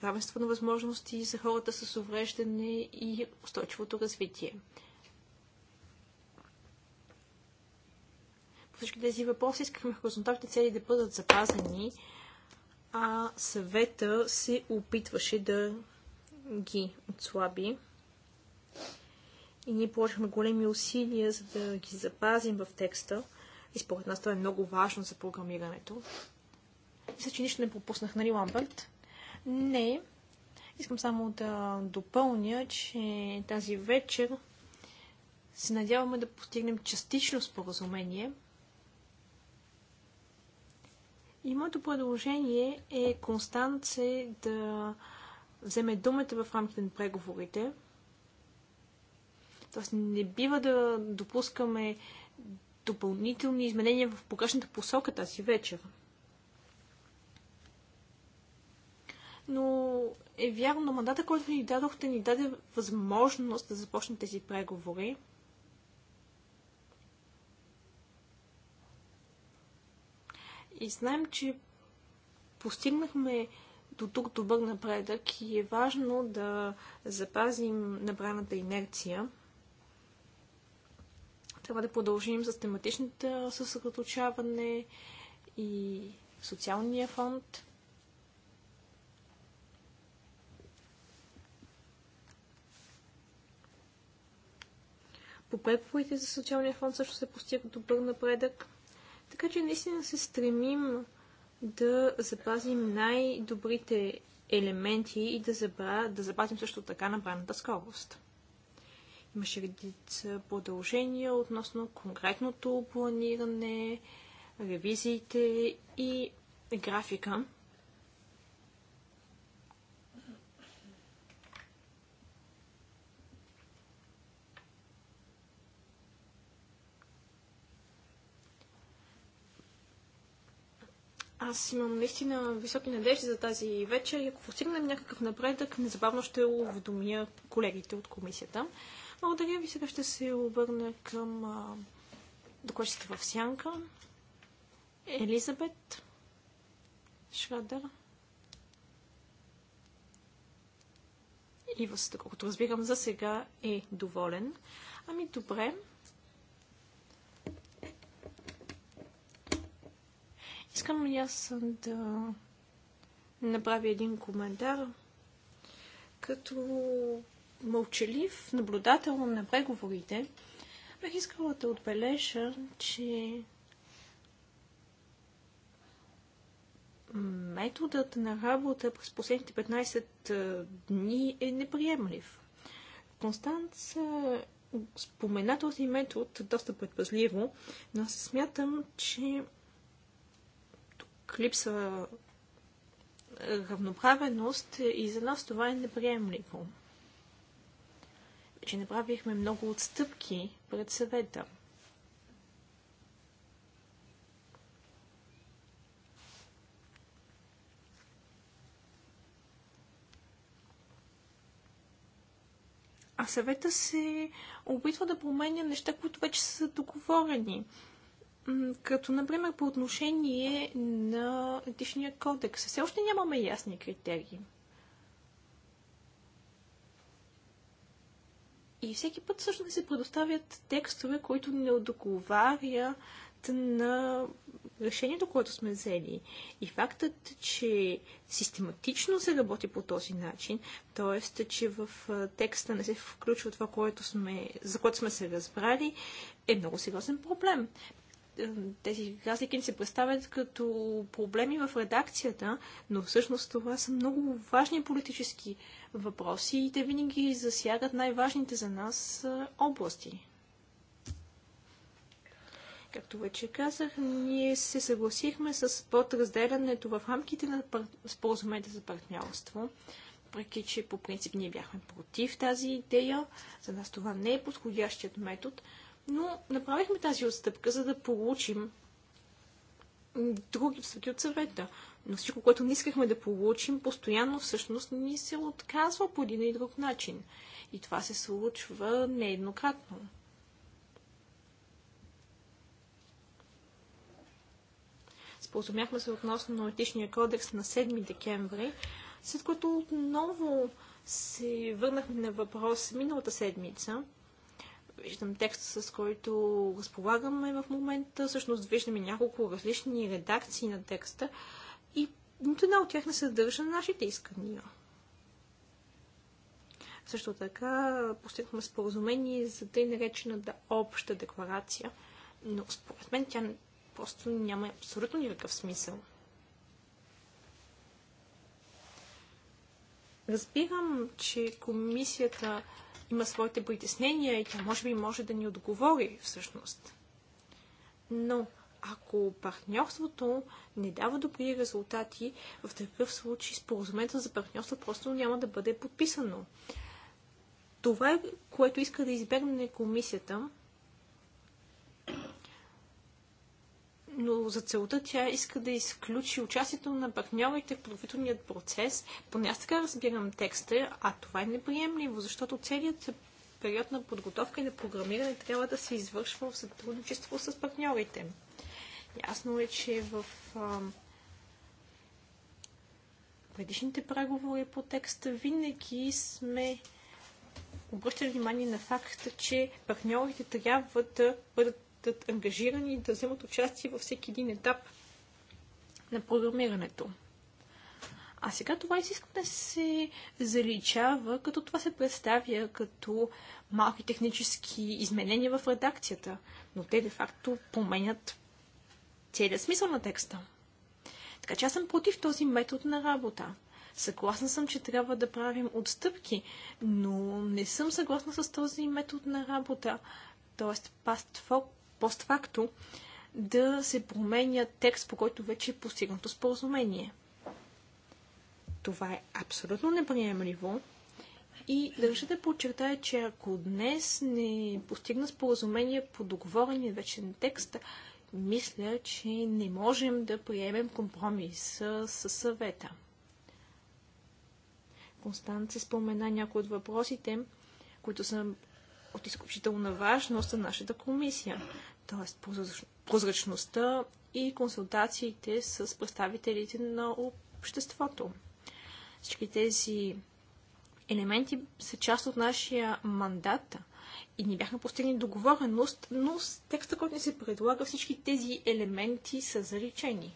равенство на възможности за хората с увреждане и устойчивото развитие. По всички тези въпроси искахме хоризонталните цели да бъдат запазени, а съвета се опитваше да ги отслаби. И ние положихме големи усилия, за да ги запазим в текста – и според нас това е много важно за програмирането. Мисля, че нищо не пропуснах, нали, Ламбърт? Не. Искам само да допълня, че тази вечер се надяваме да постигнем частично споразумение. И моето предложение е Констанце да вземе думата в рамките на преговорите. Тоест не бива да допускаме допълнителни изменения в погрешната посока тази вечер. Но е вярно, мандата, който ни дадохте, ни даде възможност да започнем тези преговори. И знаем, че постигнахме до тук добър напредък и е важно да запазим набраната инерция. Трябва да продължим с тематичната съсредоточаване и социалния фонд. По преговорите за социалния фонд също се постига добър напредък. Така че наистина се стремим да запазим най-добрите елементи и да, забра... да запазим също така набраната скорост. Имаше редица продължения относно конкретното планиране, ревизиите и графика. Аз имам наистина високи надежди за тази вечер и ако постигнем някакъв напредък, незабавно ще уведомя колегите от комисията. Благодаря ви. Сега ще се обърна към докладчицата в Сянка. Елизабет Шрадър. Ивас, доколкото разбирам, за сега е доволен. Ами добре. Искам и аз да направя един коментар. Като мълчалив наблюдател на преговорите, бих искала да отбележа, че методът на работа през последните 15 дни е неприемлив. Констанц спомена този метод доста предпазливо, но аз смятам, че тук липсва равноправеност и за нас това е неприемливо че направихме много отстъпки пред съвета. А съвета се опитва да променя неща, които вече са договорени. Като, например, по отношение на етичния кодекс. Все още нямаме ясни критерии. И всеки път всъщност се предоставят текстове, които не договарят на решението, което сме взели. И фактът, че систематично се работи по този начин, т.е. че в текста не се включва това, което сме, за което сме се разбрали, е много сериозен проблем тези разлики ни се представят като проблеми в редакцията, но всъщност това са много важни политически въпроси и те винаги засягат най-важните за нас области. Както вече казах, ние се съгласихме с подразделянето в рамките на пар... споразумението за партньорство, въпреки че по принцип ние бяхме против тази идея. За нас това не е подходящият метод, но направихме тази отстъпка, за да получим други отстъпки от съвета. Но всичко, което не искахме да получим, постоянно всъщност ни се отказва по един или друг начин. И това се случва нееднократно. Споразумяхме се относно на етичния кодекс на 7 декември, след което отново се върнахме на въпрос миналата седмица – виждам текста, с който разполагаме в момента. Всъщност виждаме няколко различни редакции на текста и нито една от тях не съдържа нашите искания. Също така постигнахме споразумение за тъй наречената обща декларация, но според мен тя просто няма абсолютно никакъв смисъл. Разбирам, че комисията има своите притеснения и тя може би може да ни отговори всъщност. Но ако партньорството не дава добри резултати, в такъв случай споразумението за партньорство просто няма да бъде подписано. Това е което иска да избегне комисията но за целта тя иска да изключи участието на партньорите в правителният процес. Поне аз така разбирам текста, а това е неприемливо, защото целият период на подготовка и на програмиране трябва да се извършва в сътрудничество с партньорите. Ясно е, че в а, предишните преговори по текста винаги сме обръщали внимание на факта, че партньорите трябва да бъдат бъдат ангажирани да вземат участие във всеки един етап на програмирането. А сега това изискване се заличава, като това се представя като малки технически изменения в редакцията, но те де-факто променят целият смисъл на текста. Така че аз съм против този метод на работа. Съгласна съм, че трябва да правим отстъпки, но не съм съгласна с този метод на работа. Тоест, past постфакто да се променя текст, по който вече е постигнато споразумение. Това е абсолютно неприемливо и държа да подчертая, че ако днес не постигна споразумение по договорения вечен текст, мисля, че не можем да приемем компромис със съвета. Констант се спомена някои от въпросите, които са от изключителна важност за нашата комисия, т.е. прозрачността и консултациите с представителите на обществото. Всички тези елементи са част от нашия мандат и ни бяхме постигнали договореност, но с текста, който ни се предлага, всички тези елементи са заличени.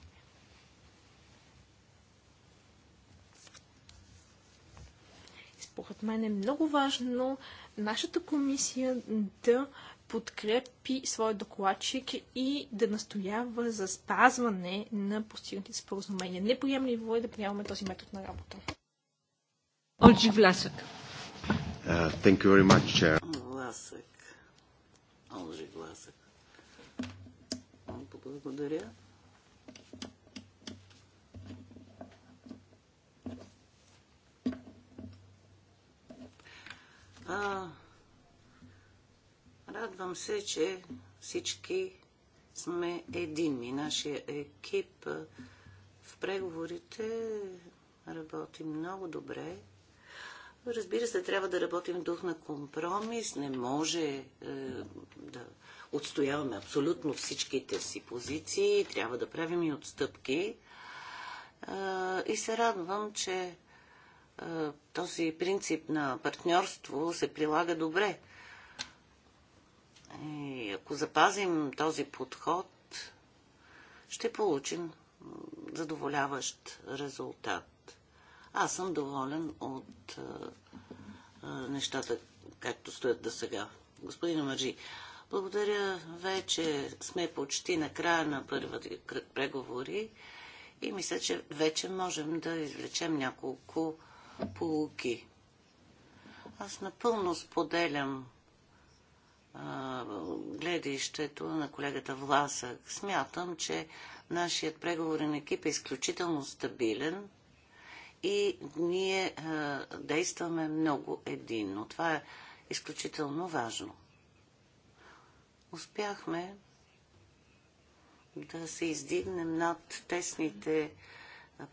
Според мен е много важно нашата комисия да подкрепи своя докладчик и да настоява за спазване на постигнатите споразумения. Неприемливо е да приемаме този метод на работа. Олджи Власък. Uh, thank you very much, Chair. Власък. Олджи Власък. Благодаря. А, радвам се, че всички сме едини. Нашия екип в преговорите работи много добре. Разбира се, трябва да работим в дух на компромис. Не може е, да отстояваме абсолютно всичките си позиции. Трябва да правим и отстъпки. Е, и се радвам, че този принцип на партньорство се прилага добре. И ако запазим този подход, ще получим задоволяващ резултат. Аз съм доволен от нещата, както стоят до сега. Господин Мържи, благодаря. Вече сме почти на края на първата кръг преговори и мисля, че вече можем да извлечем няколко полуки. Аз напълно споделям а, гледището на колегата Власък. Смятам, че нашият преговорен екип е изключително стабилен и ние а, действаме много единно. Това е изключително важно. Успяхме да се издигнем над тесните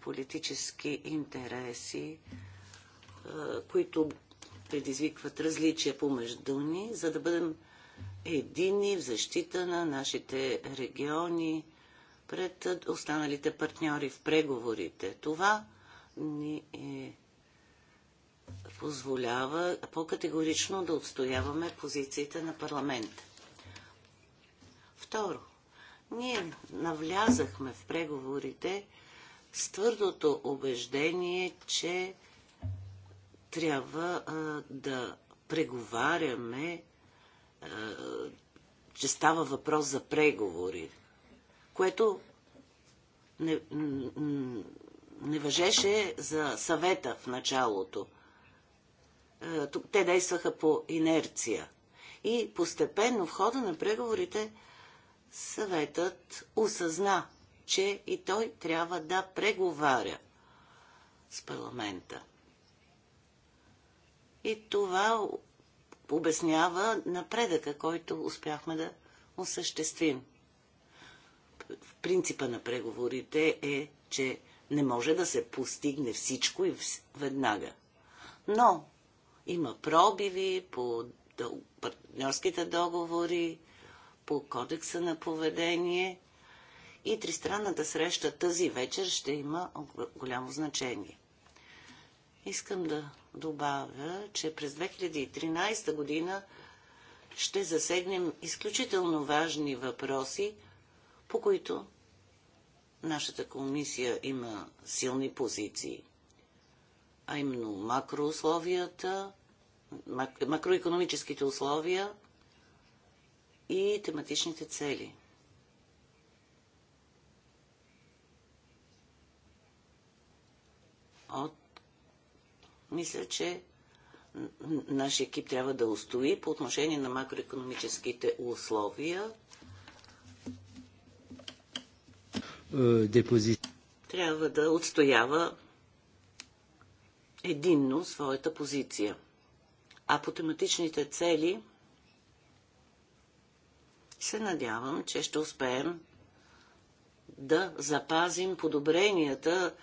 политически интереси, които предизвикват различия помежду ни, за да бъдем едини в защита на нашите региони пред останалите партньори в преговорите. Това ни е позволява по-категорично да отстояваме позициите на парламента. Второ, ние навлязахме в преговорите с твърдото убеждение, че трябва а, да преговаряме, а, че става въпрос за преговори, което не, не въжеше за съвета в началото. А, те действаха по инерция. И постепенно в хода на преговорите съветът осъзна, че и той трябва да преговаря с парламента. И това обяснява напредъка, който успяхме да осъществим. В принципа на преговорите е, че не може да се постигне всичко и веднага. Но има пробиви по партньорските договори, по кодекса на поведение и тристранната среща тази вечер ще има голямо значение. Искам да добавя, че през 2013 година ще засегнем изключително важни въпроси, по които нашата комисия има силни позиции. А именно макроусловията, макроекономическите условия и тематичните цели. От мисля, че нашия екип трябва да устои по отношение на макроекономическите условия. Е, депозит. Трябва да отстоява единно своята позиция. А по тематичните цели се надявам, че ще успеем да запазим подобренията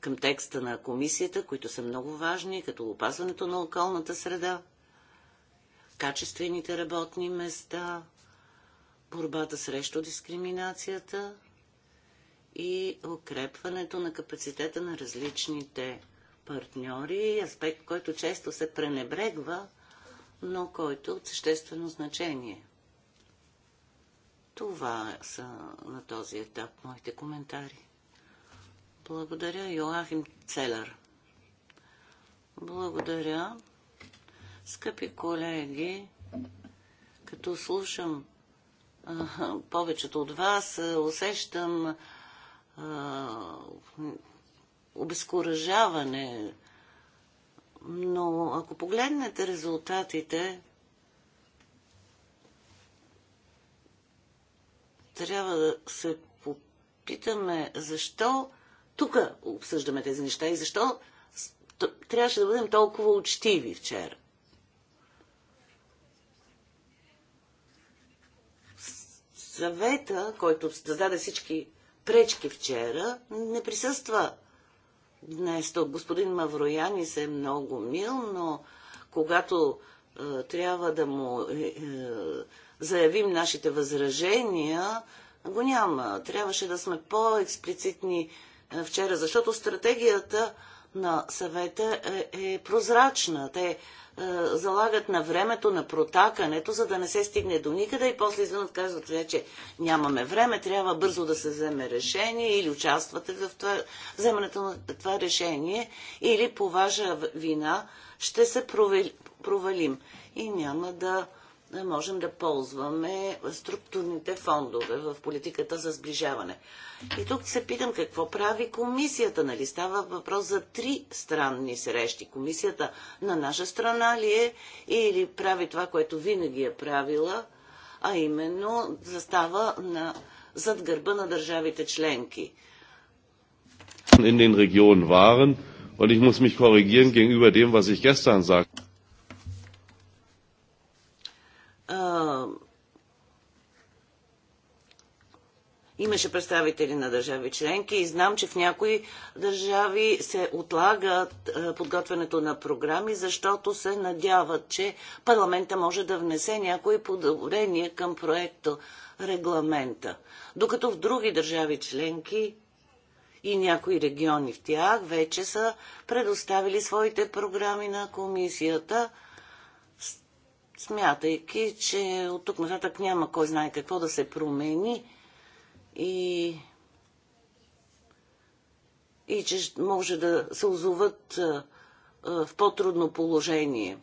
към текста на комисията, които са много важни, като опазването на околната среда, качествените работни места, борбата срещу дискриминацията и укрепването на капацитета на различните партньори, аспект, който често се пренебрегва, но който е от съществено значение. Това са на този етап моите коментари. Благодаря, Йоахим Целер. Благодаря. Скъпи колеги, като слушам а, повечето от вас, усещам а, обезкуражаване. Но ако погледнете резултатите, трябва да се попитаме защо тук обсъждаме тези неща и защо трябваше да бъдем толкова учтиви вчера. Съвета, който създаде всички пречки вчера, не присъства днес. То господин Мавроянис е много мил, но когато е, трябва да му е, е, заявим нашите възражения, го няма. Трябваше да сме по-експлицитни вчера, защото стратегията на съвета е, е прозрачна. Те е, залагат на времето на протакането, за да не се стигне до никъде и после изведнъж казват, е, че нямаме време, трябва бързо да се вземе решение или участвате в това, вземането на това решение или по ваша вина ще се провалим и няма да можем да ползваме структурните фондове в политиката за сближаване. И тук се питам какво прави комисията, нали? Става въпрос за три странни срещи. Комисията на наша страна ли е или прави това, което винаги е правила, а именно застава на, зад гърба на държавите членки. In den Regionen waren, und ich muss mich korrigieren gegenüber dem, was ich gestern sagte. Имаше представители на държави членки и знам, че в някои държави се отлагат е, подготвянето на програми, защото се надяват, че парламента може да внесе някои подобрения към проекто регламента. Докато в други държави членки и някои региони в тях вече са предоставили своите програми на комисията, смятайки, че от тук нататък няма кой знае какво да се промени и, и че може да се озоват в по-трудно положение.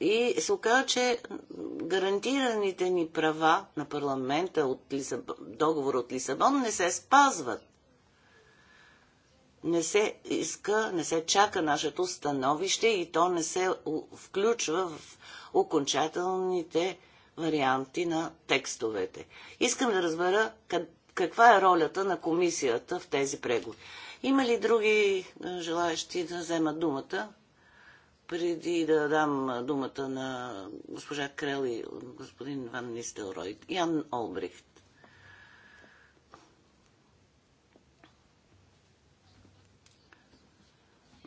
И се оказа, че гарантираните ни права на парламента от Лисаб... договор от Лисабон не се спазват. Не се иска, не се чака нашето становище и то не се включва в окончателните варианти на текстовете. Искам да разбера каква е ролята на комисията в тези преговори. Има ли други е, желаящи да вземат думата? Преди да дам е, думата на госпожа Крел и господин Ван Нистелрой. Ян Олбрихт.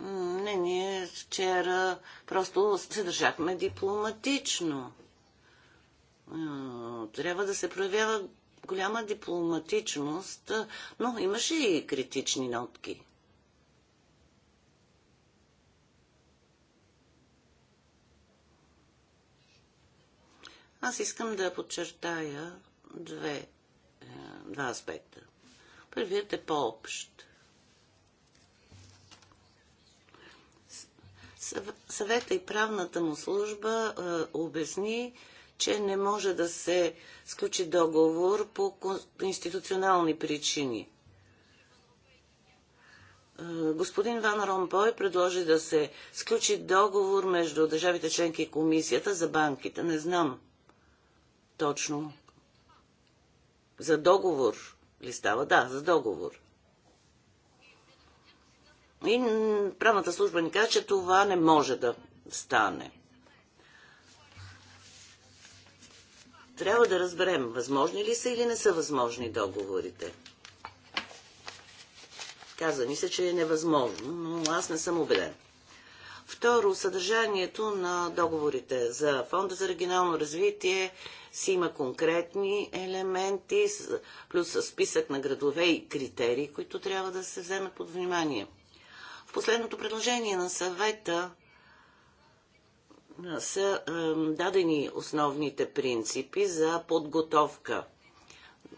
Не, ние вчера просто се държахме дипломатично трябва да се проявява голяма дипломатичност, но имаше и критични нотки. Аз искам да подчертая две, е, два аспекта. Първият е по-общ. Съвета и правната му служба е, обясни, че не може да се сключи договор по институционални причини. Е, господин Ван Ромпой предложи да се сключи договор между държавите членки и комисията за банките. Не знам точно. За договор ли става? Да, за договор. И правната служба ни каза, че това не може да стане. Трябва да разберем, възможни ли са или не са възможни договорите. Каза ми се, че е невъзможно, но аз не съм убеден. Второ, съдържанието на договорите за Фонда за регионално развитие си има конкретни елементи, плюс списък на градове и критерии, които трябва да се вземат под внимание. В последното предложение на съвета са дадени основните принципи за подготовка.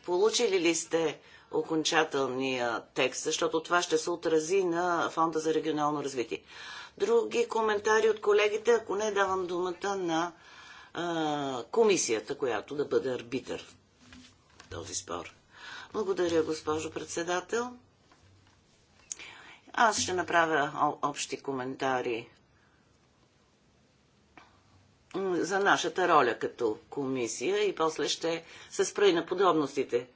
Получили ли сте окончателния текст, защото това ще се отрази на Фонда за регионално развитие. Други коментари от колегите, ако не давам думата на а, комисията, която да бъде арбитър в този спор. Благодаря, госпожо председател. Аз ще направя общи коментари за нашата роля като комисия и после ще се спра и на подробностите,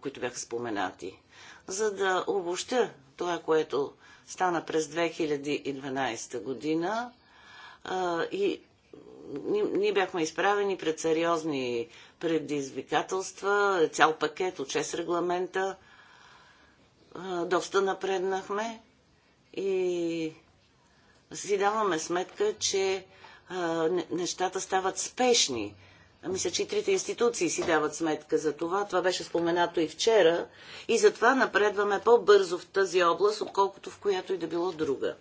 които бяха споменати. За да обобща това, което стана през 2012 година и ние бяхме изправени пред сериозни предизвикателства, цял пакет от 6 регламента. Доста напреднахме и си даваме сметка, че нещата стават спешни. Мисля, че и трите институции си дават сметка за това. Това беше споменато и вчера. И затова напредваме по-бързо в тази област, отколкото в която и да било друга.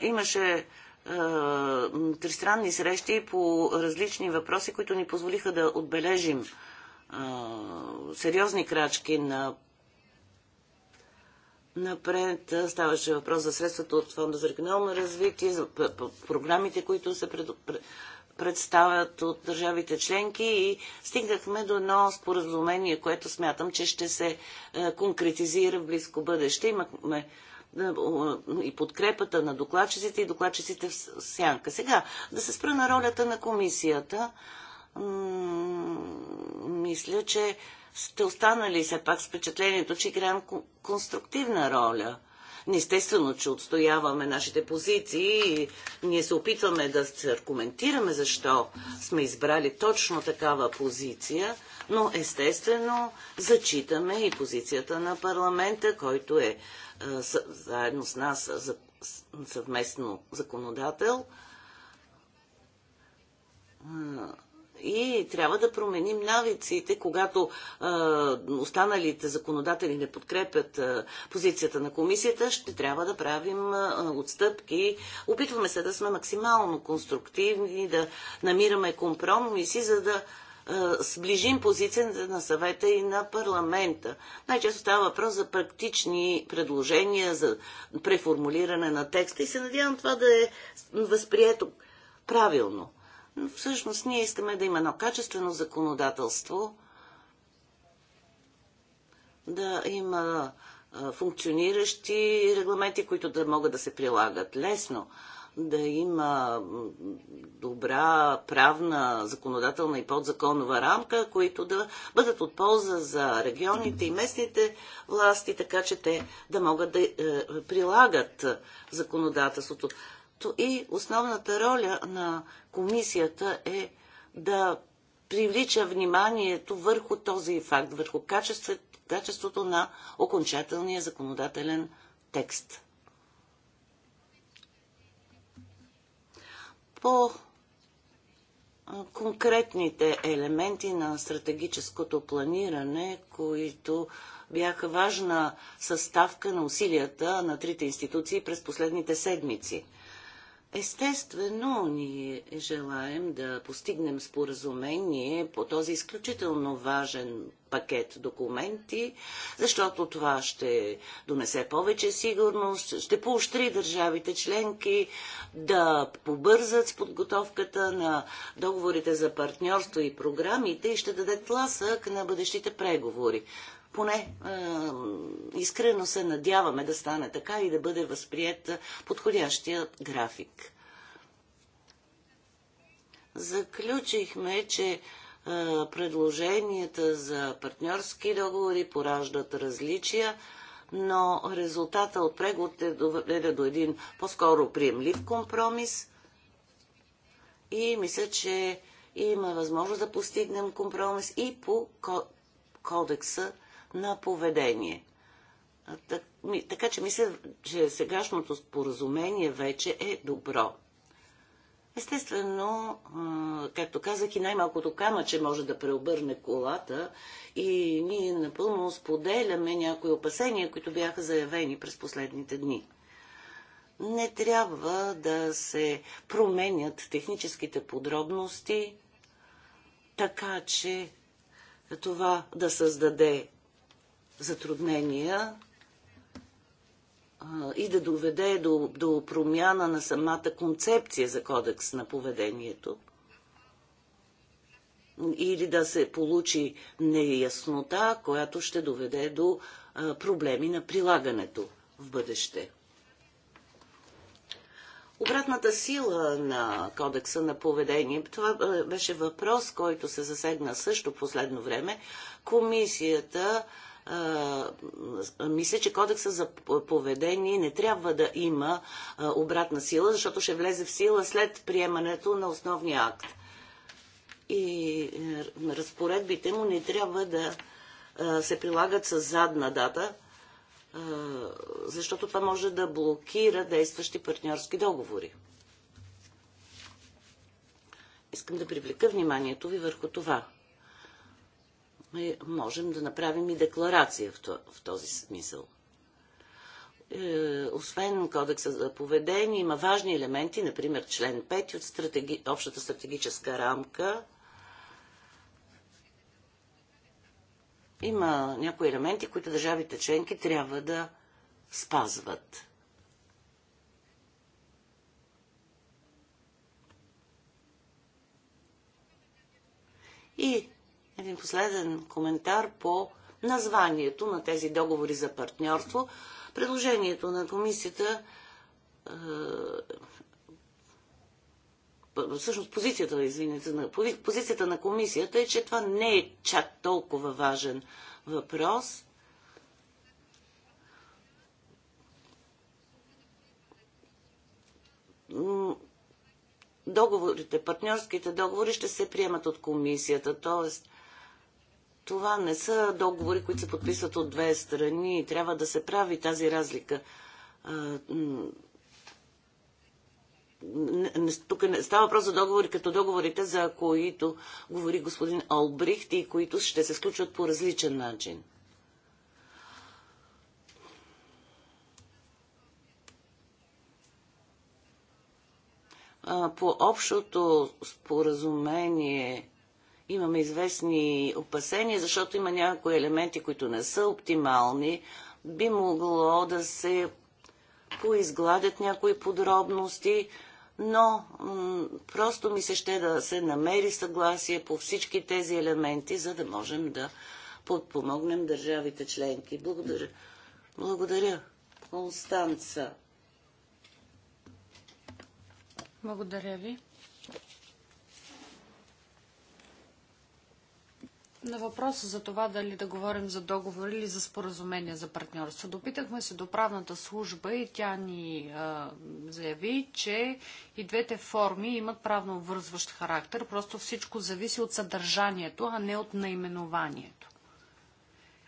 Имаше тристранни срещи по различни въпроси, които ни позволиха да отбележим а, сериозни крачки на Напред ставаше въпрос за средствата от Фонда за регионално развитие, за програмите, които се пред, представят от държавите членки и стигнахме до едно споразумение, което смятам, че ще се е, конкретизира в близко бъдеще. Имахме е, и подкрепата на докладчиците и докладчиците в сянка. Сега да се спра на ролята на комисията мисля, че сте останали все пак с впечатлението, че играем конструктивна роля. Естествено, че отстояваме нашите позиции и ние се опитваме да се аргументираме защо сме избрали точно такава позиция, но естествено зачитаме и позицията на парламента, който е, е заедно с нас съвместно законодател и трябва да променим навиците, когато а, останалите законодатели не подкрепят а, позицията на комисията, ще трябва да правим а, отстъпки. Опитваме се да сме максимално конструктивни, да намираме компромиси, за да а, сближим позицията на съвета и на парламента. Най-често става въпрос за практични предложения, за преформулиране на текста и се надявам това да е възприето правилно. Всъщност ние искаме да има едно качествено законодателство, да има функциониращи регламенти, които да могат да се прилагат лесно, да има добра правна, законодателна и подзаконова рамка, които да бъдат от полза за регионите и местните власти, така че те да могат да е, е, прилагат законодателството и основната роля на комисията е да привлича вниманието върху този факт, върху качеството, качеството на окончателния законодателен текст. По конкретните елементи на стратегическото планиране, които бяха важна съставка на усилията на трите институции през последните седмици – Естествено, ние желаем да постигнем споразумение по този изключително важен пакет документи, защото това ще донесе повече сигурност, ще поощри държавите членки да побързат с подготовката на договорите за партньорство и програмите и ще даде тласък на бъдещите преговори. Поне е, искрено се надяваме да стане така и да бъде възприят подходящия график. Заключихме, че е, предложенията за партньорски договори пораждат различия но резултата от преговорите е доведе до един по-скоро приемлив компромис и мисля, че има възможност да постигнем компромис и по кодекса на поведение. Така че мисля, че сегашното споразумение вече е добро. Естествено, както казах, и най-малкото камъче може да преобърне колата и ние напълно споделяме някои опасения, които бяха заявени през последните дни. Не трябва да се променят техническите подробности, така че това да създаде затруднения и да доведе до, до промяна на самата концепция за кодекс на поведението или да се получи неяснота, която ще доведе до проблеми на прилагането в бъдеще. Обратната сила на кодекса на поведение, това беше въпрос, който се засегна също в последно време. Комисията мисля, че кодекса за поведение не трябва да има обратна сила, защото ще влезе в сила след приемането на основния акт. И разпоредбите му не трябва да се прилагат с задна дата, защото това може да блокира действащи партньорски договори. Искам да привлека вниманието ви върху това. Е, можем да направим и декларация в този смисъл. Е, освен кодекса за поведение, има важни елементи, например член 5 от стратеги... общата стратегическа рамка. Има някои елементи, които държавите членки трябва да спазват. И един последен коментар по названието на тези договори за партньорство. Предложението на комисията е, всъщност позицията, извините, позицията на комисията е, че това не е чак толкова важен въпрос. Договорите, партньорските договори ще се приемат от комисията, т.е. Това не са договори, които се подписват от две страни. Трябва да се прави тази разлика. Тук не става въпрос за договори като договорите, за които говори господин Олбрихт и които ще се случват по различен начин. по общото споразумение Имаме известни опасения, защото има някои елементи, които не са оптимални. Би могло да се поизгладят някои подробности, но просто ми се ще да се намери съгласие по всички тези елементи, за да можем да подпомогнем държавите членки. Благодаря. Благодаря. Констанца. Благодаря ви. На въпроса за това дали да говорим за договор или за споразумение за партньорство, допитахме се до правната служба и тя ни а, заяви, че и двете форми имат правно вързващ характер. Просто всичко зависи от съдържанието, а не от наименованието.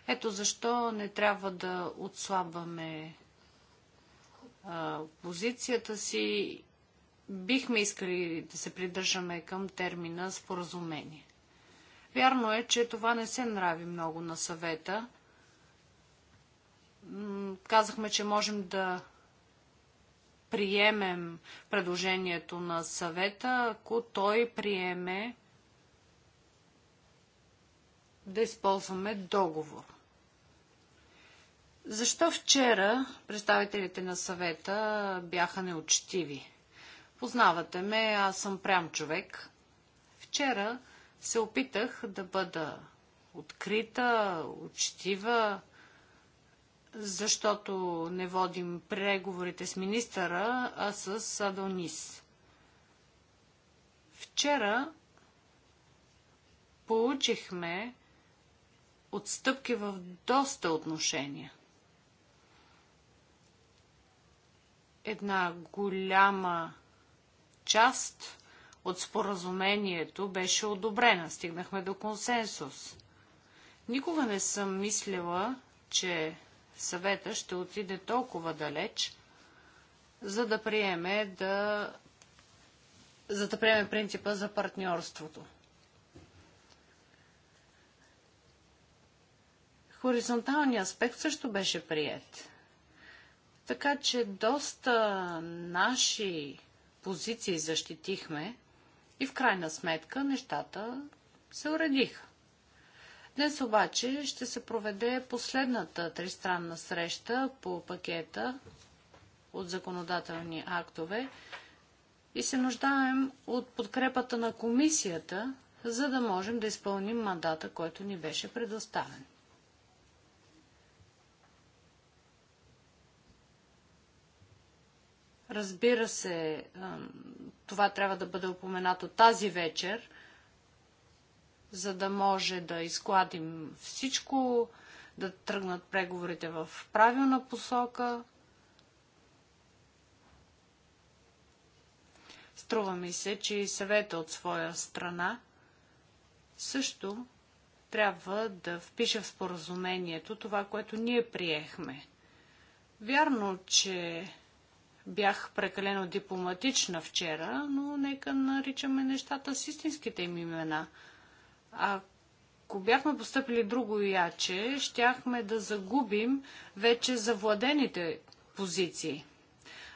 Ето защо не трябва да отслабваме а, позицията си. Бихме искали да се придържаме към термина споразумение. Вярно е, че това не се нрави много на съвета. Казахме, че можем да приемем предложението на съвета, ако той приеме да използваме договор. Защо вчера представителите на съвета бяха неучтиви? Познавате ме, аз съм прям човек. Вчера се опитах да бъда открита, учтива, защото не водим преговорите с министъра, а с Адонис. Вчера получихме отстъпки в доста отношения. Една голяма част от споразумението беше одобрена. Стигнахме до консенсус. Никога не съм мислила, че съвета ще отиде толкова далеч, за да приеме да за да приеме принципа за партньорството. Хоризонталният аспект също беше прият. Така че доста наши позиции защитихме, и в крайна сметка нещата се уредиха. Днес обаче ще се проведе последната тристранна среща по пакета от законодателни актове и се нуждаем от подкрепата на комисията, за да можем да изпълним мандата, който ни беше предоставен. Разбира се, това трябва да бъде упоменато тази вечер, за да може да изкладим всичко, да тръгнат преговорите в правилна посока. Струва ми се, че и съвета от своя страна също трябва да впише в споразумението това, което ние приехме. Вярно, че бях прекалено дипломатична вчера, но нека наричаме нещата с истинските им имена. Ако бяхме поступили друго яче, щяхме да загубим вече завладените позиции.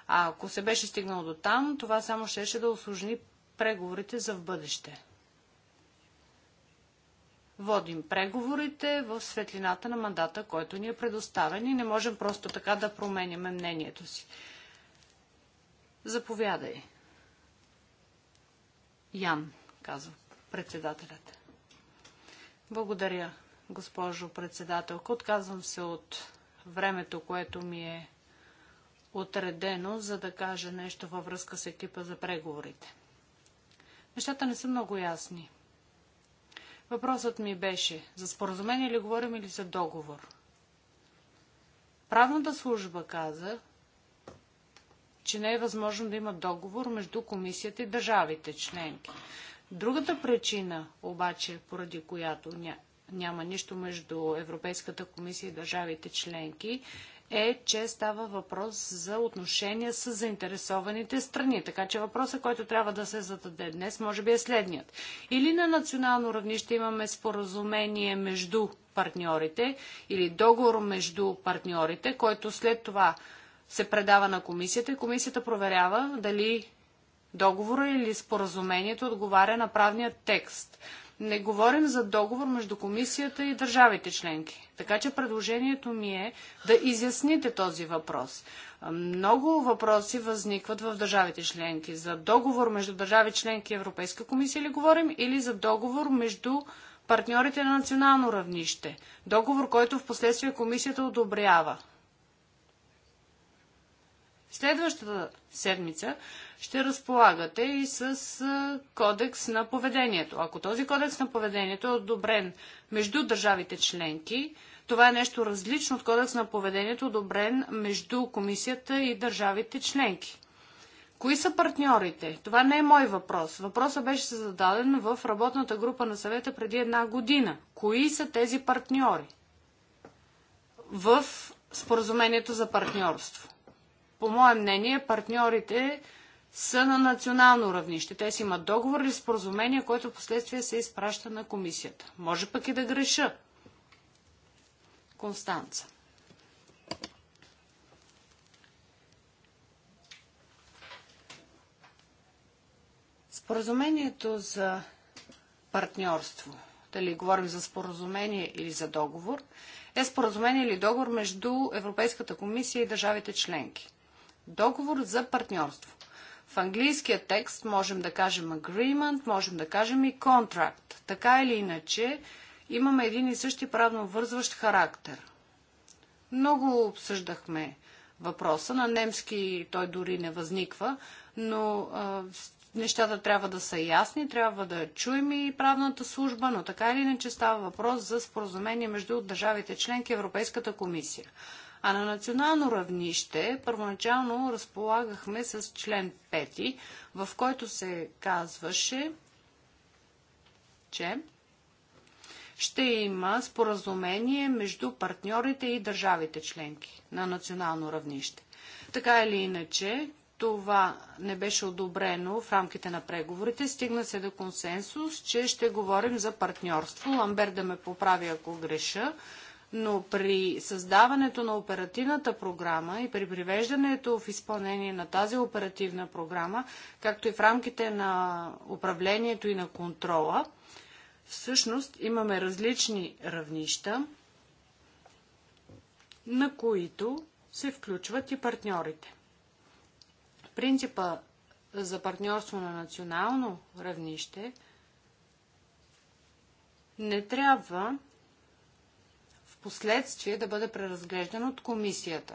А ако се беше стигнало до там, това само щеше да осложни преговорите за в бъдеще. Водим преговорите в светлината на мандата, който ни е предоставен и не можем просто така да променяме мнението си. Заповядай. Ян, казва председателят. Благодаря, госпожо председателка. Отказвам се от времето, което ми е отредено, за да кажа нещо във връзка с екипа за преговорите. Нещата не са много ясни. Въпросът ми беше, за споразумение ли говорим или за договор? Правната служба каза, че не е възможно да има договор между комисията и държавите членки. Другата причина, обаче, поради която няма нищо между Европейската комисия и държавите членки, е, че става въпрос за отношения с заинтересованите страни. Така че въпросът, който трябва да се зададе днес, може би е следният. Или на национално равнище имаме споразумение между партньорите или договор между партньорите, който след това се предава на комисията и комисията проверява дали договора или споразумението отговаря на правния текст. Не говорим за договор между комисията и държавите членки. Така че предложението ми е да изясните този въпрос. Много въпроси възникват в държавите членки. За договор между държави членки и Европейска комисия ли говорим или за договор между партньорите на национално равнище? Договор, който в последствие комисията одобрява. Следващата седмица ще разполагате и с кодекс на поведението. Ако този кодекс на поведението е одобрен между държавите членки, това е нещо различно от кодекс на поведението, одобрен между комисията и държавите членки. Кои са партньорите? Това не е мой въпрос. Въпросът беше зададен в работната група на съвета преди една година. Кои са тези партньори в споразумението за партньорство? по мое мнение, партньорите са на национално равнище. Те си имат договор или споразумение, което в последствие се изпраща на комисията. Може пък и да греша. Констанца. Споразумението за партньорство, дали говорим за споразумение или за договор, е споразумение или договор между Европейската комисия и държавите членки. Договор за партньорство. В английския текст можем да кажем agreement, можем да кажем и contract. Така или иначе, имаме един и същи правно вързващ характер. Много обсъждахме въпроса. На немски той дори не възниква, но а, нещата трябва да са ясни, трябва да чуем и правната служба, но така или иначе става въпрос за споразумение между държавите членки Европейската комисия. А на национално равнище първоначално разполагахме с член 5, в който се казваше, че ще има споразумение между партньорите и държавите членки на национално равнище. Така или иначе, това не беше одобрено в рамките на преговорите. Стигна се до консенсус, че ще говорим за партньорство. Ламбер да ме поправи, ако греша но при създаването на оперативната програма и при привеждането в изпълнение на тази оперативна програма, както и в рамките на управлението и на контрола, всъщност имаме различни равнища, на които се включват и партньорите. Принципа за партньорство на национално равнище не трябва последствие да бъде преразглеждан от комисията.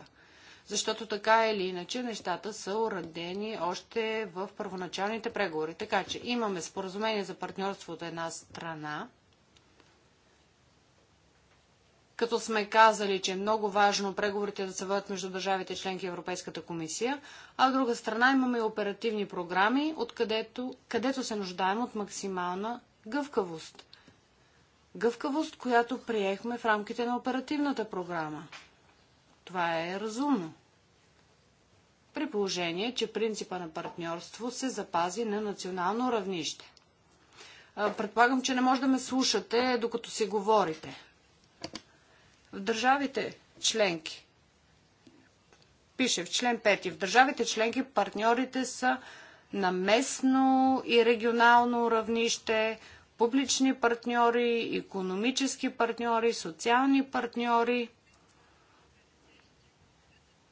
Защото така или иначе нещата са уредени още в първоначалните преговори. Така че имаме споразумение за партньорство от една страна, като сме казали, че е много важно преговорите да се водят между държавите членки и Европейската комисия, а от друга страна имаме и оперативни програми, откъдето, където се нуждаем от максимална гъвкавост гъвкавост, която приехме в рамките на оперативната програма. Това е разумно. При положение, че принципа на партньорство се запази на национално равнище. Предполагам, че не може да ме слушате, докато си говорите. В държавите членки, пише в член 5, в държавите членки партньорите са на местно и регионално равнище, публични партньори, економически партньори, социални партньори,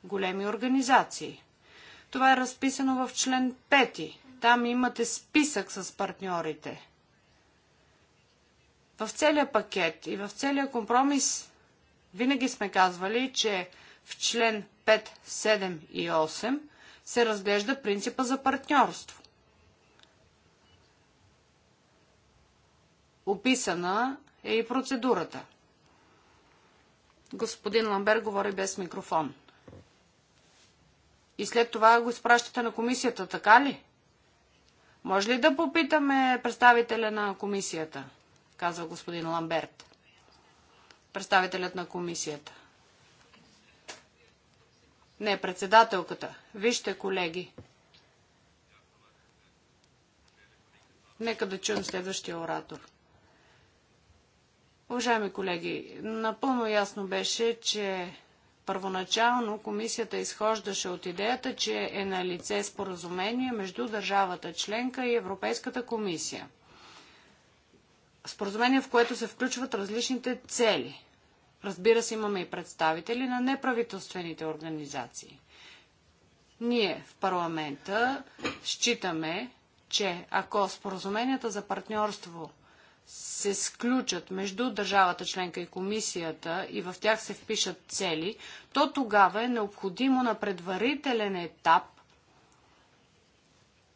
големи организации. Това е разписано в член 5. Там имате списък с партньорите. В целия пакет и в целия компромис винаги сме казвали, че в член 5, 7 и 8 се разглежда принципа за партньорство. описана е и процедурата. Господин Ламбер говори без микрофон. И след това го изпращате на комисията, така ли? Може ли да попитаме представителя на комисията? Казва господин Ламберт. Представителят на комисията. Не, председателката. Вижте, колеги. Нека да чуем следващия оратор. Уважаеми колеги, напълно ясно беше, че първоначално комисията изхождаше от идеята, че е на лице споразумение между държавата членка и Европейската комисия. Споразумение, в което се включват различните цели. Разбира се, имаме и представители на неправителствените организации. Ние в парламента считаме, че ако споразуменията за партньорство – се сключат между държавата членка и комисията и в тях се впишат цели, то тогава е необходимо на предварителен етап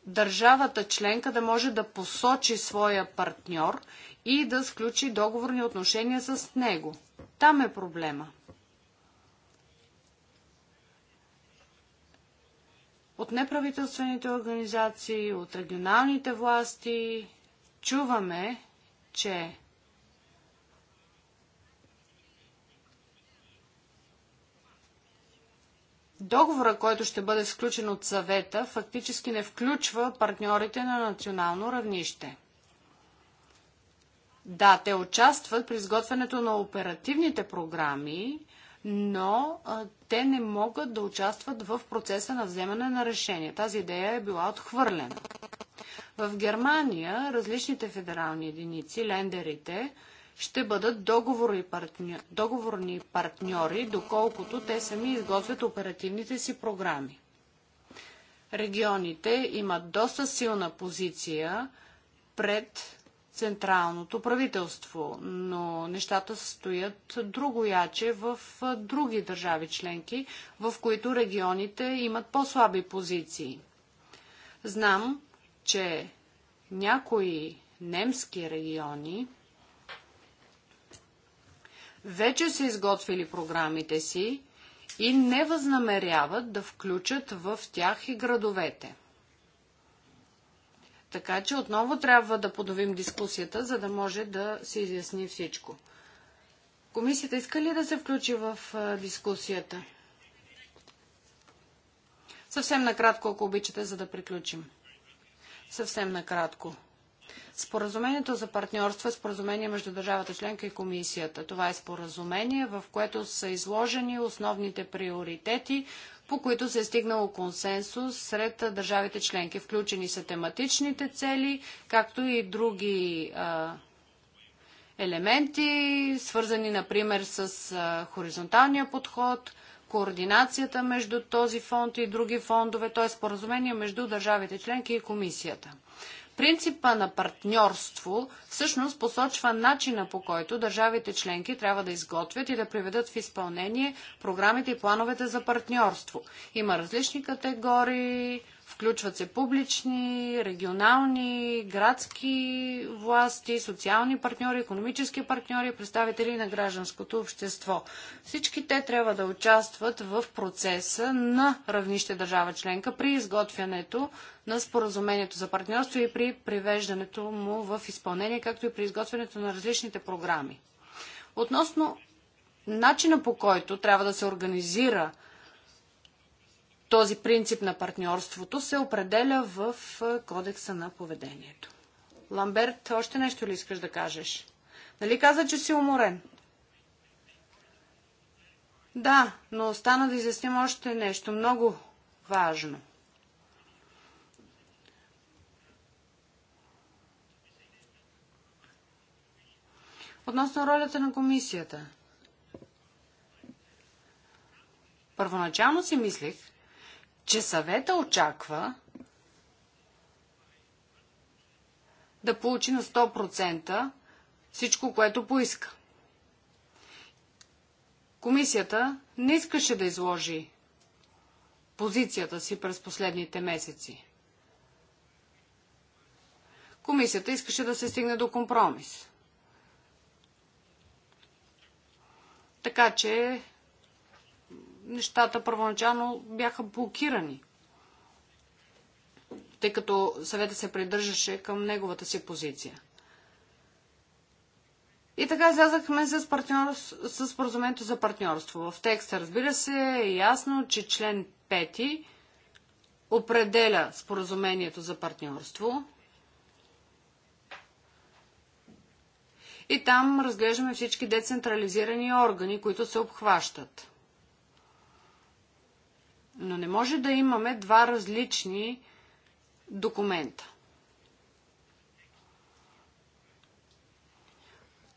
държавата членка да може да посочи своя партньор и да сключи договорни отношения с него. Там е проблема. От неправителствените организации, от регионалните власти чуваме, че Договора, който ще бъде сключен от съвета, фактически не включва партньорите на национално равнище. Да, те участват при изготвянето на оперативните програми, но а, те не могат да участват в процеса на вземане на решение. Тази идея е била отхвърлена. В Германия различните федерални единици, лендерите, ще бъдат договорни, партньор, договорни партньори, доколкото те сами изготвят оперативните си програми. Регионите имат доста силна позиция пред централното правителство, но нещата стоят другояче в други държави членки, в които регионите имат по-слаби позиции. Знам, че някои немски региони вече са изготвили програмите си и не възнамеряват да включат в тях и градовете. Така че отново трябва да подовим дискусията, за да може да се изясни всичко. Комисията иска ли да се включи в дискусията? Съвсем накратко, ако обичате, за да приключим. Съвсем накратко. Споразумението за партньорство е споразумение между държавата членка и комисията. Това е споразумение, в което са изложени основните приоритети, по които се е стигнало консенсус сред държавите членки. Включени са тематичните цели, както и други а, елементи, свързани, например, с а, хоризонталния подход, координацията между този фонд и други фондове, т.е. споразумение между държавите членки и комисията. Принципа на партньорство всъщност посочва начина по който държавите членки трябва да изготвят и да приведат в изпълнение програмите и плановете за партньорство. Има различни категории Включват се публични, регионални, градски власти, социални партньори, економически партньори, представители на гражданското общество. Всички те трябва да участват в процеса на равнище държава членка при изготвянето на споразумението за партньорство и при привеждането му в изпълнение, както и при изготвянето на различните програми. Относно начина по който трябва да се организира този принцип на партньорството се определя в кодекса на поведението. Ламберт, още нещо ли искаш да кажеш? Нали каза, че си уморен? Да, но остана да изясним още нещо много важно. Относно ролята на комисията. Първоначално си мислих, че съвета очаква да получи на 100% всичко, което поиска. Комисията не искаше да изложи позицията си през последните месеци. Комисията искаше да се стигне до компромис. Така че нещата първоначално бяха блокирани, тъй като съвета се придържаше към неговата си позиция. И така излязахме с, партньор... с споразумението за партньорство. В текста, разбира се, е ясно, че член 5 определя споразумението за партньорство. И там разглеждаме всички децентрализирани органи, които се обхващат. Но не може да имаме два различни документа.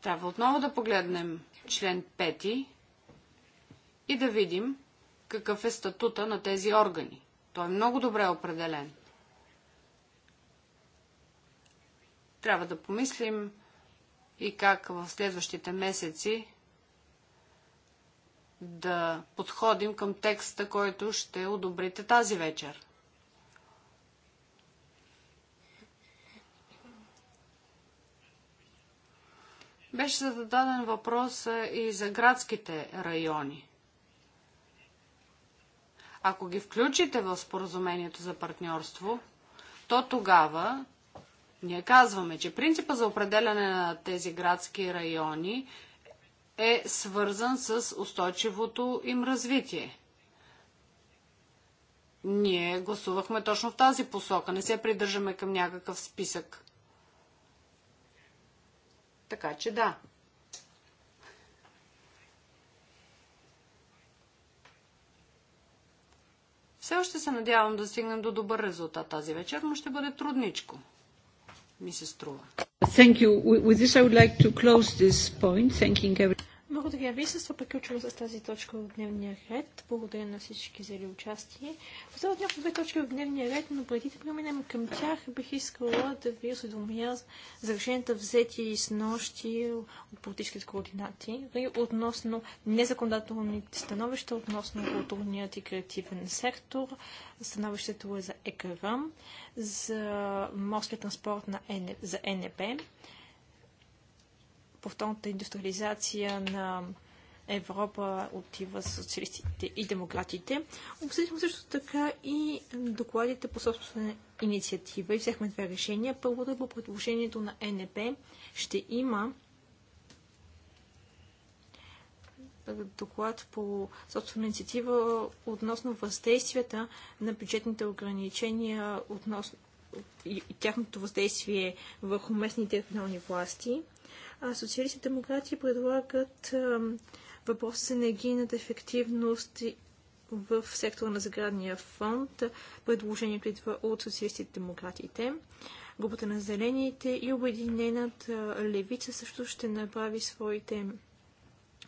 Трябва отново да погледнем член 5 и да видим какъв е статута на тези органи. Той е много добре определен. Трябва да помислим и как в следващите месеци да подходим към текста, който ще одобрите тази вечер. Беше зададен въпрос и за градските райони. Ако ги включите в споразумението за партньорство, то тогава ние казваме, че принципа за определяне на тези градски райони – е свързан с устойчивото им развитие. Ние гласувахме точно в тази посока. Не се придържаме към някакъв списък. Така че да. Все още се надявам да стигнем до добър резултат тази вечер, но ще бъде трудничко ми се струва. Thank you. With this I would like to close this point, thanking everyone. Благодаря ви. С това приключвам с тази точка от дневния ред. Благодаря на всички взели участие. Остават някои две точки в дневния ред, но преди да преминем към тях, бих искала да ви осведомя за решенията взети с нощи от политическите координати относно незаконодателните становища, относно културният и креативен сектор. Становището е за ЕКР, за морския транспорт на ЕН... за НЕБ, повторната индустриализация на Европа отива с социалистите и демократите. Обсъдихме също така и докладите по собствена инициатива и взехме две решения. Първото е по предложението на НП ще има доклад по собствена инициатива относно въздействията на бюджетните ограничения относно и тяхното въздействие върху местните регионални власти социалистите демократи предлагат въпрос с енергийната ефективност в сектора на заградния фонд. Предложението идва от социалистите демократите. Групата на зелените и обединената левица също ще направи своите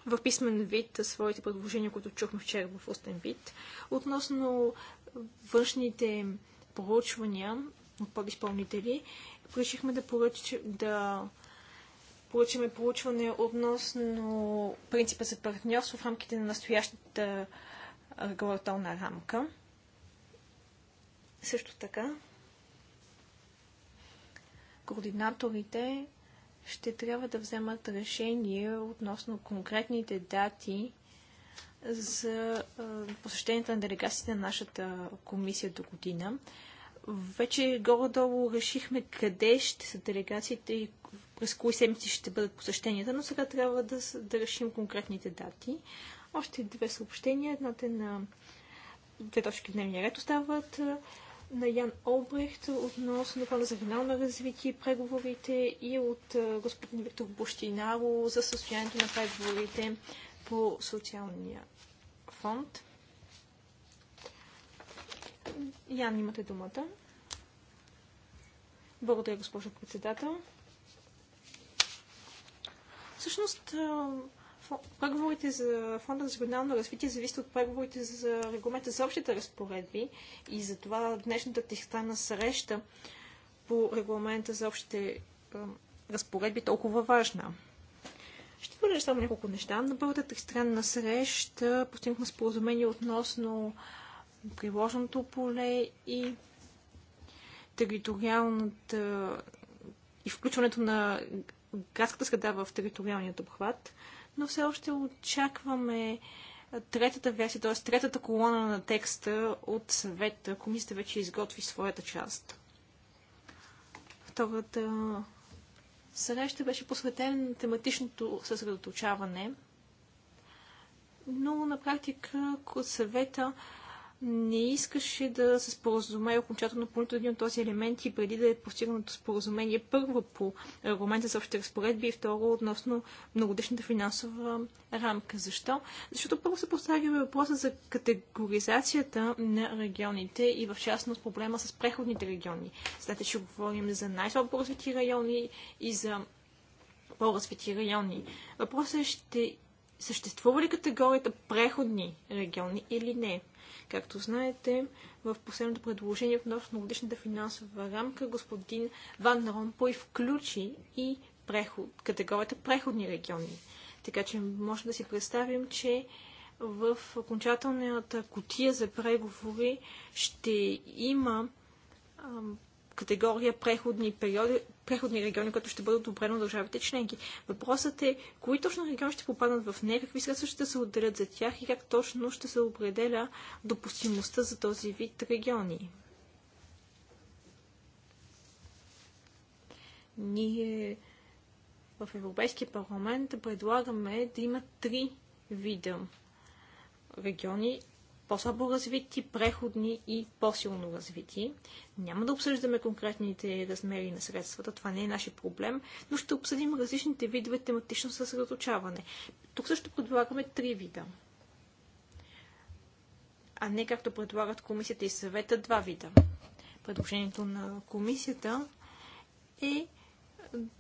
в писмен вид своите предложения, които чухме вчера в устен вид. Относно външните проучвания от подизпълнители, решихме да, поръч, да Получиме получване относно принципа за партньорство в рамките на настоящата регулаторна рамка. Също така, координаторите ще трябва да вземат решение относно конкретните дати за посещението на делегациите на нашата комисия до година. Вече горе-долу решихме къде ще са делегациите и през кои седмици ще бъдат посещенията, но сега трябва да, да решим конкретните дати. Още две съобщения. Едната е на две точки дневния ред остават на Ян Олбрехт относно плана за финално развитие преговорите и от господин Виктор Бущинаро за състоянието на преговорите по социалния фонд. Ян, имате думата. Благодаря, госпожо председател. Всъщност, преговорите за Фонда за регионално развитие зависят от преговорите за регламента за общите разпоредби и за това днешната тристранна среща по регламента за общите разпоредби е толкова важна. Ще бъде само няколко неща. На първата тристранна среща постигнахме споразумение относно приложното поле и териториалната и включването на градската среда в териториалният обхват, но все още очакваме третата версия, т.е. третата колона на текста от съвета. Комисията вече изготви своята част. Втората среща беше посветена на тематичното съсредоточаване, но на практика от съвета не искаше да се споразумее окончателно по нито един от този елемент и преди да е постигнато споразумение първо по аргумента за общите разпоредби и второ относно многодишната финансова рамка. Защо? Защото първо се поставя въпроса за категоризацията на регионите и в частност проблема с преходните региони. След че говорим за най-слабо развити райони и за по-развити райони. Въпросът е ще съществува ли категорията преходни региони или не? Както знаете, в последното предложение относно годишната финансова рамка господин Ван Ромпой включи и преход, категорията преходни региони. Така че може да си представим, че в окончателната котия за преговори ще има категория преходни, периоди, преходни региони, които ще бъдат на държавите членки. Въпросът е, кои точно региони ще попаднат в нея, какви средства ще се отделят за тях и как точно ще се определя допустимостта за този вид региони. Ние в Европейския парламент предлагаме да има три вида региони по-слабо развити, преходни и по-силно развити. Няма да обсъждаме конкретните размери на средствата, това не е нашия проблем, но ще обсъдим различните видове тематично съсредоточаване. Тук също предлагаме три вида. А не както предлагат комисията и съвета, два вида. Предложението на комисията е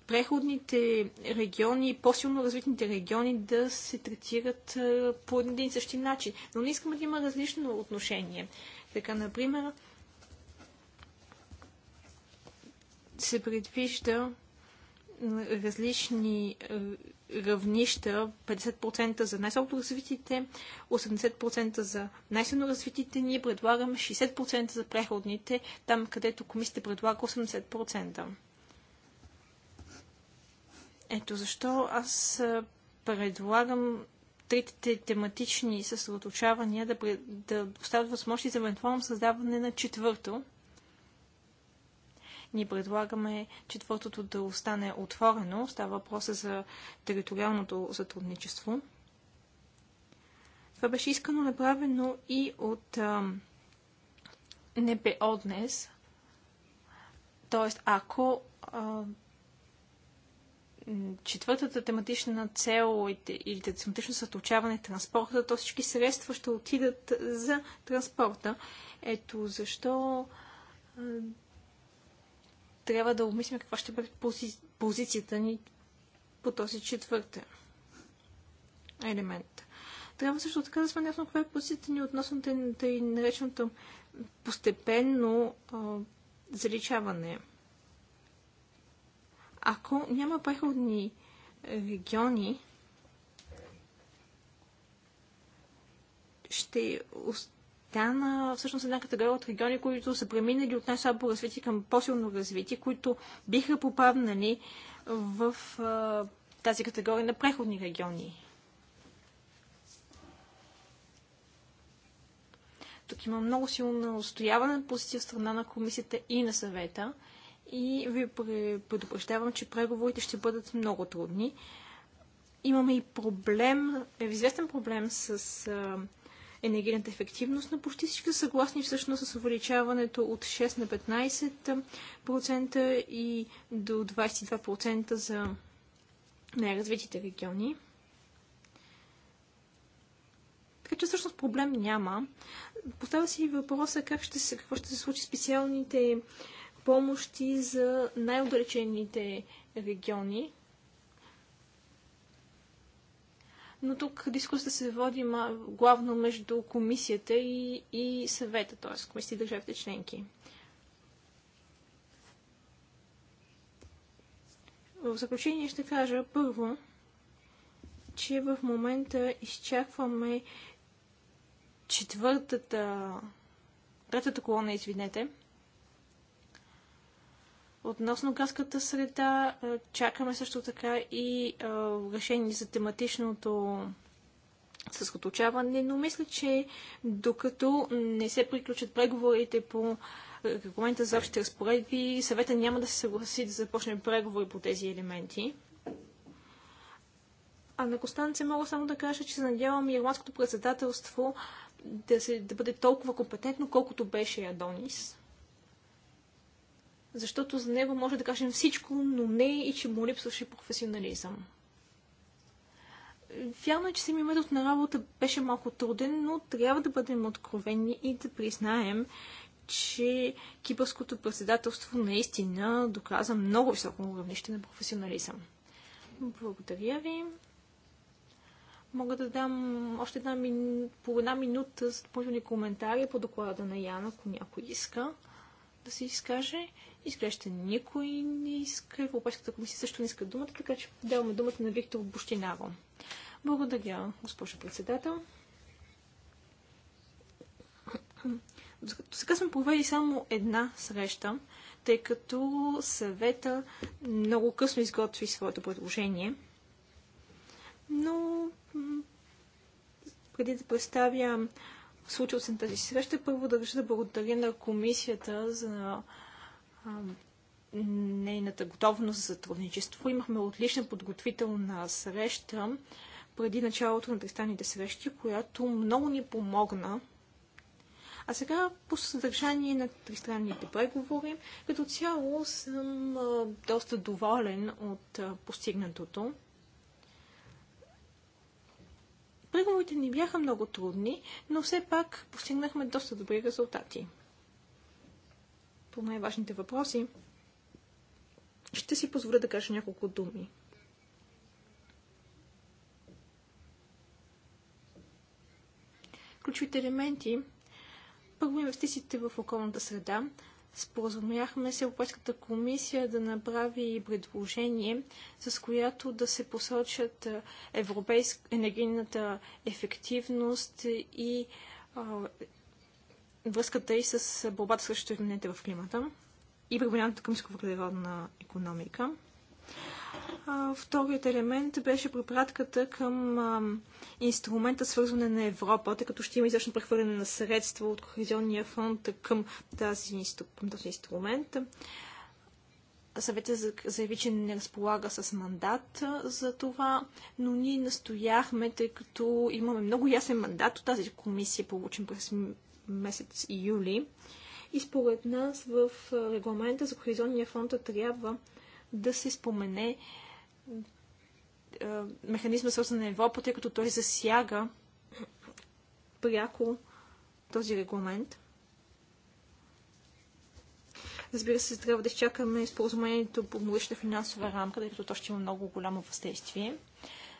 преходните региони, по-силно развитните региони да се третират по един и същи начин. Но не искаме да има различно отношение. Така, например, се предвижда различни равнища, 50% за най-слабо развитите, 80% за най-силно развитите, ние предлагаме 60% за преходните, там където комисията предлага 80%. Ето защо аз предлагам трите тематични съсредоточавания да, да оставят възможности за евентуално създаване на четвърто. Ние предлагаме четвъртото да остане отворено. Става въпроса за териториалното сътрудничество. Това беше искано направено и от а, НПО днес. Тоест, ако а, четвъртата тематична цел или тематично съточаване транспорта, то всички средства ще отидат за транспорта. Ето защо трябва да обмислим каква ще бъде пози... позицията ни по този четвъртен елемент. Трябва също така да сме наясно каква е позицията ни относно тъй нареченото постепенно а, заличаване. Ако няма преходни е, региони, ще остана всъщност една категория от региони, които са преминали от най-слабо развитие към по-силно развитие, които биха попаднали в а, тази категория на преходни региони. Тук има много силно устояване на позиция в страна на комисията и на съвета и ви предупреждавам, че преговорите ще бъдат много трудни. Имаме и проблем, е, известен проблем с енергийната ефективност, но почти всички са съгласни всъщност с увеличаването от 6 на 15% и до 22% за не-развитите региони. Така че всъщност проблем няма. Поставя си въпроса как ще се, какво ще се случи специалните помощи за най-отдалечените региони. Но тук дискусията се води главно между комисията и, и съвета, т.е. комисията и държавите членки. В заключение ще кажа първо, че в момента изчакваме четвъртата, третата колона, извинете, Относно градската среда, чакаме също така и решение за тематичното съсредоточаване, но мисля, че докато не се приключат преговорите по регламента за общите разпоредби, съвета няма да се съгласи да започне преговори по тези елементи. А на Костанце мога само да кажа, че се надявам ирландското председателство да, се, да бъде толкова компетентно, колкото беше Адонис защото за него може да кажем всичко, но не и че му липсваше професионализъм. Вярно е, че самия метод на работа беше малко труден, но трябва да бъдем откровени и да признаем, че кипърското председателство наистина доказа много високо равнище на професионализъм. Благодаря ви. Мога да дам още една по една минута за допълнителни коментари по доклада на Яна, ако някой иска да се изкаже. Изглежда никой не иска. Европейската комисия също не иска думата, така че даваме думата на Виктор Бощинаво. Благодаря, госпожо председател. До сега сме провели само една среща, тъй като съвета много късно изготви своето предложение. Но преди да представя случил съм тази среща. Първо държа да благодаря на комисията за нейната готовност за сътрудничество. Имахме отлична подготвителна среща преди началото на тристаните срещи, която много ни помогна. А сега по съдържание на тристранните преговори, като цяло съм доста доволен от постигнатото. Преговорите ни бяха много трудни, но все пак постигнахме доста добри резултати. По най-важните въпроси ще си позволя да кажа няколко думи. Ключовите елементи първо инвестициите в околната среда. Споразумяхме с Европейската комисия да направи предложение, с която да се посочат европейск... енергийната ефективност и а, връзката и с борбата срещу изменените в климата и преминаването към економика. Вторият елемент беше препратката към инструмента свързване на Европа, тъй като ще има изрично прехвърляне на средства от Кохезионния фонд към тази, този инструмент. Съветът заяви, че не разполага с мандат за това, но ние настояхме, тъй като имаме много ясен мандат от тази комисия, получен през месец и юли. И според нас в регламента за кохезионния фонд трябва да се спомене е, механизма свързан на Европа, тъй като той засяга пряко този регламент. Разбира се, трябва да изчакаме споразумението по годишна финансова рамка, тъй като то ще има много голямо въздействие.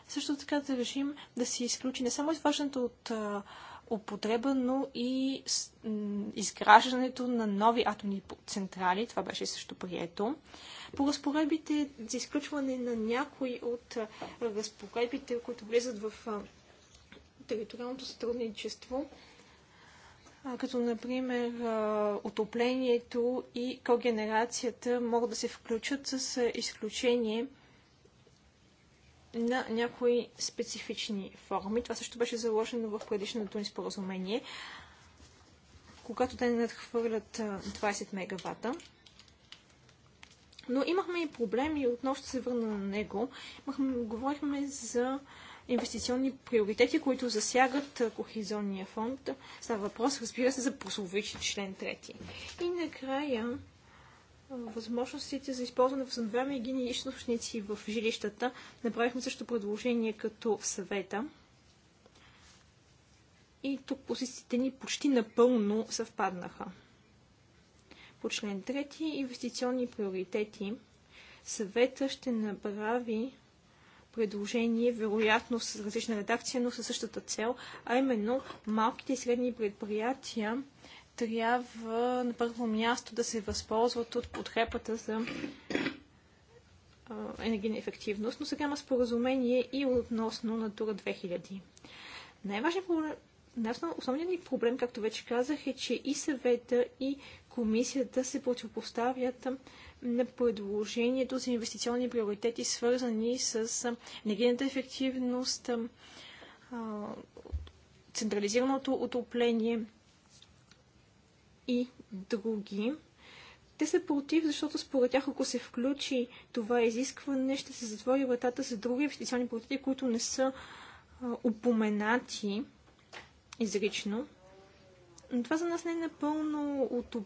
Също така да решим да се изключи не само изваждането от е, употреба, но и изграждането на нови атомни централи. Това беше също прието по разпоредбите за изключване на някои от разпоредбите, които влизат в териториалното сътрудничество, като например отоплението и когенерацията могат да се включат с изключение на някои специфични форми. Това също беше заложено в предишното ни споразумение, когато те надхвърлят 20 мегавата. Но имахме и проблеми, отново ще се върна на него. Имахме, говорихме за инвестиционни приоритети, които засягат кохезионния фонд. Става въпрос, разбира се, за прословичи член 3. И накрая възможностите за използване в възобновяеми и източници в жилищата. Направихме също предложение като съвета. И тук позициите ни почти напълно съвпаднаха. По член 3 инвестиционни приоритети съвета ще направи предложение, вероятно с различна редакция, но със същата цел, а именно малките и средни предприятия трябва на първо място да се възползват от подкрепата за енергийна ефективност, но сега има споразумение и относно Натура 2000. Най-важният проблем, основният ни проблем, както вече казах, е, че и съвета, и комисията се противопоставят на предложението за инвестиционни приоритети, свързани с енергийната ефективност, централизираното отопление и други. Те са против, защото според тях, ако се включи това изискване, ще се затвори вратата за други инвестиционни политики, които не са а, упоменати изрично. Но това за нас не е напълно утоп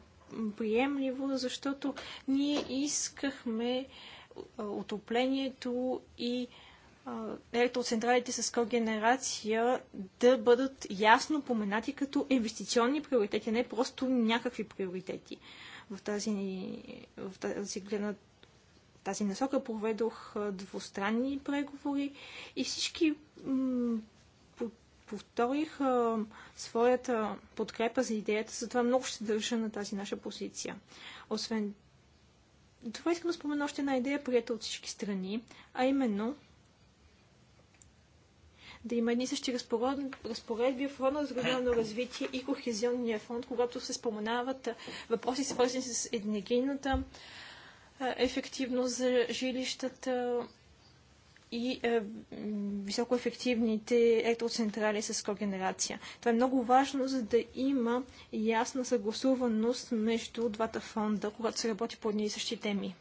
приемливо, защото ние искахме отоплението и електроцентралите с когенерация да бъдат ясно поменати като инвестиционни приоритети, не просто някакви приоритети. В тази, в тази гледна тази насока проведох двустранни преговори и всички повторих а, своята подкрепа за идеята, затова много ще държа на тази наша позиция. Освен това искам да спомена още една идея, прията от всички страни, а именно да има едни същи разпоредби в фонда за регионално развитие и кохезионния фонд, когато се споменават въпроси, свързани с енергийната ефективност за жилищата, и е, високоефективните електроцентрали с когенерация. Това е много важно, за да има ясна съгласуваност между двата фонда, когато се работи по едни и същи теми.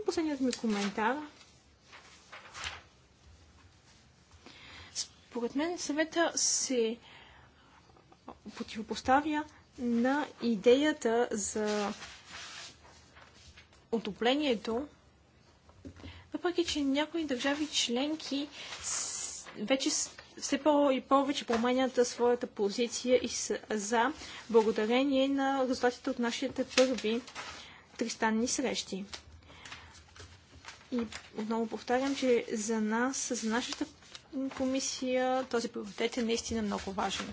И последният ми коментар. Според мен съвета се противопоставя на идеята за отоплението въпреки, че някои държави членки вече все по- и повече променят своята позиция и са за благодарение на резултатите от нашите първи тристанни срещи. И отново повтарям, че за нас, за нашата комисия, този приоритет е наистина много важен.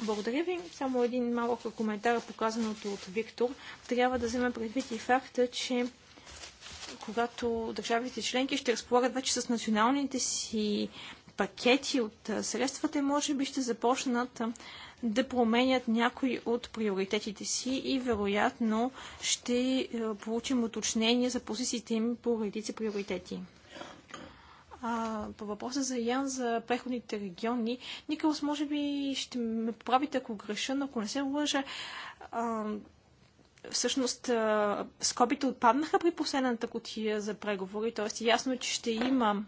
Благодаря ви. Само един малък коментар, показаното от Виктор. Трябва да вземем предвид и факта, че когато държавите членки ще разполагат вече с националните си пакети от средствата, може би ще започнат да променят някои от приоритетите си и вероятно ще получим уточнение за позициите им по редица приоритети. А, по въпроса за Ян за преходните региони, Николас, може би ще ме поправите, ако греша, но ако не се лъжа, а, всъщност скобите отпаднаха при последната котия за преговори, т.е. ясно е, че ще има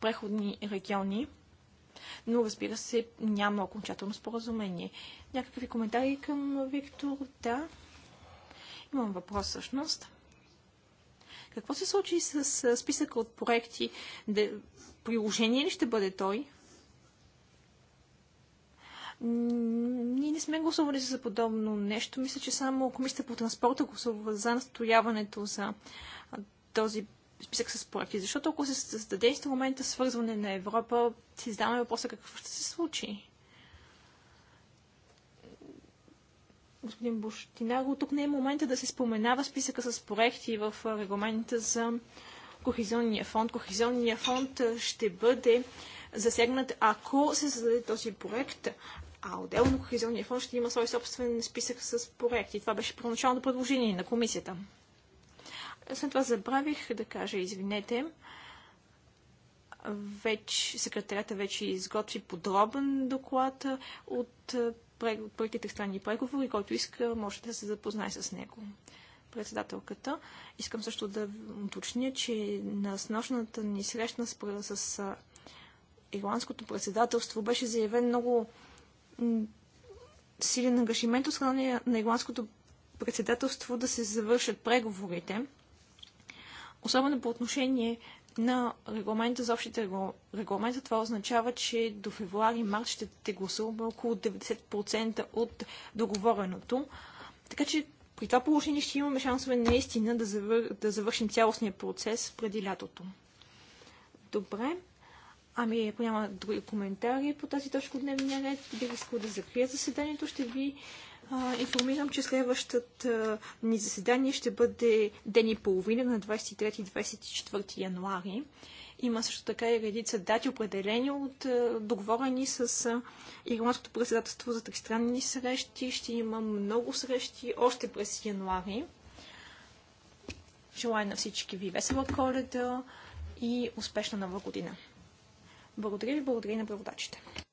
преходни региони, но разбира се, няма окончателно споразумение. Някакви коментари към Виктор? Да. Имам въпрос всъщност. Какво се случи с списъка от проекти? Приложение ли ще бъде той? Ние не сме гласували за подобно нещо. Мисля, че само Комисията по транспорта гласува за настояването за този списък с проекти. Защото ако се създаде в момента свързване на Европа, си задаваме въпроса какво ще се случи. господин Буштинаго, тук не е момента да се споменава списъка с проекти в регламента за Кохизионния фонд. Кохизионния фонд ще бъде засегнат, ако се създаде този проект, а отделно Кохезионния фонд ще има свой собствен списък с проекти. Това беше проначално предложение на комисията. След това забравих да кажа, извинете, вече, секретарята вече изготви подробен доклад от първите странни преговори, който иска, може да се запознае с него. Председателката. Искам също да уточня, че на снощната ни срещна с, с ирландското председателство беше заявен много силен ангажимент от страна на ирландското председателство да се завършат преговорите, особено по отношение на регламента за общите регламента. Това означава, че до февруари-март ще те гласуваме около 90% от договореното. Така че при това положение ще имаме шансове наистина да, да завършим цялостния процес преди лятото. Добре. Ами, ако няма други коментари по тази точка от дневния ред, бих искал да закрия заседанието. Ще ви а, информирам, че следващата ни заседание ще бъде ден и половина на 23 24 януари. Има също така и редица дати, определени от договорени с Ирландското председателство за тристранни срещи. Ще има много срещи още през януари. Желая на всички ви весела коледа и успешна нова година! Благодаря ви, благодаря и на преводачите.